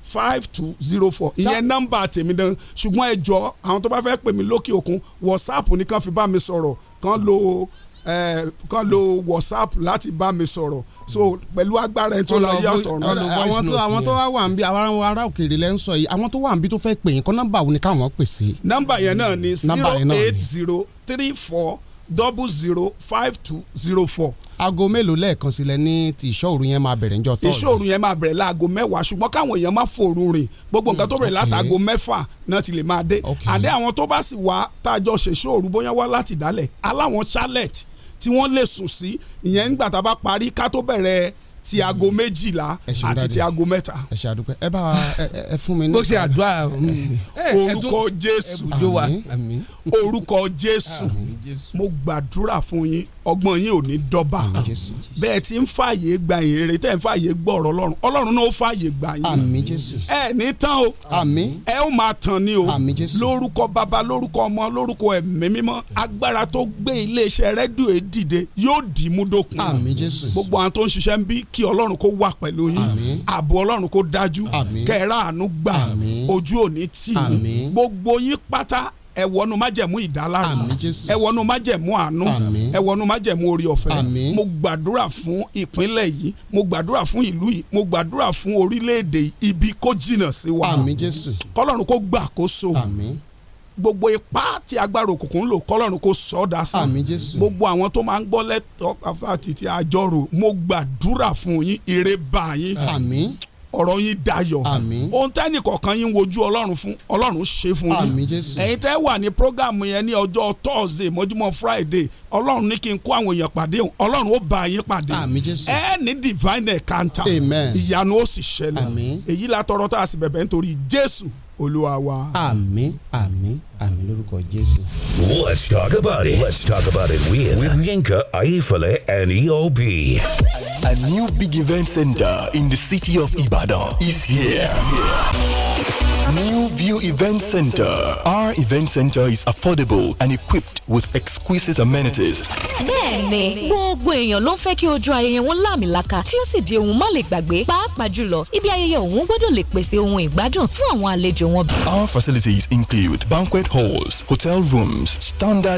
five two zero four ìyẹn nọ́mbà tèmi dán ṣùgbọ́n ẹ jọ àwọn tó bá fẹ́ pè mí lókè òkun whatsapp ni kàn fi bá mi sọ̀rọ̀ kàn lo Eh, kàn lo whatsapp láti bá mi sọ̀rọ̀ so pẹ̀lú agbára ẹ̀ tó la yá ọ̀tọ̀run. àwọn tó àwọn tó wà ń bí àwọn ará òkèèrè lẹ́ ń sọ yìí àwọn tó wà ń bí tó fẹ́ pè yín kọ́ nọ́mbà wo ni káwọn pè sí. yẹn náà ni zero eight zero three four double zero five two zero four. aago mélòó lẹ́ẹ̀kan sílẹ̀ ní ti ìṣọ́òru yẹn máa bẹ̀rẹ̀ níjọ́ tọ́ọ̀sì. ìṣọ́òru yẹn máa bẹ̀rẹ̀ láago mẹ́wàá ṣùgbọ́n káwọn èèyàn máa fòru rìn gbogbo nǹkan tó bẹ̀rẹ̀ látàgo mẹ́fà náà ti lè máa dé. àdé àwọn tó bá sì wá tá a jọ bóyá wá láti dálẹ̀ aláwọn chalet tí wọ́n lè sùn sí ìyẹn nígbà tá a bá parí ká tó bẹ̀rẹ̀ ti aago méjìlá àti ti aago mẹ́ta. ẹ ṣe àdúpẹ́ ẹ bá ẹ fún mi bó ṣe àdúrà mm. orúkọ jésù orúkọ jésù mo gbàdúrà fún yín ọgbọ́n yín ò ní dọ́bà bẹ́ẹ̀ tí ń fààyè gba yín rere tẹ́ ń fààyè gbọ́ ọ̀rọ̀ ọlọ́run ọlọ́run náà ó fààyè gba yín. ẹ ní tán o. àmín. ẹ ó máa tàn ní o. àmín jésù. lórúkọ baba lórúkọ ọmọ lórúkọ ẹ̀mí mímọ́ agbára tó gbé iléeṣẹ́ rédíò yìí dìde yóò dì í mú dókun. àmín jésù. gbogbo àwọn tó ń ṣiṣẹ́ ń bí kí ọlọ́run kó wà pẹ̀lú yín. àmín. ààbò ọlọ́run kó dájú. àmín. àánú gbà. ojú òní tì ẹ wọnú májẹ̀mú ìdálára ẹ wọnú májẹ̀mú àánú ẹ wọnú májẹ̀mú orí ọ̀fẹ́ mo gbàdúrà fún ìpínlẹ̀ yìí mo gbàdúrà fún ìlú yìí mo gbàdúrà fún orílẹ̀-èdè ibi kó jìnnà sí wa kọ́lọ́run kó gbàkóso gbogbo ipá tí agbára òkùnkùn ń lò kọlọ́run kò sọ ọ́ dá gbogbo àwọn tó máa ń gbọ́ lẹ́tọ́ àti àjọrò mo gbàdúrà fún yín ire bá yín ọ̀rọ̀ yín dayọ̀ ohun tẹ́nì kọ̀ọ̀kan yín wojú ọlọ́run fún ọlọ́run ṣe fún yín ẹ̀yin tẹ́ wà ní prógámù yẹn ní ọjọ́ thursday mọ́júmọ́ friday ọlọ́run ní kí n kó àwọn èèyàn pàdé ọlọ́run ó bá yín pàdé ẹ ní divine encounter ìyanu ó sì ṣẹlẹ̀ èyí la tọrọ tá a sì bẹ̀bẹ̀ nítorí jésù olúwa wa. àmín àmín àmín lórúkọ jésù. let's talk about it let's talk about it with, with Yinka Ayefele and EOB. a new big event center in the city of Ibadan is here. Is here. New View Event Center. Our event center is affordable and equipped with exquisite amenities. Bẹ́ẹ̀ni, gbogbo èèyàn ló ń fẹ́ kí ojú ayẹyẹ wọn lámìlaka tí ó sì di ohun má lè gbàgbé pàápàá jùlọ ibi ayẹyẹ òun gbọ́dọ̀ lè pèsè ohun ìgbádùn fún àwọn àlejò wọn. Our facilities include banquet halls, hotel rooms, standard